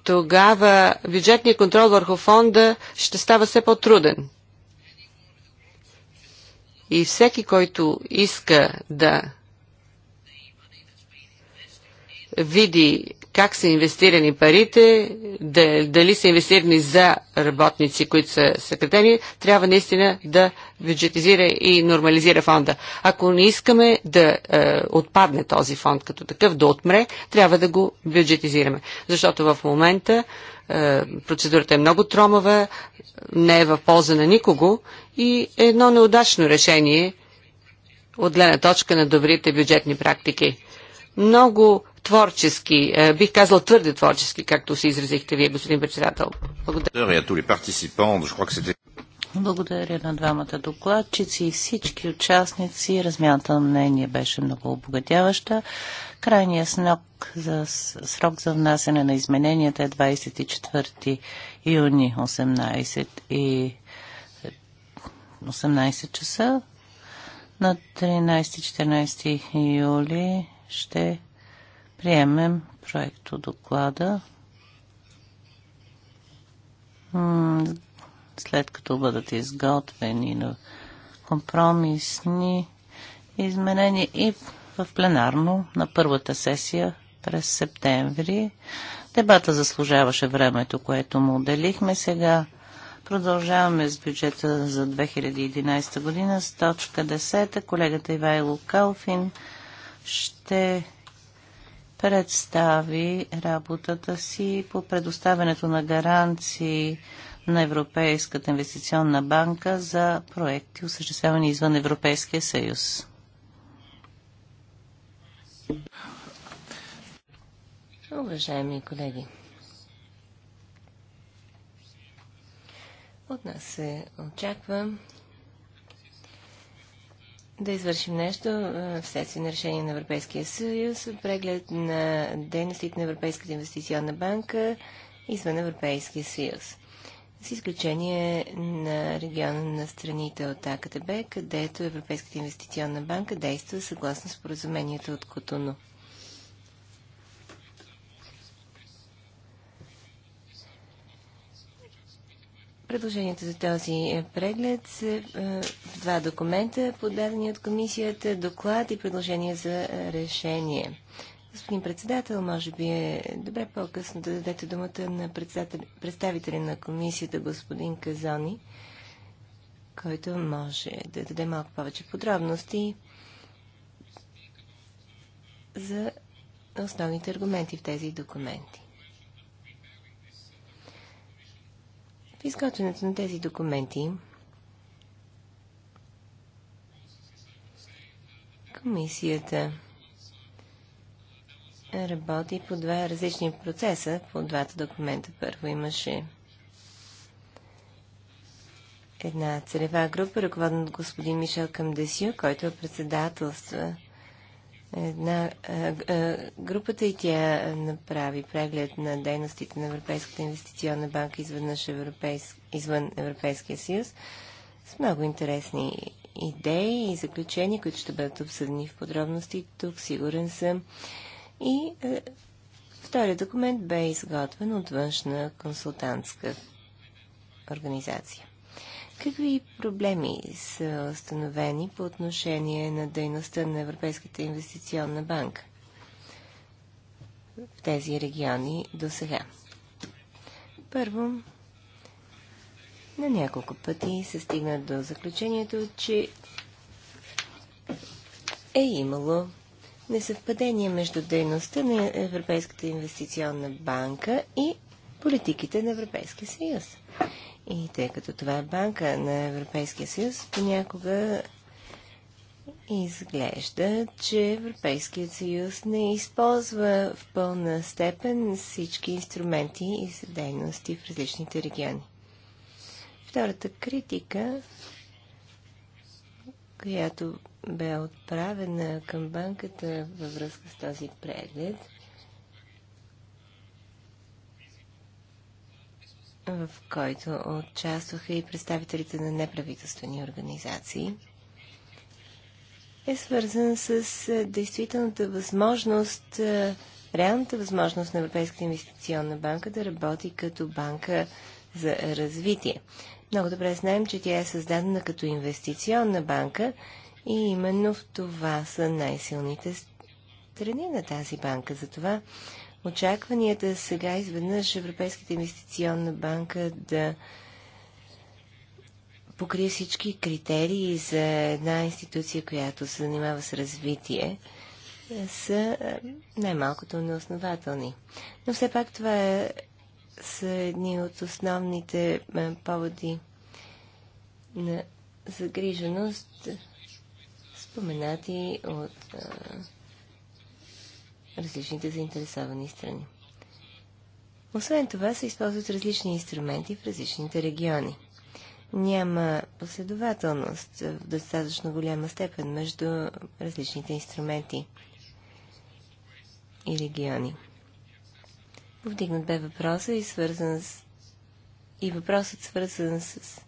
тогава бюджетният контрол върху фонда ще става все по-труден. И всеки, който иска да види как са инвестирани парите, дали са инвестирани за работници, които са съкратени, трябва наистина да бюджетизира и нормализира фонда. Ако не искаме да е, отпадне този фонд като такъв, да отмре, трябва да го бюджетизираме. Защото в момента е, процедурата е много тромава, не е в полза на никого и е едно неудачно решение от гледна точка на добрите бюджетни практики. Много творчески, е, бих казал твърде творчески, както се изразихте вие, господин председател. Благодаря. Благодаря на двамата докладчици и всички участници. Размяната на мнение беше много обогатяваща. Крайният срок за, срок за внасяне на измененията е 24 юни 18 и 18 часа. На 13-14 юли ще приемем проекто доклада след като бъдат изготвени на компромисни изменения и в пленарно на първата сесия през септември. Дебата заслужаваше времето, което му отделихме. Сега продължаваме с бюджета за 2011 година с точка 10. Колегата Ивайло Калфин ще представи работата си по предоставянето на гаранции на Европейската инвестиционна банка за проекти, осъществявани извън Европейския съюз. Уважаеми колеги, от нас се очаква да извършим нещо вследствие на решение на Европейския съюз, преглед на дейностите на Европейската инвестиционна банка извън Европейския съюз. С изключение на региона на страните от АКТБ, където Европейската инвестиционна банка действа съгласно споразумението от Котоно. Предложението за този е, преглед са е, в два документа, подадени от комисията, доклад и предложение за е, решение. Господин председател, може би е добре по-късно да дадете думата на представителя на комисията, господин Казони, който може да даде малко повече подробности за основните аргументи в тези документи. В изготвянето на тези документи комисията работи по два различни процеса, по двата документа. Първо имаше една целева група, ръководен от господин Мишел Камдесю, който председателства една а, а, групата и тя направи преглед на дейностите на Европейската инвестиционна банка изведнъж европейск, извън Европейския съюз с много интересни идеи и заключения, които ще бъдат обсъдени в подробности тук, сигурен съм. И а, втория документ бе изготвен от външна консултантска организация. Какви проблеми са установени по отношение на дейността на Европейската инвестиционна банка в тези региони до сега? Първо, на няколко пъти се стигна до заключението, че е имало несъвпадение между дейността на Европейската инвестиционна банка и политиките на Европейския съюз. И тъй като това е банка на Европейския съюз, понякога изглежда, че Европейският съюз не използва в пълна степен всички инструменти и дейности в различните региони. Втората критика, която бе отправена към банката във връзка с този преглед – в който участваха и представителите на неправителствени организации, е свързан с е, действителната възможност, е, реалната възможност на Европейската инвестиционна банка да работи като банка за развитие. Много добре знаем, че тя е създадена като инвестиционна банка и именно в това са най-силните страни на тази банка. Затова очакванията сега изведнъж Европейската инвестиционна банка да покрие всички критерии за една институция, която се занимава с развитие, са е, най-малкото неоснователни. Но все пак това е, са едни от основните е, поводи на загриженост, споменати от е, различните заинтересовани страни. Освен това се използват различни инструменти в различните региони. Няма последователност в достатъчно голяма степен между различните инструменти и региони. Повдигнат бе въпроса и свързан с и въпросът свързан с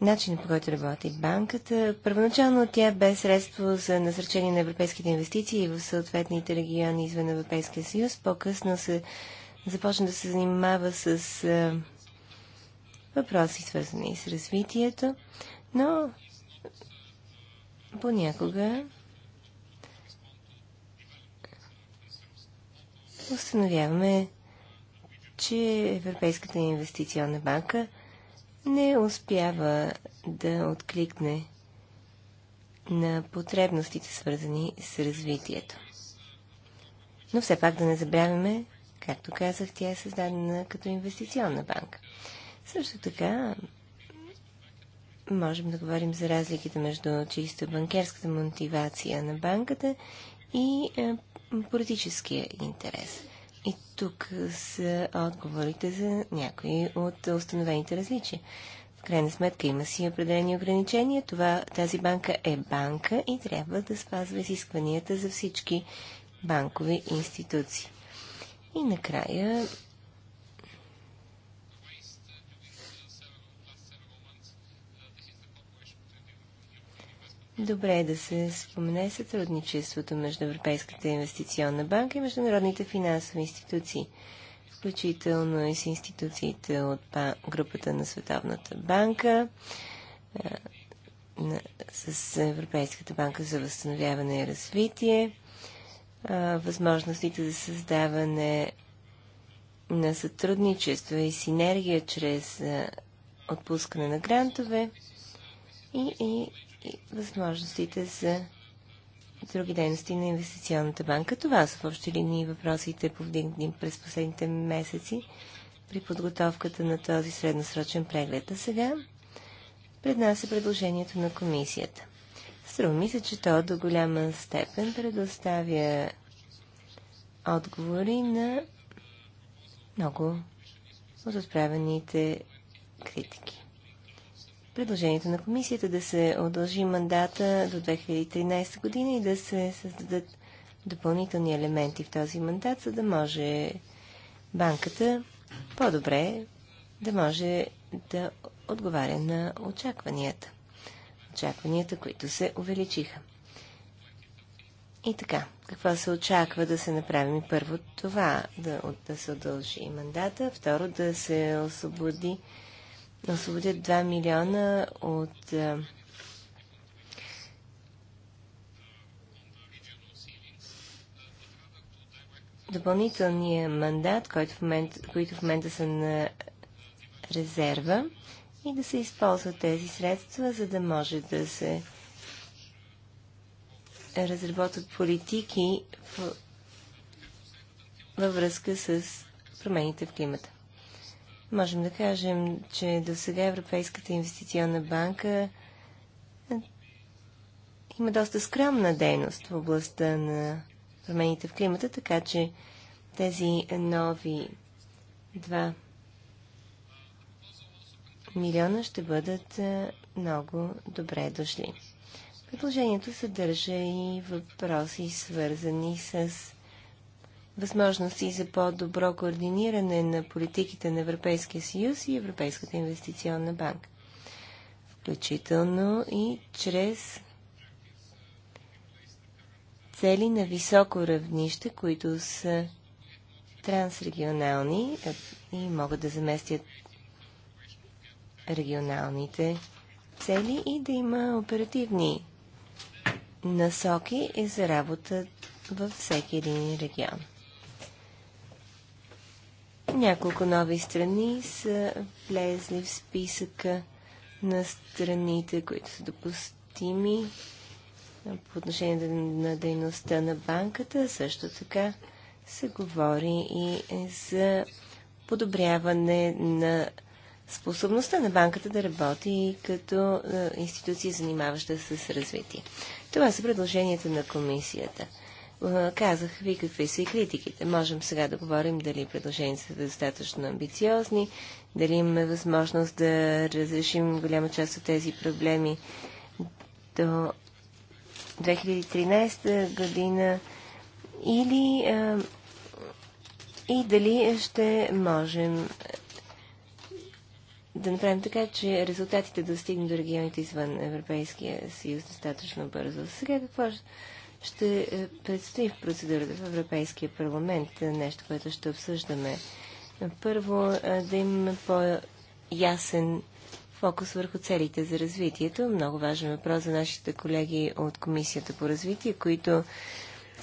начина по който работи банката. Първоначално тя бе средство за насърчение на европейските инвестиции в съответните региони извън Европейския съюз. По-късно се започна да се занимава с а, въпроси, свързани с развитието, но понякога установяваме, че Европейската инвестиционна банка – не успява да откликне на потребностите, свързани с развитието. Но все пак да не забравяме, както казах, тя е създадена като инвестиционна банка. Също така, можем да говорим за разликите между чисто банкерската мотивация на банката и е, политическия интерес. И тук са отговорите за някои от установените различия. В крайна сметка има си определени ограничения. Това, тази банка е банка и трябва да спазва изискванията за всички банкови институции. И накрая Добре е да се спомене сътрудничеството между Европейската инвестиционна банка и международните финансови институции, включително и с институциите от групата на Световната банка, с Европейската банка за възстановяване и развитие, възможностите за създаване на сътрудничество и синергия чрез отпускане на грантове и, и и възможностите за други дейности на инвестиционната банка. Това са в общи линии въпросите повдигнати през последните месеци при подготовката на този средносрочен преглед. А сега пред нас е предложението на комисията. Струва ми се, че то до голяма степен предоставя отговори на много от отправените критики предложението на комисията да се удължи мандата до 2013 година и да се създадат допълнителни елементи в този мандат, за да може банката по-добре да може да отговаря на очакванията. Очакванията, които се увеличиха. И така, какво се очаква да се направим? Първо това, да, да се удължи мандата, второ да се освободи да освободят 2 милиона от допълнителния мандат, който в момент, които в момента са на резерва и да се използват тези средства, за да може да се разработват политики в, във връзка с промените в климата. Можем да кажем, че до сега Европейската инвестиционна банка е, има доста скромна дейност в областта на промените в климата, така че тези нови 2 милиона ще бъдат е, много добре дошли. Предложението съдържа и въпроси, свързани с възможности за по-добро координиране на политиките на Европейския съюз и Европейската инвестиционна банка, включително и чрез цели на високо равнище, които са трансрегионални и могат да заместят регионалните цели и да има оперативни насоки за работа във всеки един регион. Няколко нови страни са влезли в списъка на страните, които са допустими по отношение на дейността на банката. Също така се говори и за подобряване на способността на банката да работи като институция, занимаваща се с развитие. Това са предложенията на комисията. Е, казах ви какви са и критиките. Можем сега да говорим дали предложенията са достатъчно амбициозни, дали имаме възможност да разрешим голяма част от тези проблеми до 2013 година или а, е, и дали ще можем е, да направим така, че резултатите да достигнат до регионите извън Европейския съюз достатъчно бързо. Сега какво ще ще е, предстои в процедурата в Европейския парламент нещо, което ще обсъждаме. Първо, е, да имаме по-ясен фокус върху целите за развитието. Много важен въпрос за нашите колеги от Комисията по развитие, които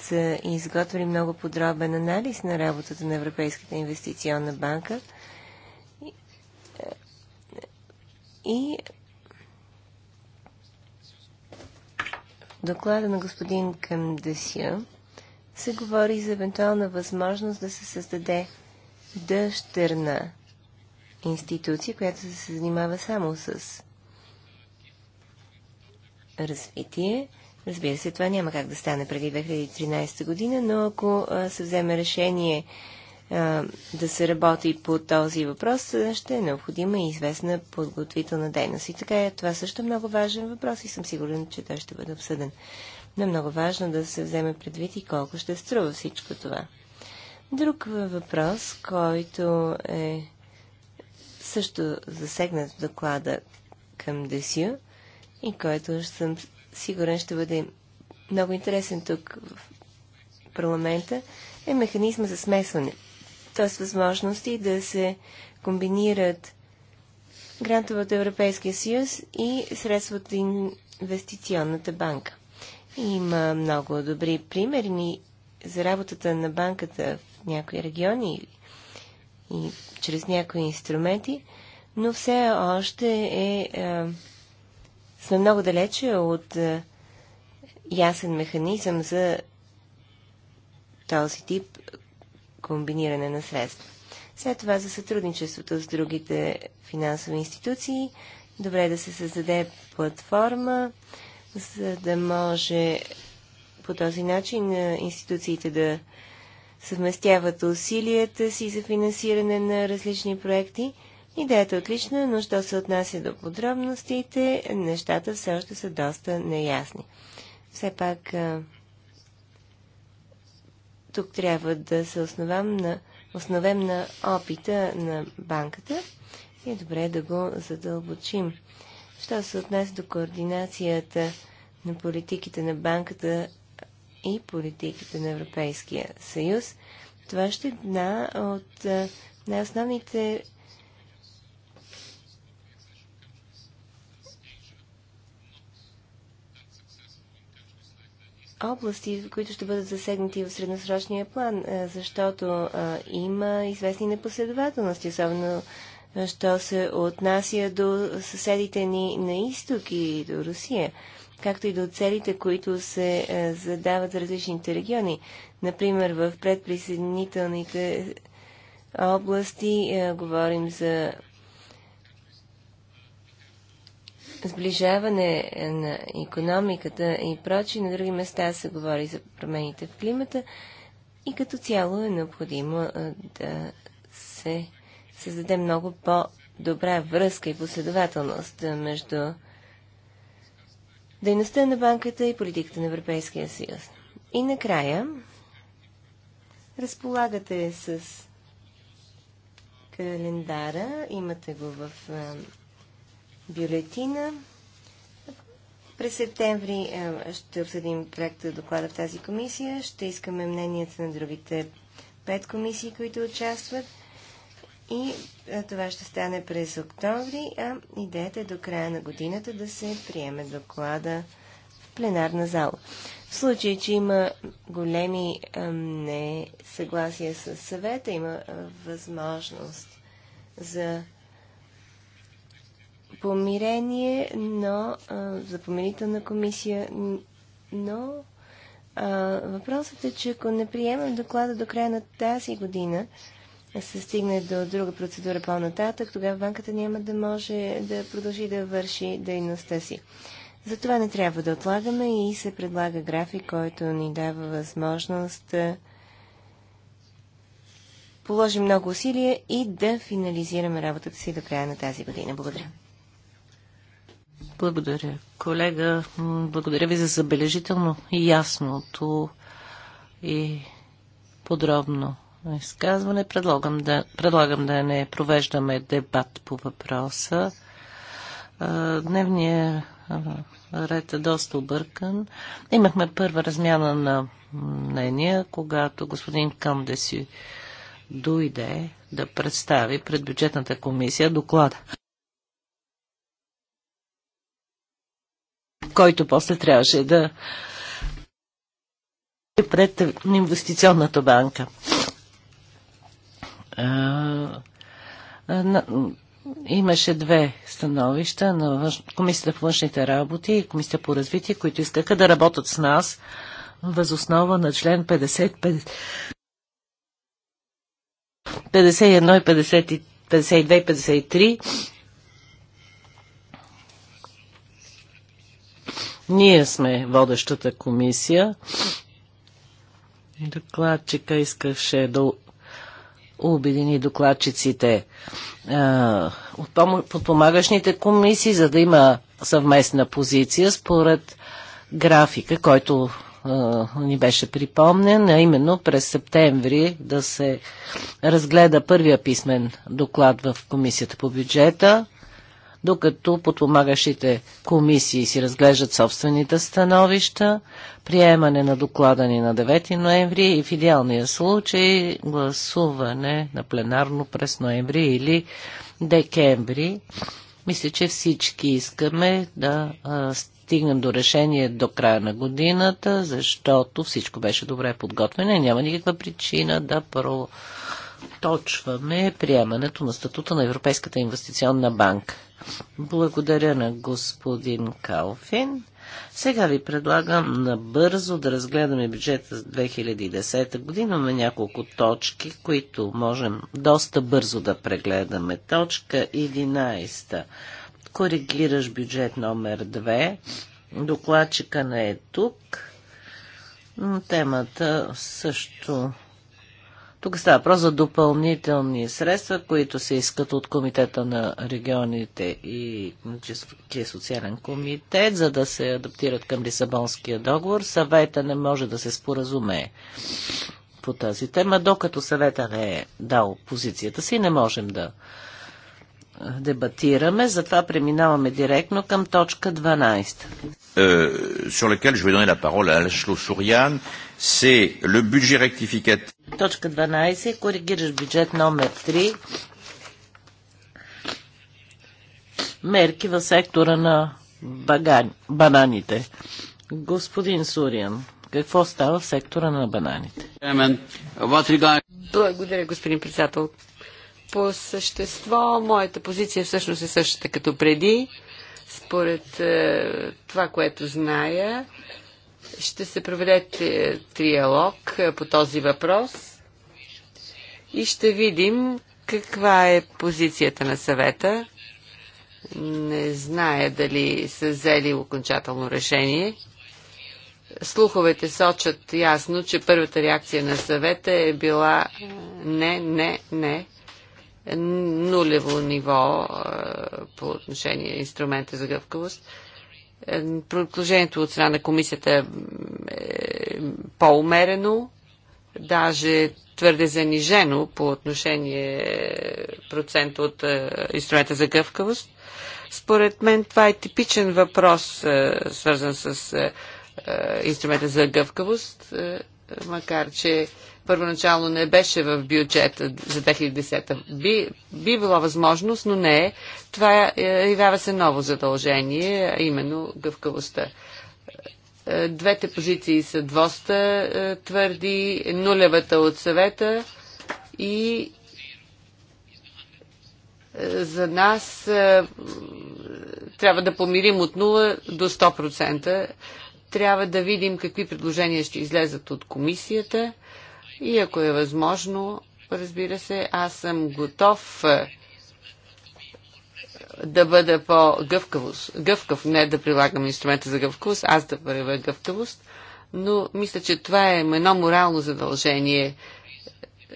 са изготвили много подробен анализ на работата на Европейската инвестиционна банка. И е, доклада на господин Кандесия се говори за евентуална възможност да се създаде дъщерна институция, която да се занимава само с развитие. Разбира се, това няма как да стане преди 2013 година, но ако се вземе решение да се работи по този въпрос, ще е необходима и известна подготвителна дейност. И така е, това също е много важен въпрос и съм сигурен, че той ще бъде обсъден. Но е много важно да се вземе предвид и колко ще струва всичко това. Друг въпрос, който е също засегнат в доклада към ДЕСЮ и който съм сигурен ще бъде много интересен тук в парламента, е механизма за смесване – т.е. възможности да се комбинират грантове от Европейския съюз и средства от инвестиционната банка. Има много добри примери за работата на банката в някои региони и, и чрез някои инструменти, но все още е, е, сме много далече от е, ясен механизъм за този тип комбиниране на средства. След това за сътрудничеството с другите финансови институции, добре е да се създаде платформа, за да може по този начин институциите да съвместяват усилията си за финансиране на различни проекти. Идеята е отлична, но що се отнася до подробностите, нещата все още са доста неясни. Все пак тук трябва да се основам на, основем на опита на банката и е добре да го задълбочим. Що се отнася до координацията на политиките на банката и политиките на Европейския съюз, това ще е една от най-основните области, които ще бъдат засегнати в средносрочния план, е, защото е, има известни непоследователности, особено е, що се отнася до съседите ни на изток и до Русия, както и до целите, които се задават за различните региони. Например, в предприсъединителните области говорим за сближаване е, на економиката и прочи. На други места се говори за промените в климата и като цяло е необходимо е, да се създаде много по-добра връзка и последователност е, между дейността на банката и политиката на Европейския съюз. И накрая разполагате с календара, имате го в бюлетина. През септември е, ще обсъдим проекта доклада в тази комисия. Ще искаме мненията на другите пет комисии, които участват. И е, това ще стане през октомври, а идеята е до края на годината да се приеме доклада в пленарна зала. В случай, че има големи е, несъгласия с съвета, има възможност за помирение, но а, за помирителна комисия, но а, въпросът е, че ако не приемем доклада до края на тази година, се стигне до друга процедура по-нататък, тогава банката няма да може да продължи да върши дейността си. Затова не трябва да отлагаме и се предлага график, който ни дава възможност да положим много усилия и да финализираме работата си до края на тази година. Благодаря. Благодаря, колега. Благодаря ви за забележително и ясното и подробно изказване. Предлагам да, предлагам да не провеждаме дебат по въпроса. Дневният ред е доста объркан. Имахме първа размяна на мнения, когато господин Камдеси дойде да представи пред бюджетната комисия доклада. който после трябваше да е пред инвестиционната банка. Имаше две становища на Комисията по външните работи и Комисията по развитие, които искаха да работят с нас възоснова на член 55, 51 и 50, 52 и 53 Ние сме водещата комисия. Докладчика искаше да обедини докладчиците от подпомагащните комисии, за да има съвместна позиция според графика, който ни беше припомнен, а именно през септември да се разгледа първия писмен доклад в Комисията по бюджета докато подпомагащите комисии си разглеждат собствените становища, приемане на доклада ни на 9 ноември и в идеалния случай гласуване на пленарно през ноември или декември. Мисля, че всички искаме да стигнем до решение до края на годината, защото всичко беше добре подготвено и няма никаква причина да проточваме приемането на статута на Европейската инвестиционна банка. Благодаря на господин Калфин. Сега ви предлагам набързо да разгледаме бюджета за 2010 година. Имаме няколко точки, които можем доста бързо да прегледаме. Точка 11. Коригираш бюджет номер 2. Докладчика не е тук. Темата също тук става въпрос за допълнителни средства, които се искат от Комитета на регионите и Економическия социален комитет, за да се адаптират към Лисабонския договор. Съвета не може да се споразумее по тази тема, докато съвета не е дал позицията си, не можем да дебатираме, затова преминаваме директно към точка 12. Е, sur lequel je vais donner la parole à Lachlo Sourian, c'est le budget rectificatif. Точка 12, коригираш бюджет номер 3, мерки в сектора на багани, бананите. Господин Суриан, какво става в сектора на бананите? Благодаря, господин председател. По същество, моята позиция всъщност е същата като преди. Според е, това, което зная, ще се проведе триалог е, по този въпрос и ще видим каква е позицията на съвета. Не зная дали са взели окончателно решение. Слуховете сочат ясно, че първата реакция на съвета е била е, не, не, не нулево ниво по отношение на инструмента за гъвкавост. Е, Предложението от страна на комисията е, е по-умерено, даже твърде занижено по отношение процент от е, инструмента за гъвкавост. Според мен това е типичен въпрос, свързан с инструмента за гъвкавост, макар че първоначално не беше в бюджета за 2010. Би, би било възможност, но не е. Това е, явява се ново задължение, а именно гъвкавостта. Е, двете позиции са двоста е, твърди, нулевата от съвета и за нас трябва да помирим от 0 до 100%. Трябва да видим какви предложения ще излезат от комисията и ако е възможно, разбира се, аз съм готов е, да бъда по-гъвкав, не да прилагам инструмента за гъвкавост, аз да правя гъвкавост, но мисля, че това е едно морално задължение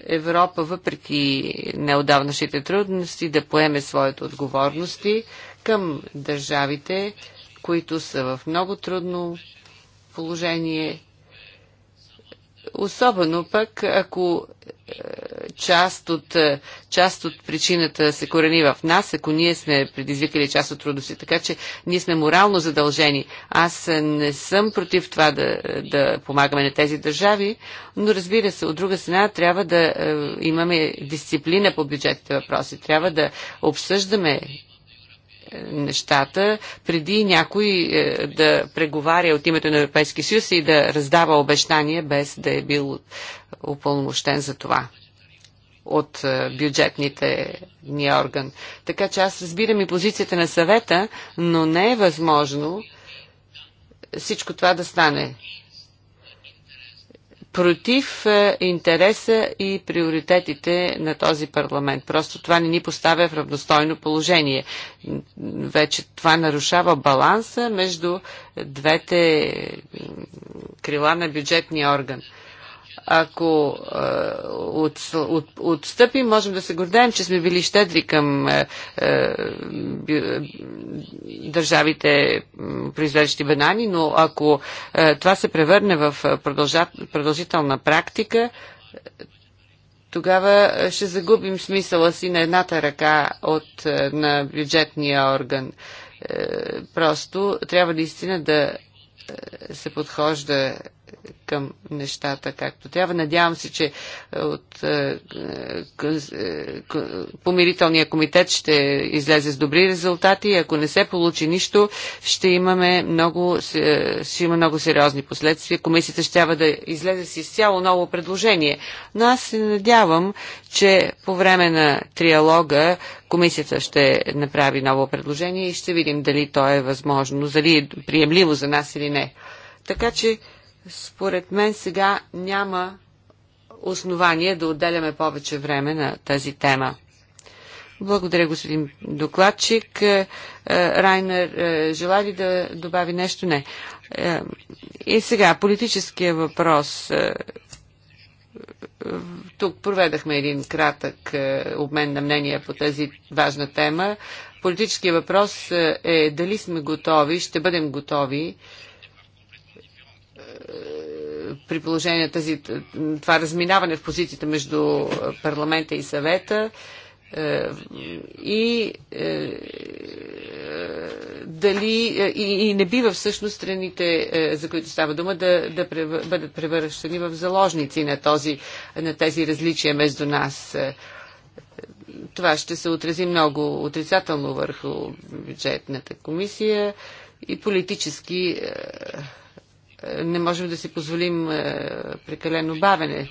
Европа, въпреки неодавнашите трудности, да поеме своите отговорности към държавите, които са в много трудно положение Особено пък, ако е, част от, е, част от причината се корени в нас, ако ние сме предизвикали част от трудности, Така че ние сме морално задължени. Аз е, не съм против това да, да помагаме на тези държави, но разбира се, от друга страна трябва да имаме дисциплина по бюджетните въпроси. Трябва да обсъждаме нещата, преди някой е, да преговаря от името на Европейския съюз и да раздава обещания, без да е бил упълномощен за това от е, бюджетните ни орган. Така че аз разбирам и позицията на съвета, но не е възможно всичко това да стане против е, интереса и приоритетите на този парламент. Просто това не ни поставя в равностойно положение. Вече това нарушава баланса между двете крила на бюджетния орган. Ако е, от, от, отстъпим, можем да се гордеем, че сме били щедри към е, е държавите, произвеждащи банани, но ако е, това се превърне в продължителна практика, тогава ще загубим смисъла си на едната ръка от, е, на бюджетния орган. Просто трябва наистина да се подхожда към нещата както трябва. Надявам се, че е, от е, е, помирителния комитет ще излезе с добри резултати. Ако не се получи нищо, ще имаме много, ще има много сериозни последствия. Комисията ще трябва да излезе с изцяло ново предложение. Но аз се надявам, че по време на триалога комисията ще направи ново предложение и ще видим дали то е възможно, дали е приемливо за нас или не. Така че според мен сега няма основание да отделяме повече време на тази тема. Благодаря, господин докладчик. Е, е, Райнер, е, желая ли да добави нещо? Не. И сега, политическия въпрос. Тук проведахме един кратък обмен на мнения по тази важна тема. Политическия въпрос е дали сме готови, ще бъдем готови при положение тази, това разминаване в позицията между парламента и съвета е, и е, дали е, и, и не бива всъщност страните, за които става дума, да, да бъдат превръщани в заложници на, този, на тези различия между нас. Това ще се отрази много отрицателно върху бюджетната комисия и политически не можем да си позволим е, прекалено бавене.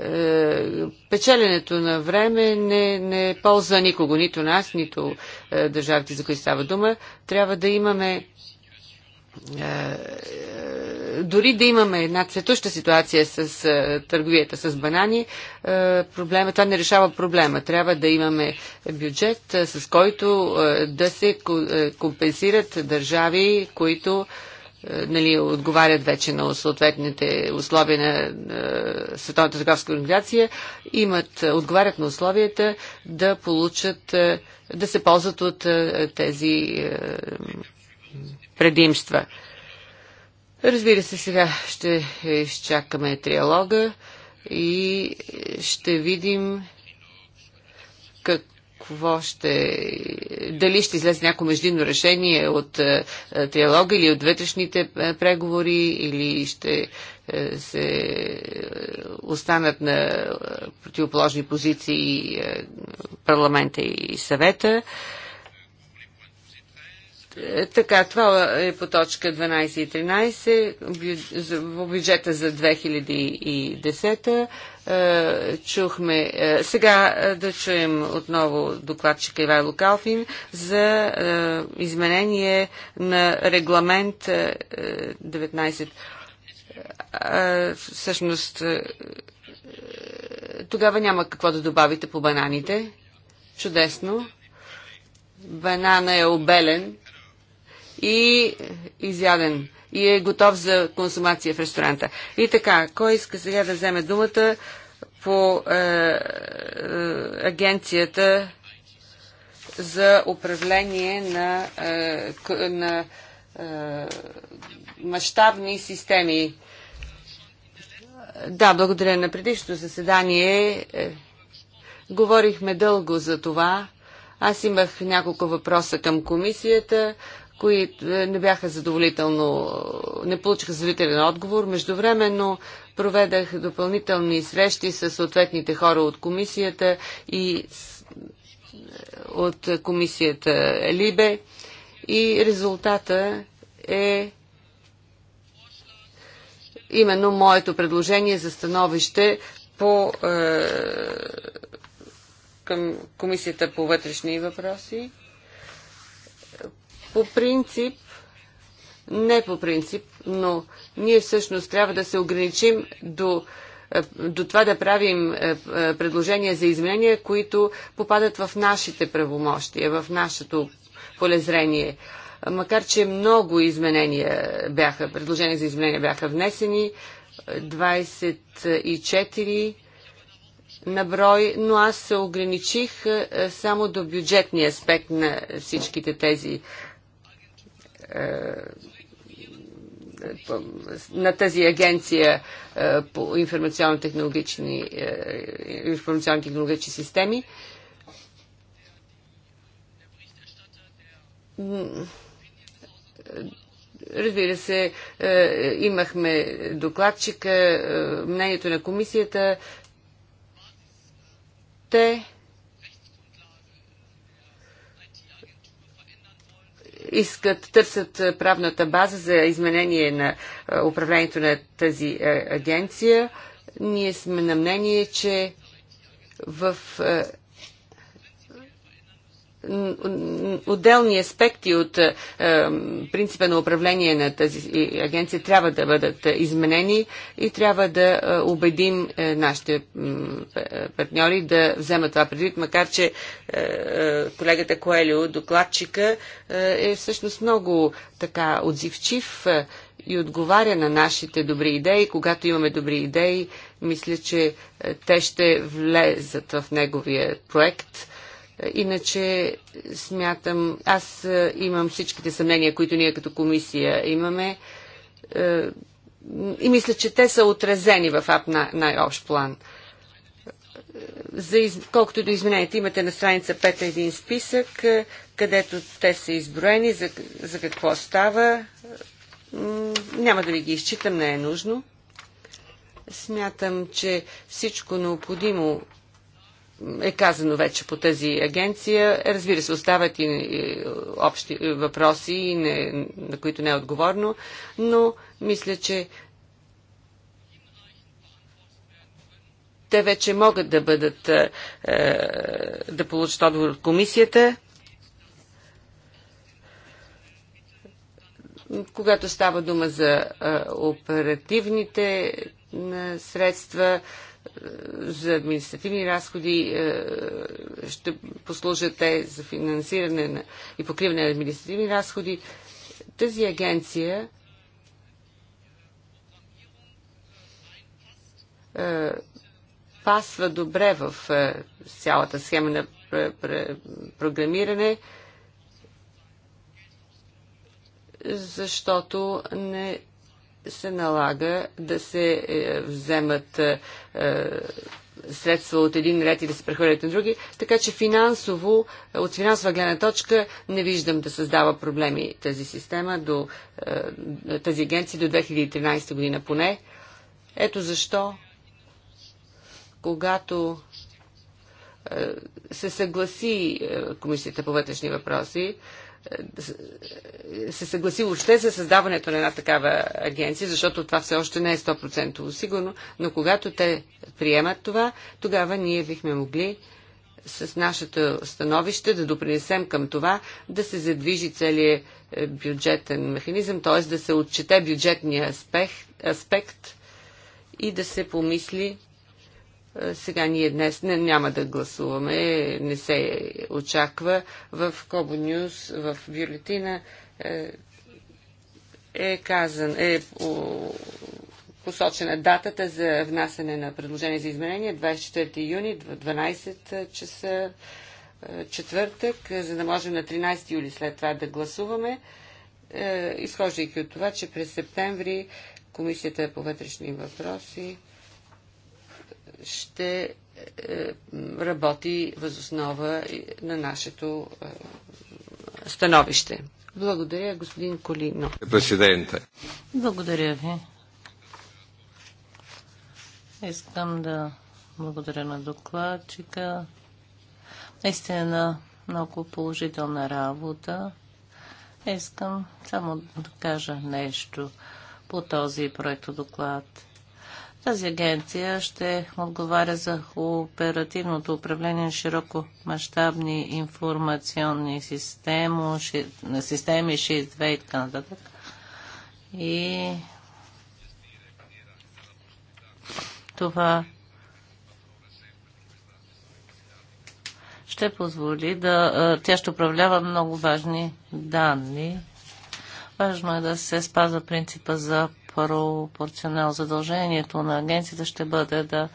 Е, печеленето на време не, не ползва никого, нито нас, нито е, държавите, за които става дума. Трябва да имаме дори да имаме една цветуща ситуация с търговията с банани, проблема, това не решава проблема. Трябва да имаме бюджет, с който да се компенсират държави, които е, нали, отговарят вече на съответните условия на Световната търговска организация, имат, отговарят на условията да получат, е, да се ползват от е, тези предимства. Разбира се, сега ще изчакаме триалога и ще видим как какво ще... Дали ще излезе някакво междинно решение от е, е, триалога или от вътрешните е, преговори, или ще се останат на противоположни позиции парламента и съвета. Е, така, това е по точка 12 и 13, в бюджета за 2010. Е, чухме, е, сега да чуем отново докладчика Ивайло Калфин за изменение на регламент 19. Всъщност, тогава няма какво да добавите по бананите. Чудесно. Банана е обелен и изяден и е готов за консумация в ресторанта. И така, кой иска сега да вземе думата по е, е, агенцията за управление на, е, на е, мащабни системи? Да, благодаря на предишното заседание. Е, говорихме дълго за това. Аз имах няколко въпроса към комисията които е, не бяха задоволително, е, не получиха задоволителен отговор. Междувременно проведах допълнителни срещи с съответните хора от комисията и е, от комисията Либе и резултата е именно моето предложение за становище по е, към Комисията по вътрешни въпроси по принцип, не по принцип, но ние всъщност трябва да се ограничим до е, до това да правим е, е, предложения за изменения, които попадат в нашите правомощия, в нашето полезрение. Макар, че много изменения бяха, предложения за изменения бяха внесени, 24 на брой, но аз се ограничих само до бюджетния аспект на всичките тези е, е, на тази агенция е, по информационно-технологични, информационно-технологични системи. Разбира се, имахме докладчика, мнението на комисията. Те искат, търсят е, правната база за изменение на е, управлението на тази е, агенция. Ние сме на мнение, че в отделни аспекти от е, принципа на управление на тази агенция трябва да бъдат изменени и трябва да е, убедим е, нашите партньори да вземат това предвид, макар че колегата Коелио, докладчика, е всъщност много така отзивчив и отговаря на нашите добри идеи. Когато имаме добри идеи, мисля, че те ще влезат в неговия проект Иначе смятам, аз е, имам всичките съмнения, които ние като комисия имаме е, и мисля, че те са отразени в АП на най-общ план. За из... Колкото до измененията, имате на страница 5 един списък, е, където те са изброени, за, за какво става. Няма да ви ги изчитам, не е нужно. Смятам, че всичко необходимо е казано вече по тази агенция. Разбира се, остават и общи въпроси, на които не е отговорно, но мисля, че те вече могат да бъдат е, е, да получат отговор от комисията. Когато става дума за е, оперативните средства, за административни разходи е, ще послужат те за финансиране на, и покриване на административни разходи. Тази агенция е, пасва добре в е, цялата схема на програмиране, защото не се налага да се е, вземат е, е, средства от един ред и да се прехвърлят на други, така че финансово, от финансова гледна точка не виждам да създава проблеми тази система до тази агенция до 2013 година поне. Ето защо, когато се съгласи Комисията по вътрешни въпроси, е, се съгласи въобще за създаването на една такава агенция, защото това все още не е 100% сигурно, но когато те приемат това, тогава ние бихме могли с нашето становище да допринесем към това да се задвижи целият е, бюджетен механизъм, т.е. да се отчете бюджетния аспект, аспект и да се помисли е, сега ние днес не, няма да гласуваме, не се очаква. В Кобо Нюс в бюлетина е, е казан, е посочена датата за внасяне на предложение за изменение 24 юни, 12 часа е, четвъртък, за да можем на 13 юли след това да гласуваме, е, изхождайки от това, че през септември Комисията по вътрешни въпроси ще е, работи възоснова на нашето е, становище. Благодаря, господин Колино. Президента. Благодаря ви. Искам да благодаря на докладчика. Наистина много положителна работа. Искам само да кажа нещо по този проект доклад. Тази агенция ще отговаря за оперативното управление на широко мащабни информационни системи, на системи 6.2 и така нататък. И това ще позволи да... Тя ще управлява много важни данни. Важно е да се спазва принципа за пропорционал. Задължението на агенцията ще бъде да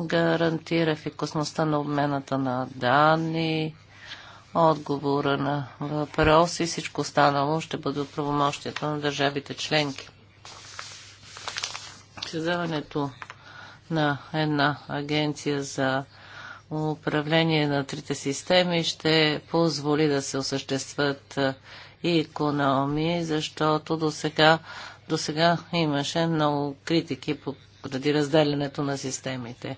гарантира ефикасността на обмената на данни, отговора на въпроси и всичко останало ще бъде от на държавите членки. Създаването на една агенция за управление на трите системи ще позволи да се осъществят и економии, защото до сега до сега имаше много критики поради разделянето на системите.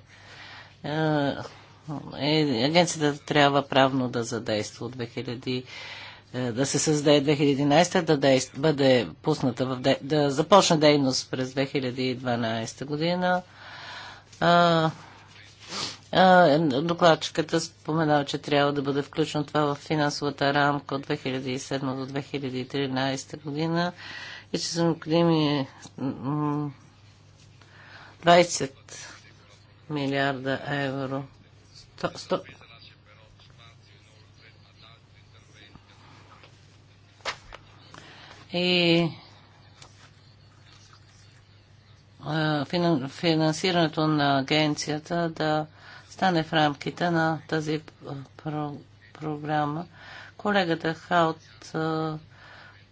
Е, е, агенцията трябва правно да задейства от 2000 е, да се създаде 2011, да действа, бъде пусната в, де... да започне дейност през 2012 година. А, а, докладчиката споменава, че трябва да бъде включено това в финансовата рамка от 2007 до 2013 година и че са необходими 20 милиарда евро. 100, и финансирането на агенцията да стане в рамките на тази програма. Колегата Хаут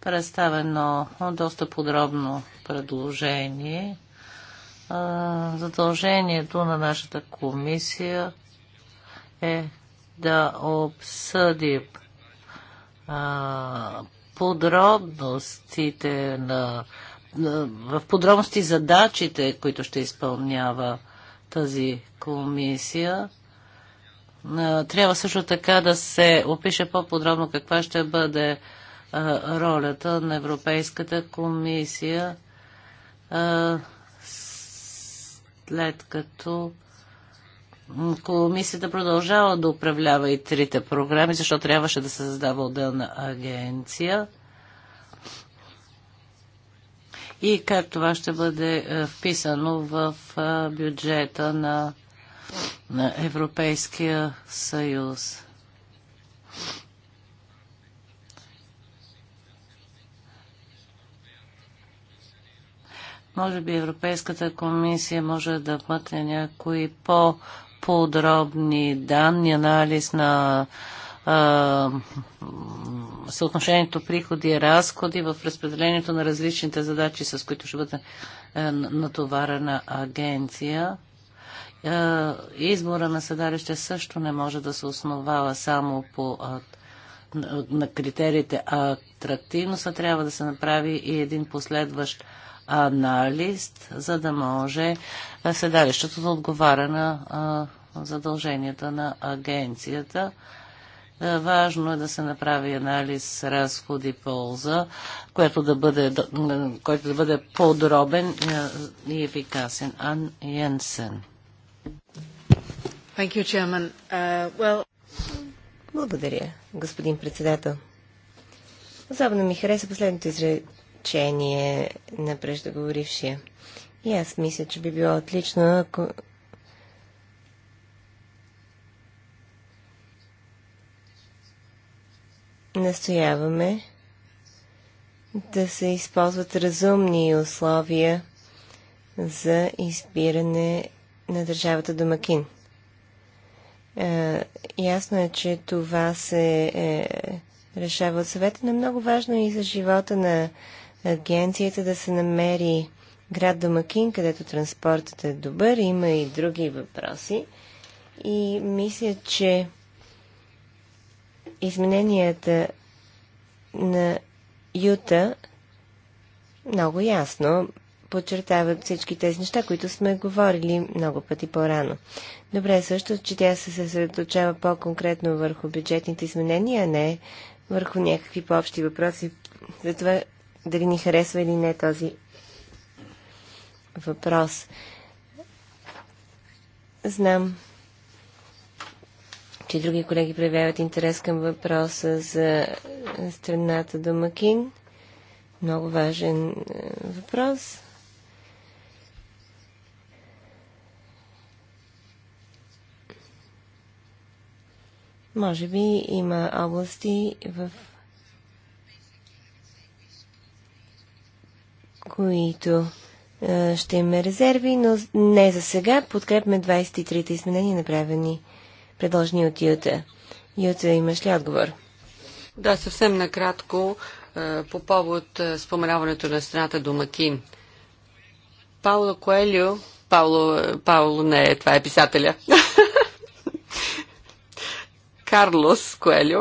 представено доста подробно предложение. Задължението на нашата комисия е да обсъди подробностите на в подробности задачите, които ще изпълнява тази комисия. Трябва също така да се опише по-подробно каква ще бъде ролята на Европейската комисия след като комисията продължава да управлява и трите програми, защото трябваше да се създава отделна агенция. И как това ще бъде вписано в бюджета на, на Европейския съюз. Може би Европейската комисия може да пътне някои по-подробни данни, анализ на а, съотношението приходи и разходи в разпределението на различните задачи, с които ще бъде е, натоварена агенция. Е, избора на седалище също не може да се основава само по на критериите атрактивност, а трябва да се направи и един последващ анализ, за да може седалището да отговаря на задълженията на агенцията. Е, важно е да се направи анализ разходи-полза, който да бъде, който да бъде подробен е, и ефикасен. Ан Йенсен. Thank you, Chairman. Uh, well... Благодаря, господин председател. Особено ми хареса последното изречение изречение на преждоговорившия. И аз мисля, че би било отлично, ако настояваме да се използват разумни условия за избиране на държавата домакин. Е, ясно е, че това се е, решава от съвета, но е много важно и за живота на агенцията да се намери град Домакин, където транспортът е добър. Има и други въпроси. И мисля, че измененията на Юта много ясно подчертават всички тези неща, които сме говорили много пъти по-рано. Добре също, че тя се съсредоточава по-конкретно върху бюджетните изменения, а не върху някакви по-общи въпроси Затова дали ни харесва или не този въпрос. Знам, че други колеги проявяват интерес към въпроса за страната Домакин. Много важен е, въпрос. Може би има области, в които а, ще имаме резерви, но не за сега. Подкрепме 23-те изменения, направени, предложени от Юта. Юта, имаш ли отговор? Да, съвсем накратко по повод споменаването на страната Домакин. Пауло Коелио, Пауло, Пауло не, това е писателя. Карлос Коелио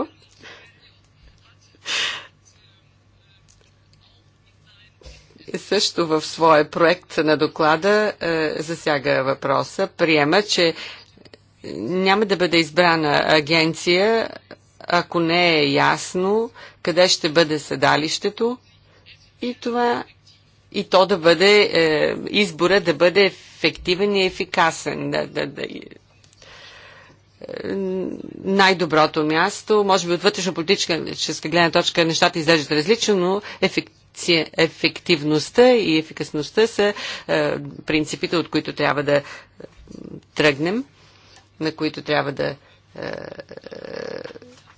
също в своя проект на доклада е, засяга въпроса. Приема, че няма да бъде избрана агенция, ако не е ясно къде ще бъде седалището и това и то да бъде, е, избора да бъде ефективен и ефикасен. Да, да, да, е, най-доброто място. Може би от вътрешно-политическа гледна точка нещата изглеждат различно, но ефект, ефективността и ефикасността са е, принципите, от които трябва да е, тръгнем, на които трябва да е,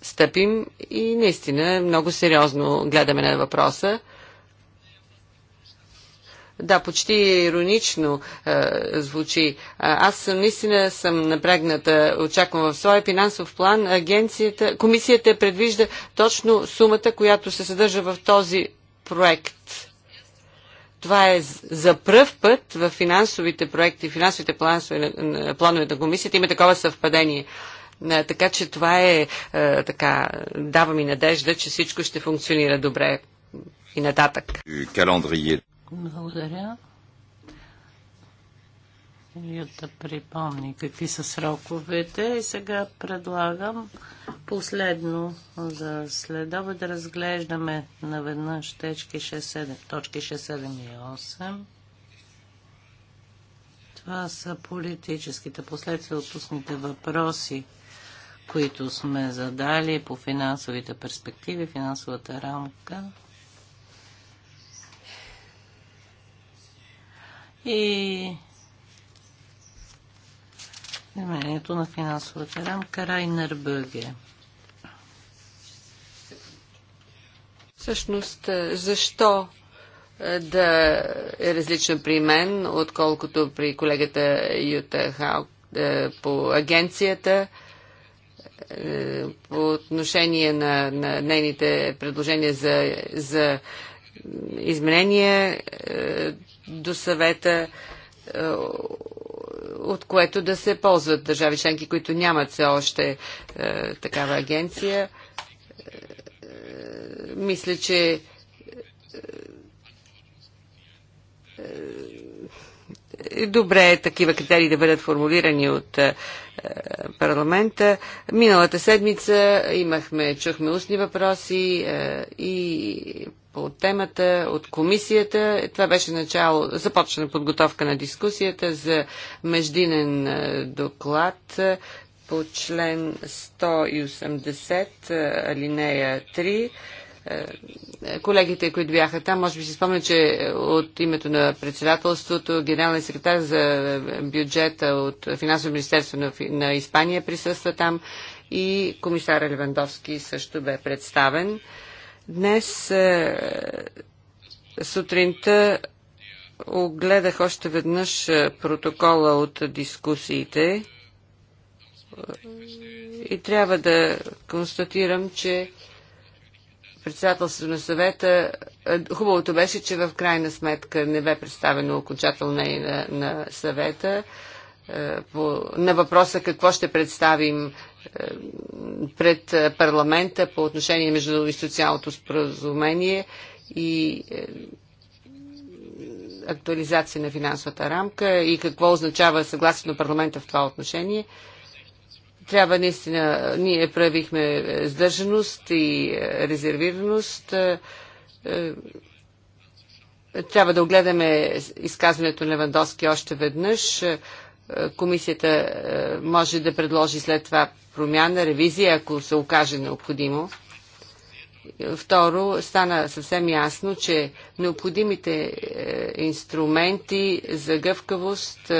стъпим и наистина много сериозно гледаме на въпроса. Да, почти иронично е, звучи. Аз наистина съм напрегната. Очаквам в своя финансов план агенцията, комисията предвижда точно сумата, която се съдържа в този проект. Това е за пръв път в финансовите проекти, финансовите планове, на комисията има такова съвпадение. Така че това е, е, така, дава ми надежда, че всичко ще функционира добре и нататък. Календрие. Благодаря. Юта припомни какви са сроковете и сега предлагам Последно за следобед да разглеждаме наведнъж точки 6, 7, точки 6, 7 и 8. Това са политическите последствия от въпроси, които сме задали по финансовите перспективи, финансовата рамка. И изменението на финансовата рамка Райнер Бъге. Всъщност, е, защо е, да е различно при мен, отколкото при колегата Юта Хаук е, по агенцията? по отношение на, на нейните предложения за, за изменения до съвета, от което да се ползват държави членки, които нямат все още такава агенция мисля, че е, е, е, добре е такива критерии да бъдат формулирани от парламента. Миналата седмица имахме, чухме устни въпроси и по темата от комисията. Това беше начало, започна подготовка на дискусията за междинен доклад по член 180 алинея 3 Колегите, които бяха там, може би си спомня, че от името на председателството генералният секретар за бюджета от Финансово министерство на, на Испания присъства там и комисар Левандовски също бе представен. Днес е, сутринта огледах още веднъж е, протокола от дискусиите и трябва да констатирам, че председателство на съвета, е, хубавото беше, че в крайна сметка не бе представено окончателно на, на съвета е, по, на въпроса какво ще представим е, пред парламента по отношение и социалното споразумение и актуализация на финансовата рамка и какво означава съгласието на парламента в това отношение – трябва наистина, ние правихме е, сдържаност и е, резервираност. Е, трябва да огледаме изказването на Левандовски още веднъж. Комисията може да предложи след това промяна, ревизия, ако се окаже необходимо. Второ, стана съвсем ясно, че необходимите инструменти за гъвкавост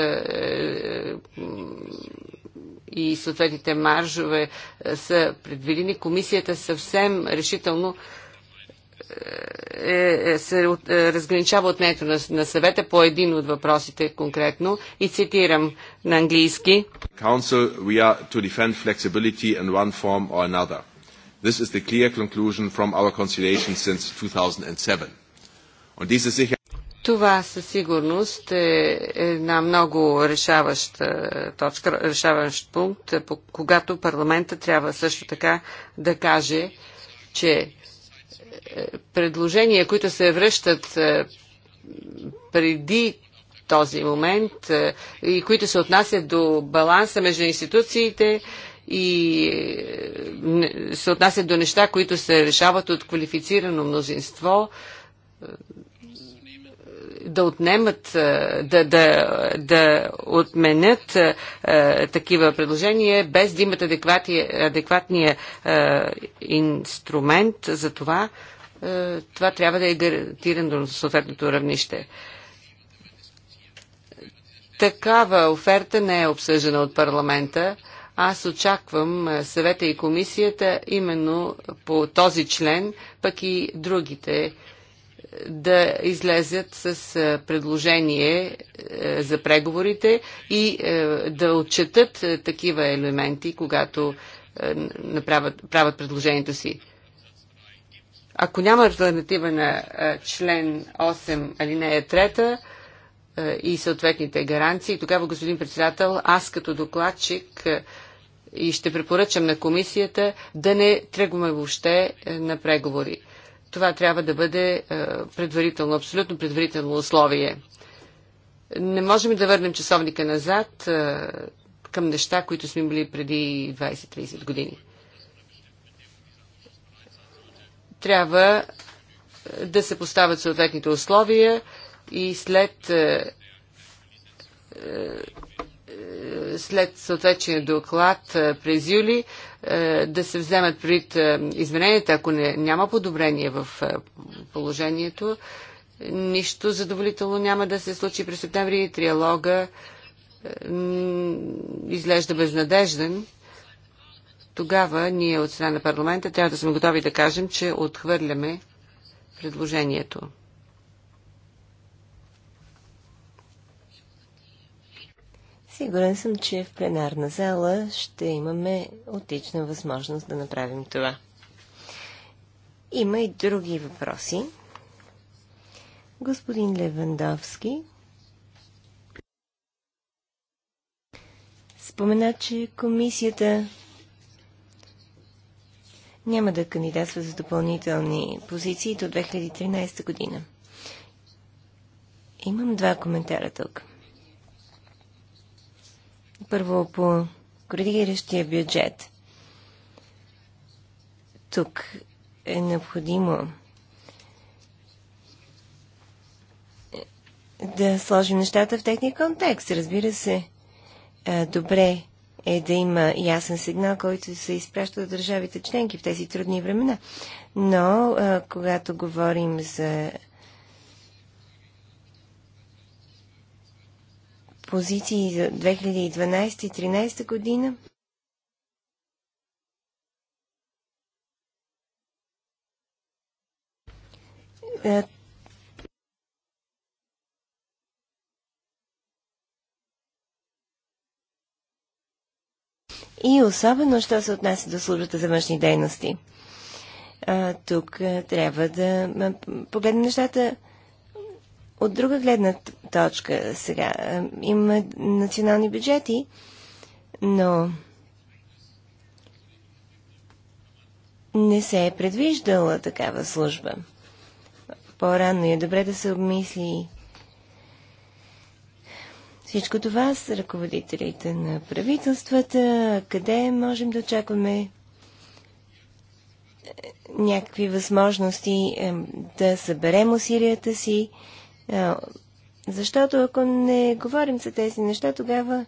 и съответните маржове е, са предвидени, комисията съвсем решително е, е, се разграничава от нето на, на съвета по един от въпросите конкретно и цитирам на английски. Council, we are to defend flexibility in one form or another. This is the clear conclusion from our conciliation since 2007. Und dies ist sicher това със сигурност е една много решаваща точка, решаващ пункт, когато парламента трябва също така да каже, че е, предложения, които се връщат е, преди този момент е, и които се отнасят до баланса между институциите и се отнасят до неща, които се решават от квалифицирано мнозинство, да отнемат, е, да, да, да отменят а, е, е, такива предложения, без да имат адекватния а, инструмент за това. а, това трябва да е гарантирано на съответното равнище. Такава оферта не е обсъждана от парламента. Аз очаквам съвета и комисията именно по този член, пък и другите да излезят с предложение е, за преговорите и е, да отчетат е, такива елементи, когато направят, правят предложението си. Ако няма альтернатива на член 8 алинея 3 и съответните гаранции, тогава, господин председател, аз като докладчик и ще препоръчам на комисията да не тръгваме въобще на преговори това трябва да бъде е, предварително, абсолютно предварително условие. Не можем да върнем часовника назад е, към неща, които сме били преди 20-30 години. Трябва е, да се поставят съответните условия и след след съответния доклад през юли да се вземат пред измененията, ако не, няма подобрение в положението. Нищо задоволително няма да се случи през септември. Триалога изглежда безнадежден. Тогава ние от страна на парламента трябва да сме готови да кажем, че отхвърляме предложението. Сигурен съм, че в пленарна зала ще имаме отлична възможност да направим това. Има и други въпроси. Господин Левандовски спомена, че комисията няма да кандидатства за допълнителни позиции до 2013 година. Имам два коментара тук. Първо по коригиращия бюджет. Тук е необходимо да сложим нещата в техния контекст. Разбира се, е, добре е да има ясен сигнал, който се изпраща от държавите членки в тези трудни времена. Но, е, когато говорим за позиции за 2012 и 2013 година. Е, и особено, що се отнася до службата за външни дейности. Е, тук е, трябва да погледнем нещата от друга гледна точка сега, имаме национални бюджети, но не се е предвиждала такава служба. По-рано е добре да се обмисли всичко това с ръководителите на правителствата, къде можем да очакваме е, някакви възможности да съберем усилията си е, защото ако не говорим за тези неща, тогава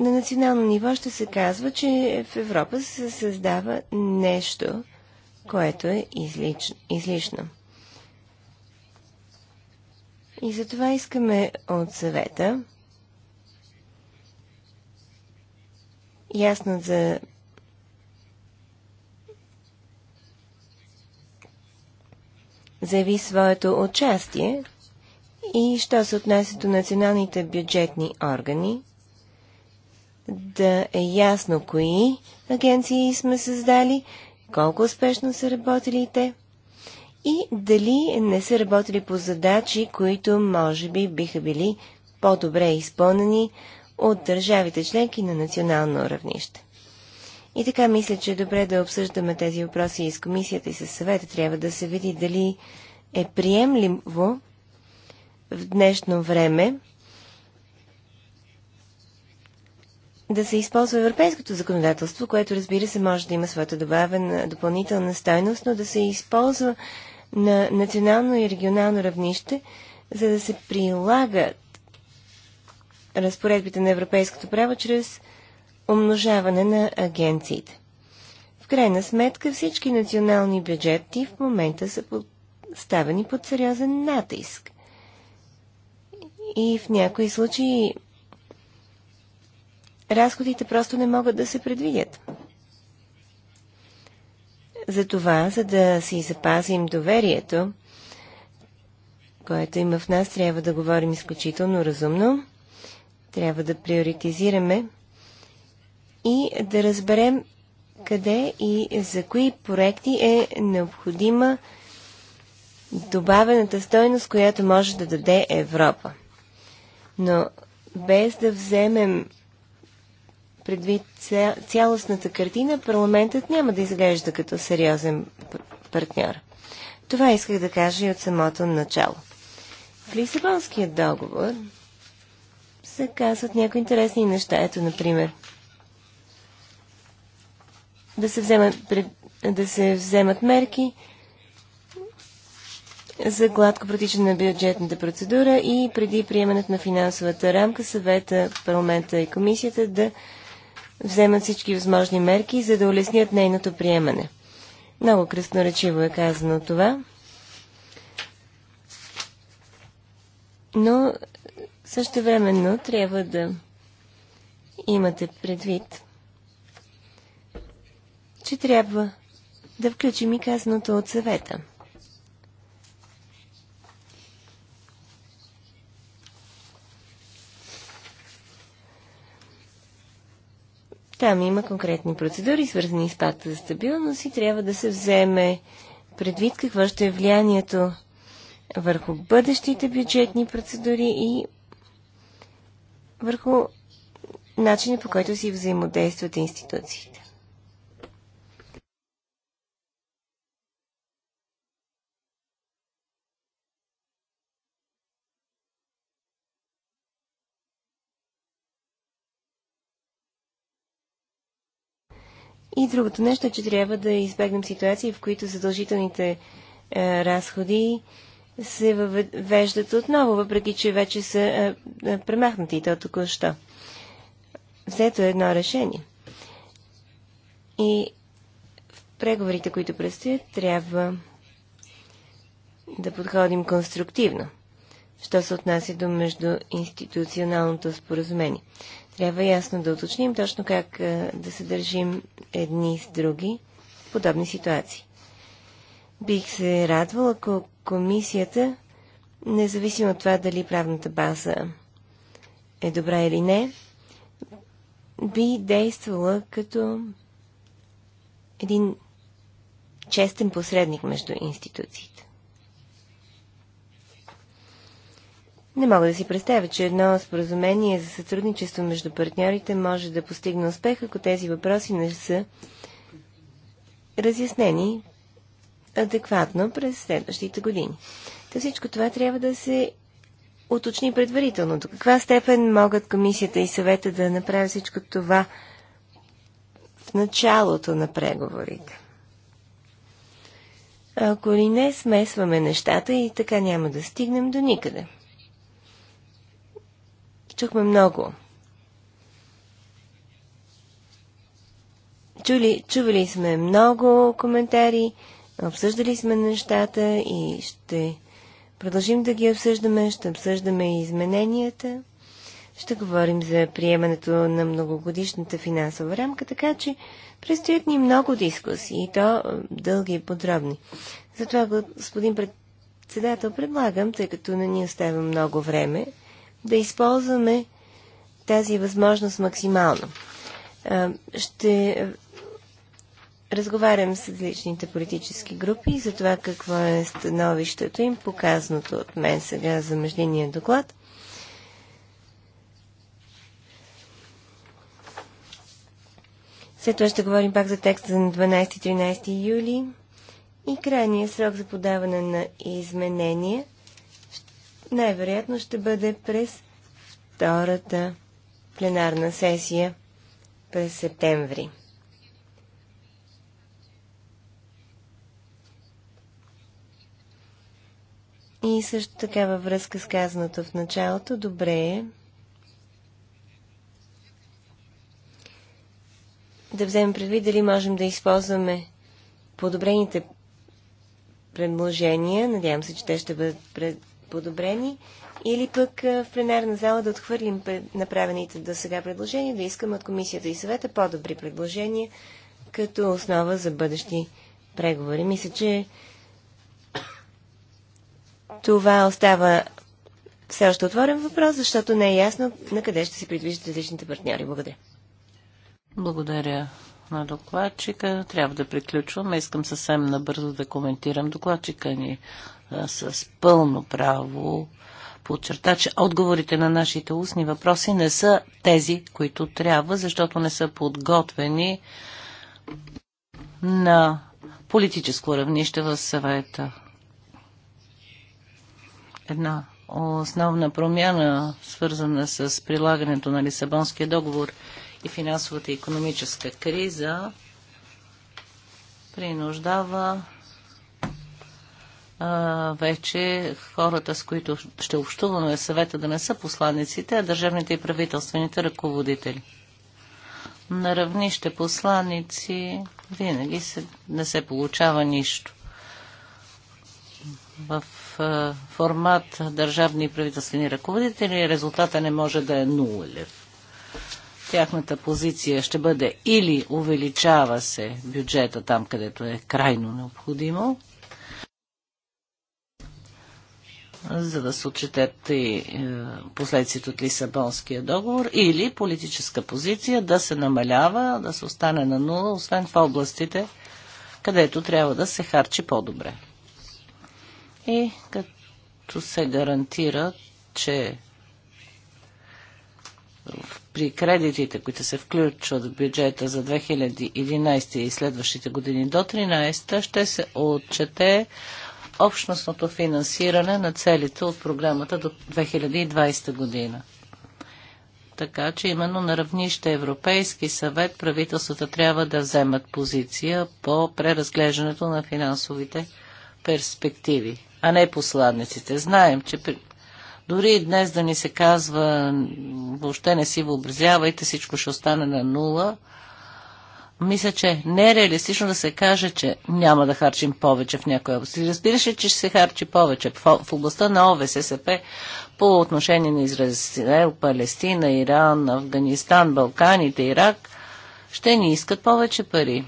на национално ниво ще се казва, че в Европа се създава нещо, което е излишно. И затова искаме от съвета ясно за заяви своето участие и, що се отнася до националните бюджетни органи, да е ясно кои агенции сме създали, колко успешно са работили те и дали не са работили по задачи, които може би биха били по-добре изпълнени от държавите членки на национално равнище. И така мисля, че е добре да обсъждаме тези въпроси и с комисията и с съвета. Трябва да се види дали е приемливо в днешно време да се използва европейското законодателство, което разбира се може да има своята добавена допълнителна стойност, но да се използва на национално и регионално равнище, за да се прилагат разпоредбите на европейското право чрез умножаване на агенциите. В крайна сметка всички национални бюджети в момента са поставени под сериозен натиск. И в някои случаи разходите просто не могат да се предвидят. Затова, за да си запазим доверието, което има в нас, трябва да говорим изключително разумно, трябва да приоритизираме и да разберем къде и за кои проекти е необходима добавената стойност, която може да даде Европа. Но без да вземем предвид цялостната картина, парламентът няма да изглежда като сериозен партньор. Това исках да кажа и от самото начало. В Лисабонския договор се казват някои интересни неща. Ето, например, да се вземат, да се вземат мерки за гладко протичане на бюджетната процедура и преди приемането на финансовата рамка съвета, парламента и комисията да вземат всички възможни мерки, за да улеснят нейното приемане. Много красноречиво е казано това. Но също времено трябва да имате предвид, че трябва да включим и казаното от съвета. Там има конкретни процедури, свързани с пакта за стабилност и трябва да се вземе предвид какво ще е влиянието върху бъдещите бюджетни процедури и върху начина по който си взаимодействат институциите. И другото нещо е, че трябва да избегнем ситуации, в които задължителните е, разходи се въвеждат отново, въпреки че вече са е, е, премахнати и то току-що. Взето е едно решение. И в преговорите, които предстоят, трябва да подходим конструктивно, що се отнася до междуинституционалното споразумение. Трябва ясно да уточним точно как е, да се държим едни с други в подобни ситуации. Бих се радвала, ако комисията, независимо от това дали правната база е добра или не, би действала като един честен посредник между институциите. Не мога да си представя, че едно споразумение за сътрудничество между партньорите може да постигне успех, ако тези въпроси не са разяснени адекватно през следващите години. Та всичко това трябва да се уточни предварително. До каква степен могат комисията и съвета да направят всичко това в началото на преговорите? Ако ли не смесваме нещата и така няма да стигнем до никъде. Чухме много. Чули, чували сме много коментари, обсъждали сме нещата и ще продължим да ги обсъждаме, ще обсъждаме и измененията. Ще говорим за приемането на многогодишната финансова рамка, така че предстоят ни много дискусии, и то е, дълги и подробни. Затова, господин председател, предлагам, тъй като не ни остава много време, да използваме тази възможност максимално. Ще разговарям с различните политически групи за това какво е становището им, показаното от мен сега за междинния доклад. След това ще говорим пак за текста на 12-13 юли и крайния срок за подаване на изменения – най-вероятно ще бъде през втората пленарна сесия през септември. И също така във връзка с казаното в началото, добре е да вземем предвид дали можем да използваме подобрените предложения. Надявам се, че те ще бъдат пред подобрени, или пък в пленарна зала да отхвърлим направените до сега предложения, да искаме от комисията и съвета по-добри предложения като основа за бъдещи преговори. Мисля, че това остава все още отворен въпрос, защото не е ясно на къде ще се придвижат различните партньори. Благодаря. Благодаря на докладчика. Трябва да приключваме. Искам съвсем набързо да коментирам докладчика ни с пълно право подчерта, че отговорите на нашите устни въпроси не са тези, които трябва, защото не са подготвени на политическо равнище в съвета. Една основна промяна, свързана с прилагането на Лисабонския договор и финансовата и економическа криза, принуждава а, вече хората, с които ще общуваме в съвета да не са посланниците, а държавните и правителствените ръководители. На равнище посланници винаги се, не се получава нищо. В а, формат държавни и правителствени ръководители резултата не може да е нулев тяхната позиция ще бъде или увеличава се бюджета там, където е крайно необходимо, за да се отчетят и е, последствията от Лисабонския договор, или политическа позиция да се намалява, да се остане на нула, освен в областите, където трябва да се харчи по-добре. И като се гарантира, че при кредитите, които се включват в бюджета за 2011 и следващите години до 2013, ще се отчете общностното финансиране на целите от програмата до 2020 година. Така че именно на равнище Европейски съвет правителствата трябва да вземат позиция по преразглеждането на финансовите перспективи, а не посладниците. Знаем, че дори и днес да ни се казва, въобще не си въобразявайте, всичко ще остане на нула, мисля, че не е реалистично да се каже, че няма да харчим повече в някоя област. Разбира се, че ще се харчи повече. В областта на ОВССП по отношение на Израел, Палестина, Иран, Афганистан, Балканите, Ирак, ще ни искат повече пари.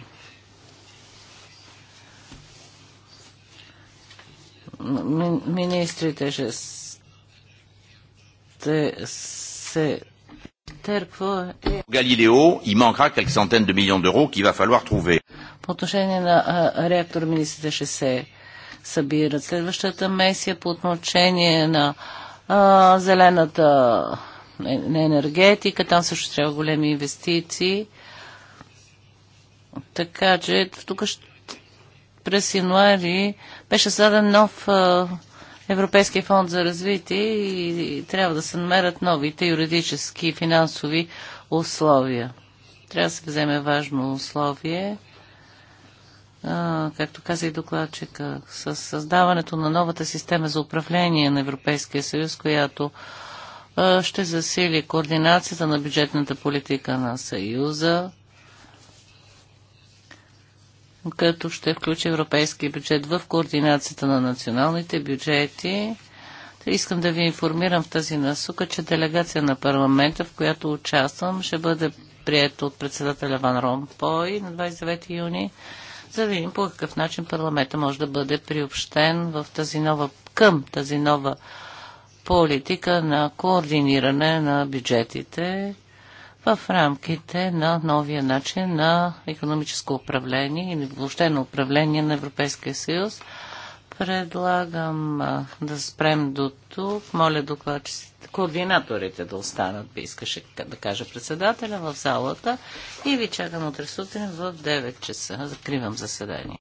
Министрите ще се е Галилео, и manquera quelques сантен до милион d'euros ки ва фалуар trouver. По отношение на а, реактор милиците ще се събират следващата месия по отношение на а, зелената е, енергетика. Там също трябва големи инвестиции. Така че тук през януари беше създаден нов а, Европейския фонд за развитие и трябва да се намерят новите юридически и финансови условия. Трябва да се вземе важно условие, а, както каза и докладчика, с създаването на новата система за управление на Европейския съюз, която а, ще засили координацията на бюджетната политика на Съюза, като ще включи европейски бюджет в координацията на националните бюджети. Искам да ви информирам в тази насока, че делегация на парламента, в която участвам, ще бъде прието от председателя Ван Ромпой на 29 юни, за да видим по какъв начин парламента може да бъде приобщен в тази нова, към тази нова политика на координиране на бюджетите в рамките на новия начин на економическо управление или въобще на управление на Европейския съюз. Предлагам да спрем до тук. Моля докладчиците, координаторите да останат, би искаше да кажа председателя в залата. И ви чакам утре сутрин в 9 часа. Закривам заседание.